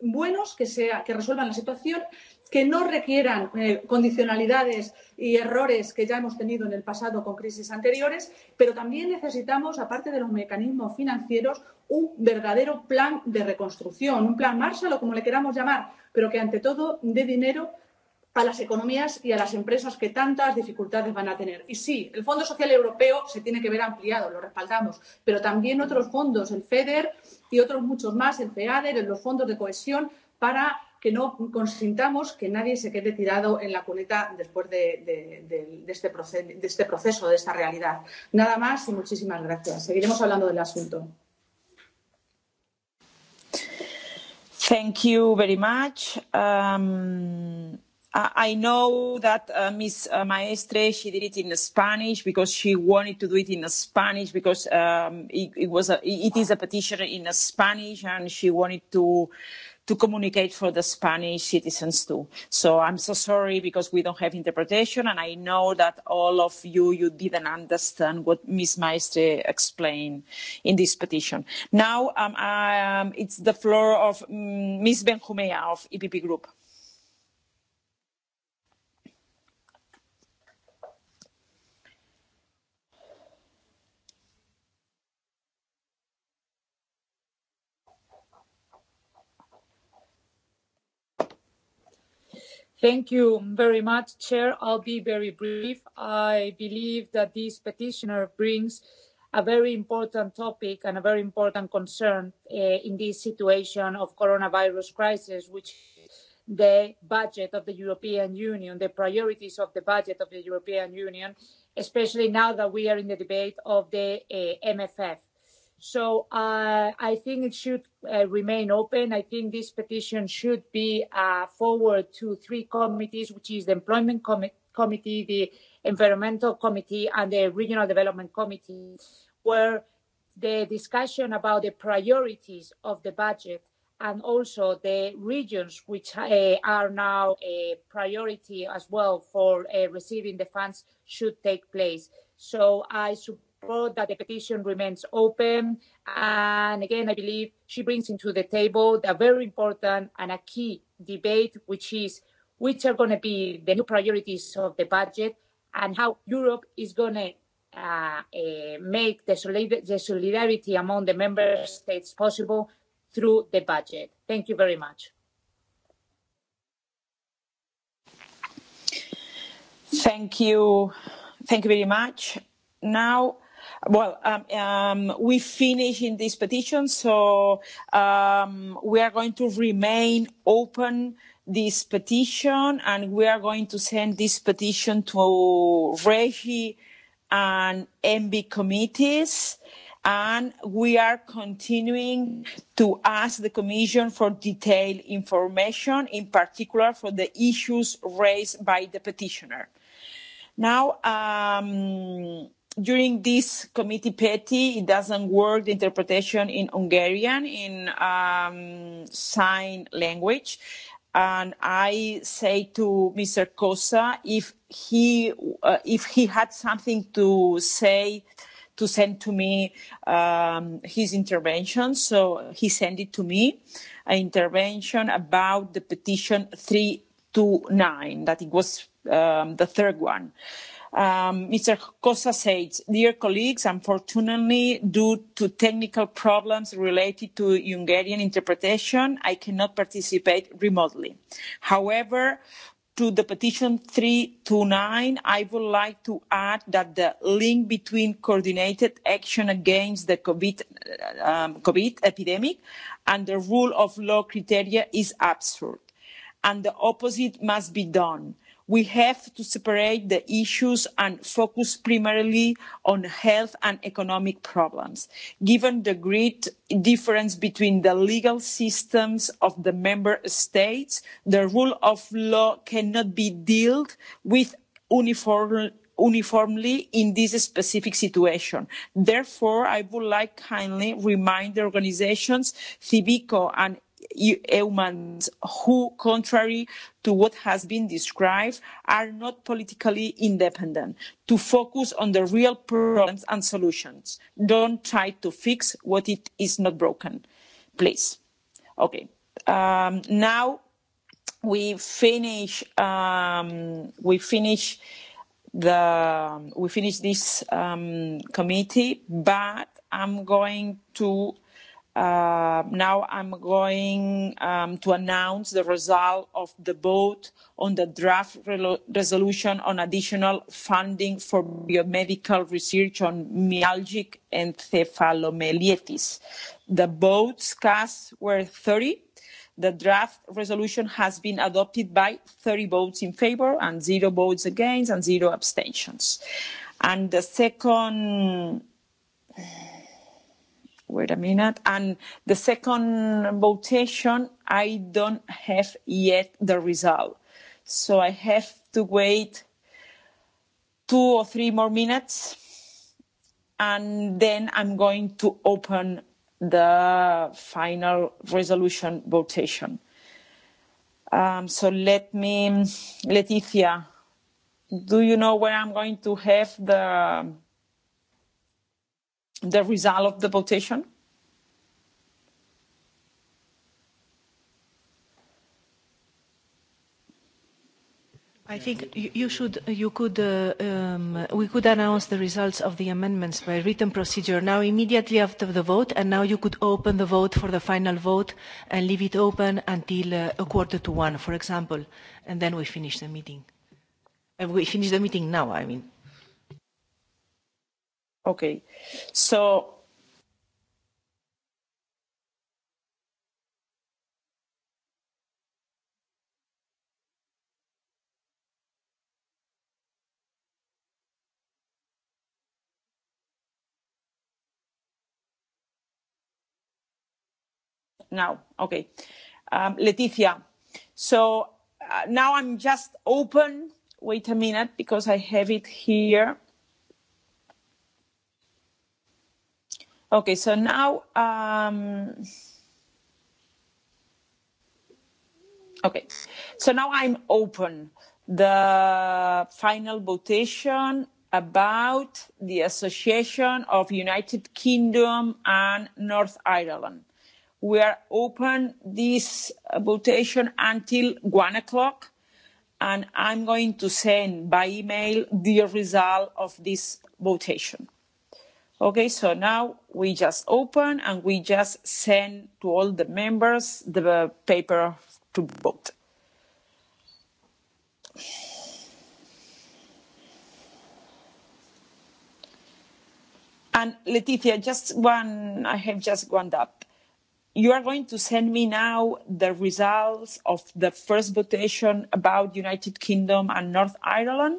buenos, que, sea, que resuelvan la situación, que no requieran eh, condicionalidades y errores que ya hemos tenido en el pasado con crisis anteriores, pero también necesitamos, aparte de los mecanismos financieros, un verdadero plan de reconstrucción, un plan Marshall o como le queramos llamar, pero que ante todo dé dinero a las economías y a las empresas que tantas dificultades van a tener. Y sí, el Fondo Social Europeo se tiene que ver ampliado, lo respaldamos, pero también otros fondos, el FEDER y otros muchos más el FEADER, los fondos de cohesión, para que no consintamos que nadie se quede tirado en la cuneta después de, de, de, de, este proceso, de este proceso, de esta realidad. Nada más y muchísimas gracias. Seguiremos hablando del asunto. Thank you very much. Um, I know that uh, Miss uh, Maestre, she did it in Spanish because she wanted to do it in Spanish because um, it, it, was a, it is a petition in Spanish and she wanted to to communicate for the Spanish citizens too. So I'm so sorry because we don't have interpretation and I know that all of you, you didn't understand what Ms. Maestre explained in this petition. Now um, um, it's the floor of um, mm, Ms. Benjumea of EPP Group. Thank you very much, Chair. I'll be very brief. I believe that this petitioner brings a very important topic and a very important concern uh, in this situation of coronavirus crisis, which the budget of the European Union, the priorities of the budget of the European Union, especially now that we are in the debate of the uh, eh, MFF. So uh, I think it should uh, remain open. I think this petition should be uh, forward to three committees, which is the Employment Com Committee, the Environmental Committee, and the Regional Development Committee, where the discussion about the priorities of the budget and also the regions which uh, are now a priority as well for uh, receiving the funds should take place. So I support report that the petition remains open. And again, I believe she brings into the table a very important and a key debate, which is which are going to be the new priorities of the budget and how Europe is going to uh, uh, make the, solid- the solidarity among the member states possible through the budget. Thank you very much. Thank you. Thank you very much. Now Well, um, um, we finish in this petition, so um, we are going to remain open this petition, and we are going to send this petition to Regi and MB committees, and we are continuing to ask the Commission for detailed information, in particular for the issues raised by the petitioner. Now, um, during this committee petty, it doesn't work the interpretation in Hungarian, in um, sign language. And I say to Mr. Kosa, if he, uh, if he had something to say, to send to me um, his intervention. So he sent it to me, an intervention about the petition 329, that it was um, the third one. Uh, Um, Mr. Costa says, dear colleagues, unfortunately, due to technical problems related to Hungarian interpretation, I cannot participate remotely. However, to the petition 329, I would like to add that the link between coordinated action against the COVID, um, COVID epidemic and the rule of law criteria is absurd, and the opposite must be done we have to separate the issues and focus primarily on health and economic problems. Given the great difference between the legal systems of the member states, the rule of law cannot be dealt with uniform, uniformly in this specific situation. Therefore, I would like kindly remind the organizations Civico and humans who, contrary to what has been described, are not politically independent, to focus on the real problems and solutions. Don't try to fix what it is not broken, please. Okay. Um, now we finish. Um, we finish the we finish this um, committee, but I'm going to Uh, now I'm going um, to announce the result of the vote on the draft re resolution on additional funding for biomedical research on myalgic encephalomyelitis. The votes cast were 30. The draft resolution has been adopted by 30 votes in favor and zero votes against and zero abstentions. And the second Wait a minute. And the second votation, I don't have yet the result. So I have to wait two or three more minutes and then I'm going to open the final resolution votation. Um, so let me, Leticia, do you know where I'm going to have the the result of the votation? I think you should, you could, uh, um, we could announce the results of the amendments by written procedure now immediately after the vote, and now you could open the vote for the final vote and leave it open until uh, a quarter to one, for example, and then we finish the meeting. And uh, we finish the meeting now, I mean. Okay. So now. Okay. Um, Leticia, so uh, now I'm just open. Wait a minute because I have it here. Okay, so now, um, okay, so now I'm open the final votation about the association of United Kingdom and North Ireland. We are open this votation until one o'clock, and I'm going to send by email the result of this votation. Okay, so now we just open and we just send to all the members the paper to vote. And Leticia, just one, I have just one up. You are going to send me now the results of the first votation about United Kingdom and North Ireland?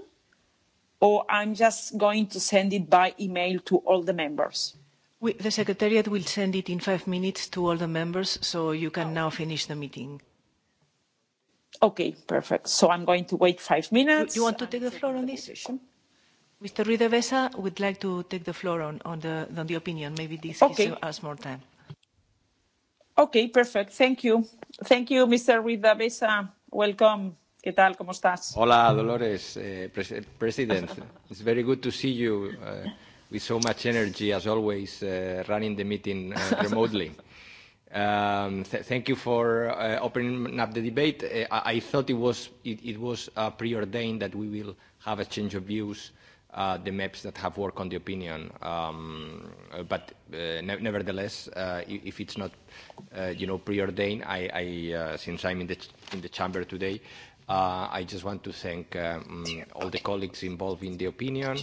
or I'm just going to send it by email to all the members? We, the Secretariat will send it in five minutes to all the members, so you can now finish the meeting. Okay, perfect. So I'm going to wait five minutes. You, you want to take the floor on this? Decision. Mr. Ridevesa would like to take the floor on, on, the, on the opinion. Maybe this okay. gives us more time. Okay, perfect. Thank you. Thank you, Mr. Ridevesa. Welcome. ¿Qué tal? ¿Cómo estás? Hola, Dolores, eh, pre President. It's very good to see you uh, with so much energy, as always, uh, running the meeting uh, remotely. Um, th thank you for uh, opening up the debate. Uh, I, I thought it was, it, it was uh, preordained that we will have a change of views, uh, the maps that have worked on the opinion. Um, but uh, ne nevertheless, uh, if it's not, uh, you know, preordained, I, I, uh, since I'm in the, ch in the chamber today, Uh, I just want to thank uh, mm, all the colleagues involved in the opinion.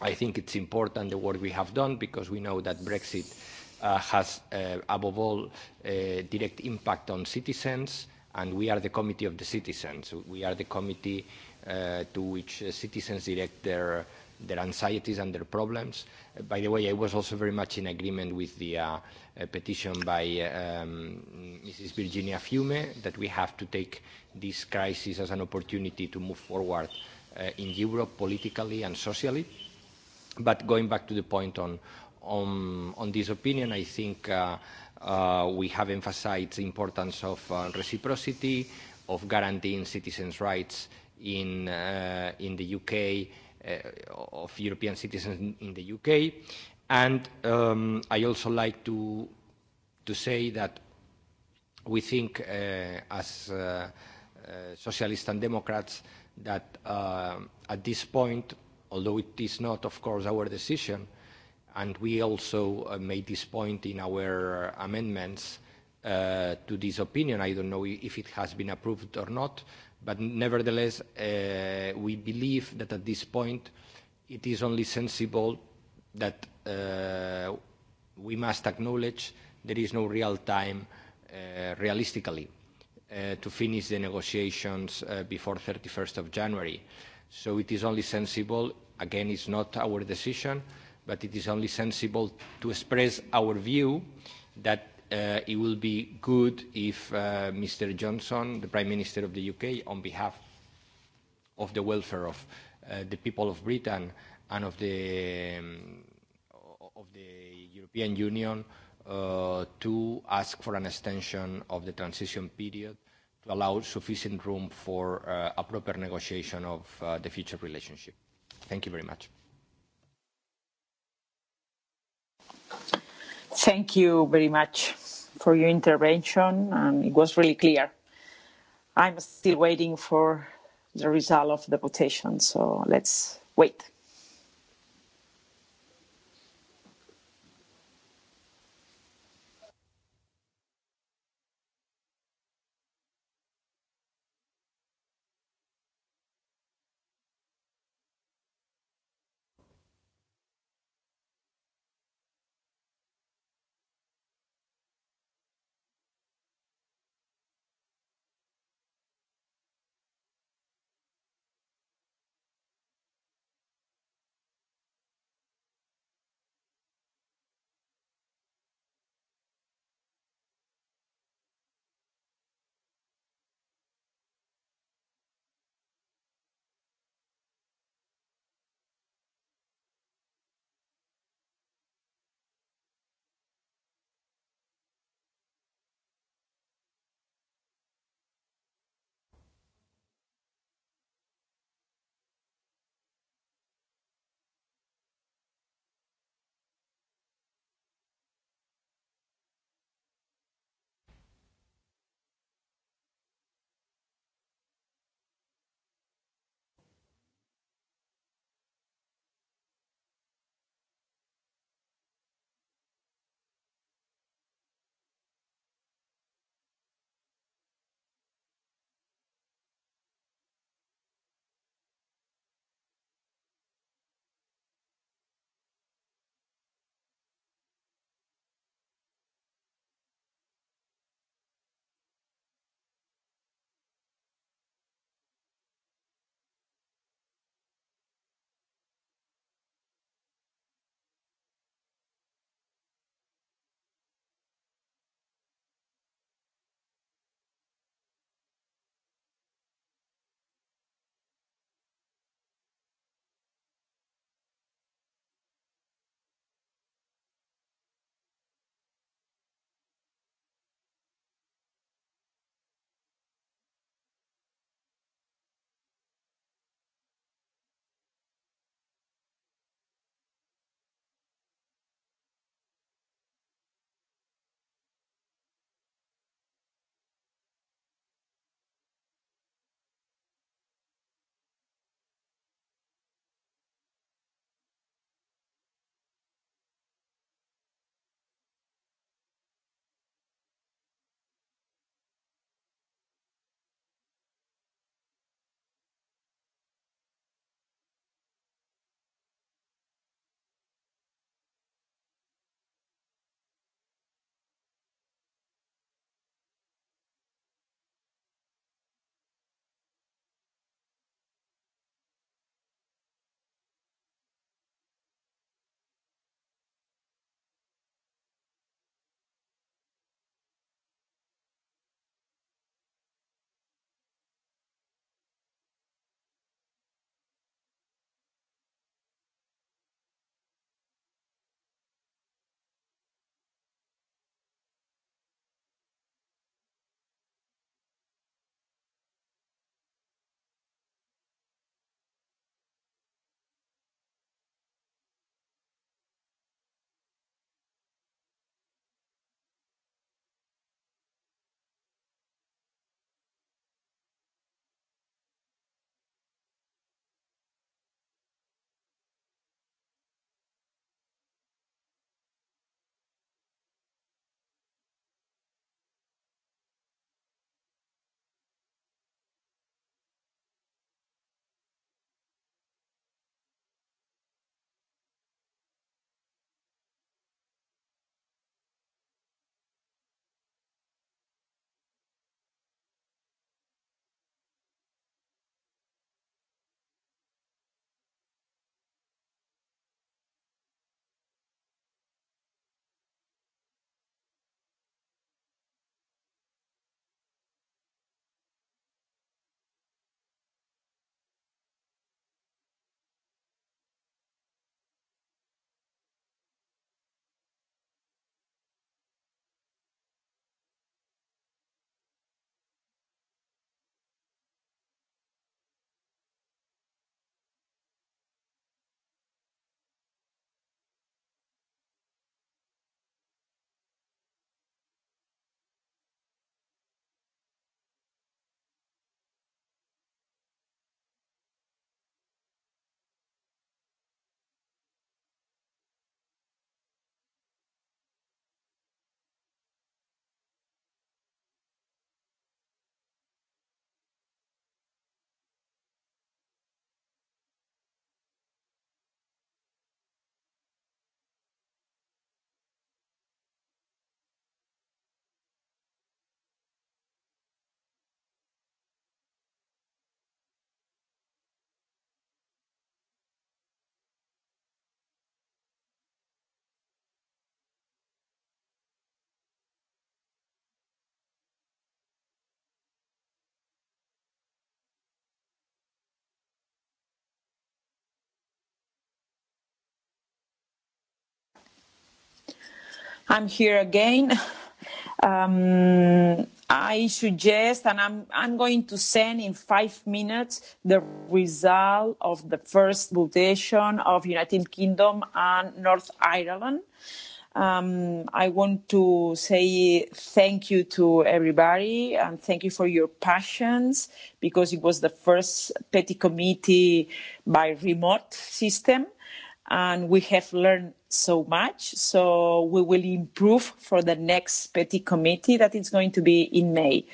I think it's important the work we have done because we know that Brexit uh, has, uh, above all, uh, direct impact on citizens, and we are the committee of the citizens. We are the committee uh, to which uh, citizens direct their their anxieties and their problems. Uh, by the way, I was also very much in agreement with the uh, a petition by um, Mrs. Virginia Fiume that we have to take this crisis as an opportunity to move forward uh, in Europe politically and socially. But going back to the point on, on, on this opinion, I think uh, uh, we have emphasized the importance of uh, reciprocity, of guaranteeing citizens' rights in, uh, in the UK, uh, of European citizens in the UK. And um, I also like to, to say that we think uh, as uh, uh, socialists and democrats that uh, at this point, although it is not, of course, our decision, and we also uh, made this point in our amendments uh, to this opinion. I don't know if it has been approved or not, but nevertheless, uh, we believe that at this point it is only sensible that uh, we must acknowledge there is no real time uh, realistically uh, to finish the negotiations uh, before 31st of January. So it is only sensible, again, it's not our decision, but it is only sensible to express our view that uh, it will be good if uh, Mr. Johnson, the Prime Minister of the UK, on behalf of the welfare of uh, the people of Britain and of the um, of the European Union uh, to ask for an extension of the transition period to allow sufficient room for uh, a proper negotiation of uh, the future relationship. Thank you very much. Thank you very much for your intervention, and it was really clear. I'm still waiting for the result of the votation, so let's wait. I'm here again. Um, I suggest, and I'm, I'm going to send in five minutes the result of the first votation of United Kingdom and North Ireland. Um, I want to say thank you to everybody and thank you for your passions because it was the first petty committee by remote system and we have learned so much. So we will improve for the next petty committee that is going to be in May.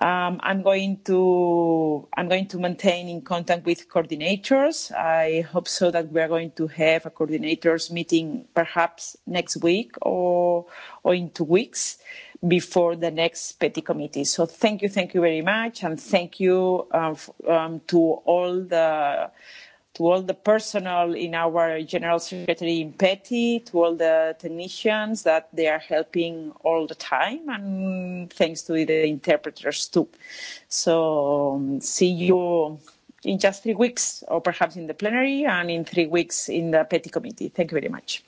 Um, I'm going to I'm going to maintain in contact with coordinators. I hope so that we are going to have a coordinators meeting perhaps next week or or in two weeks before the next petty committee. So thank you, thank you very much, and thank you um, um, to all the to all the personnel in our General Secretary in Petty, to all the technicians that they are helping all the time, and thanks to the interpreters too. So um, see you in just three weeks, or perhaps in the plenary, and in three weeks in the Petty Committee. Thank you very much.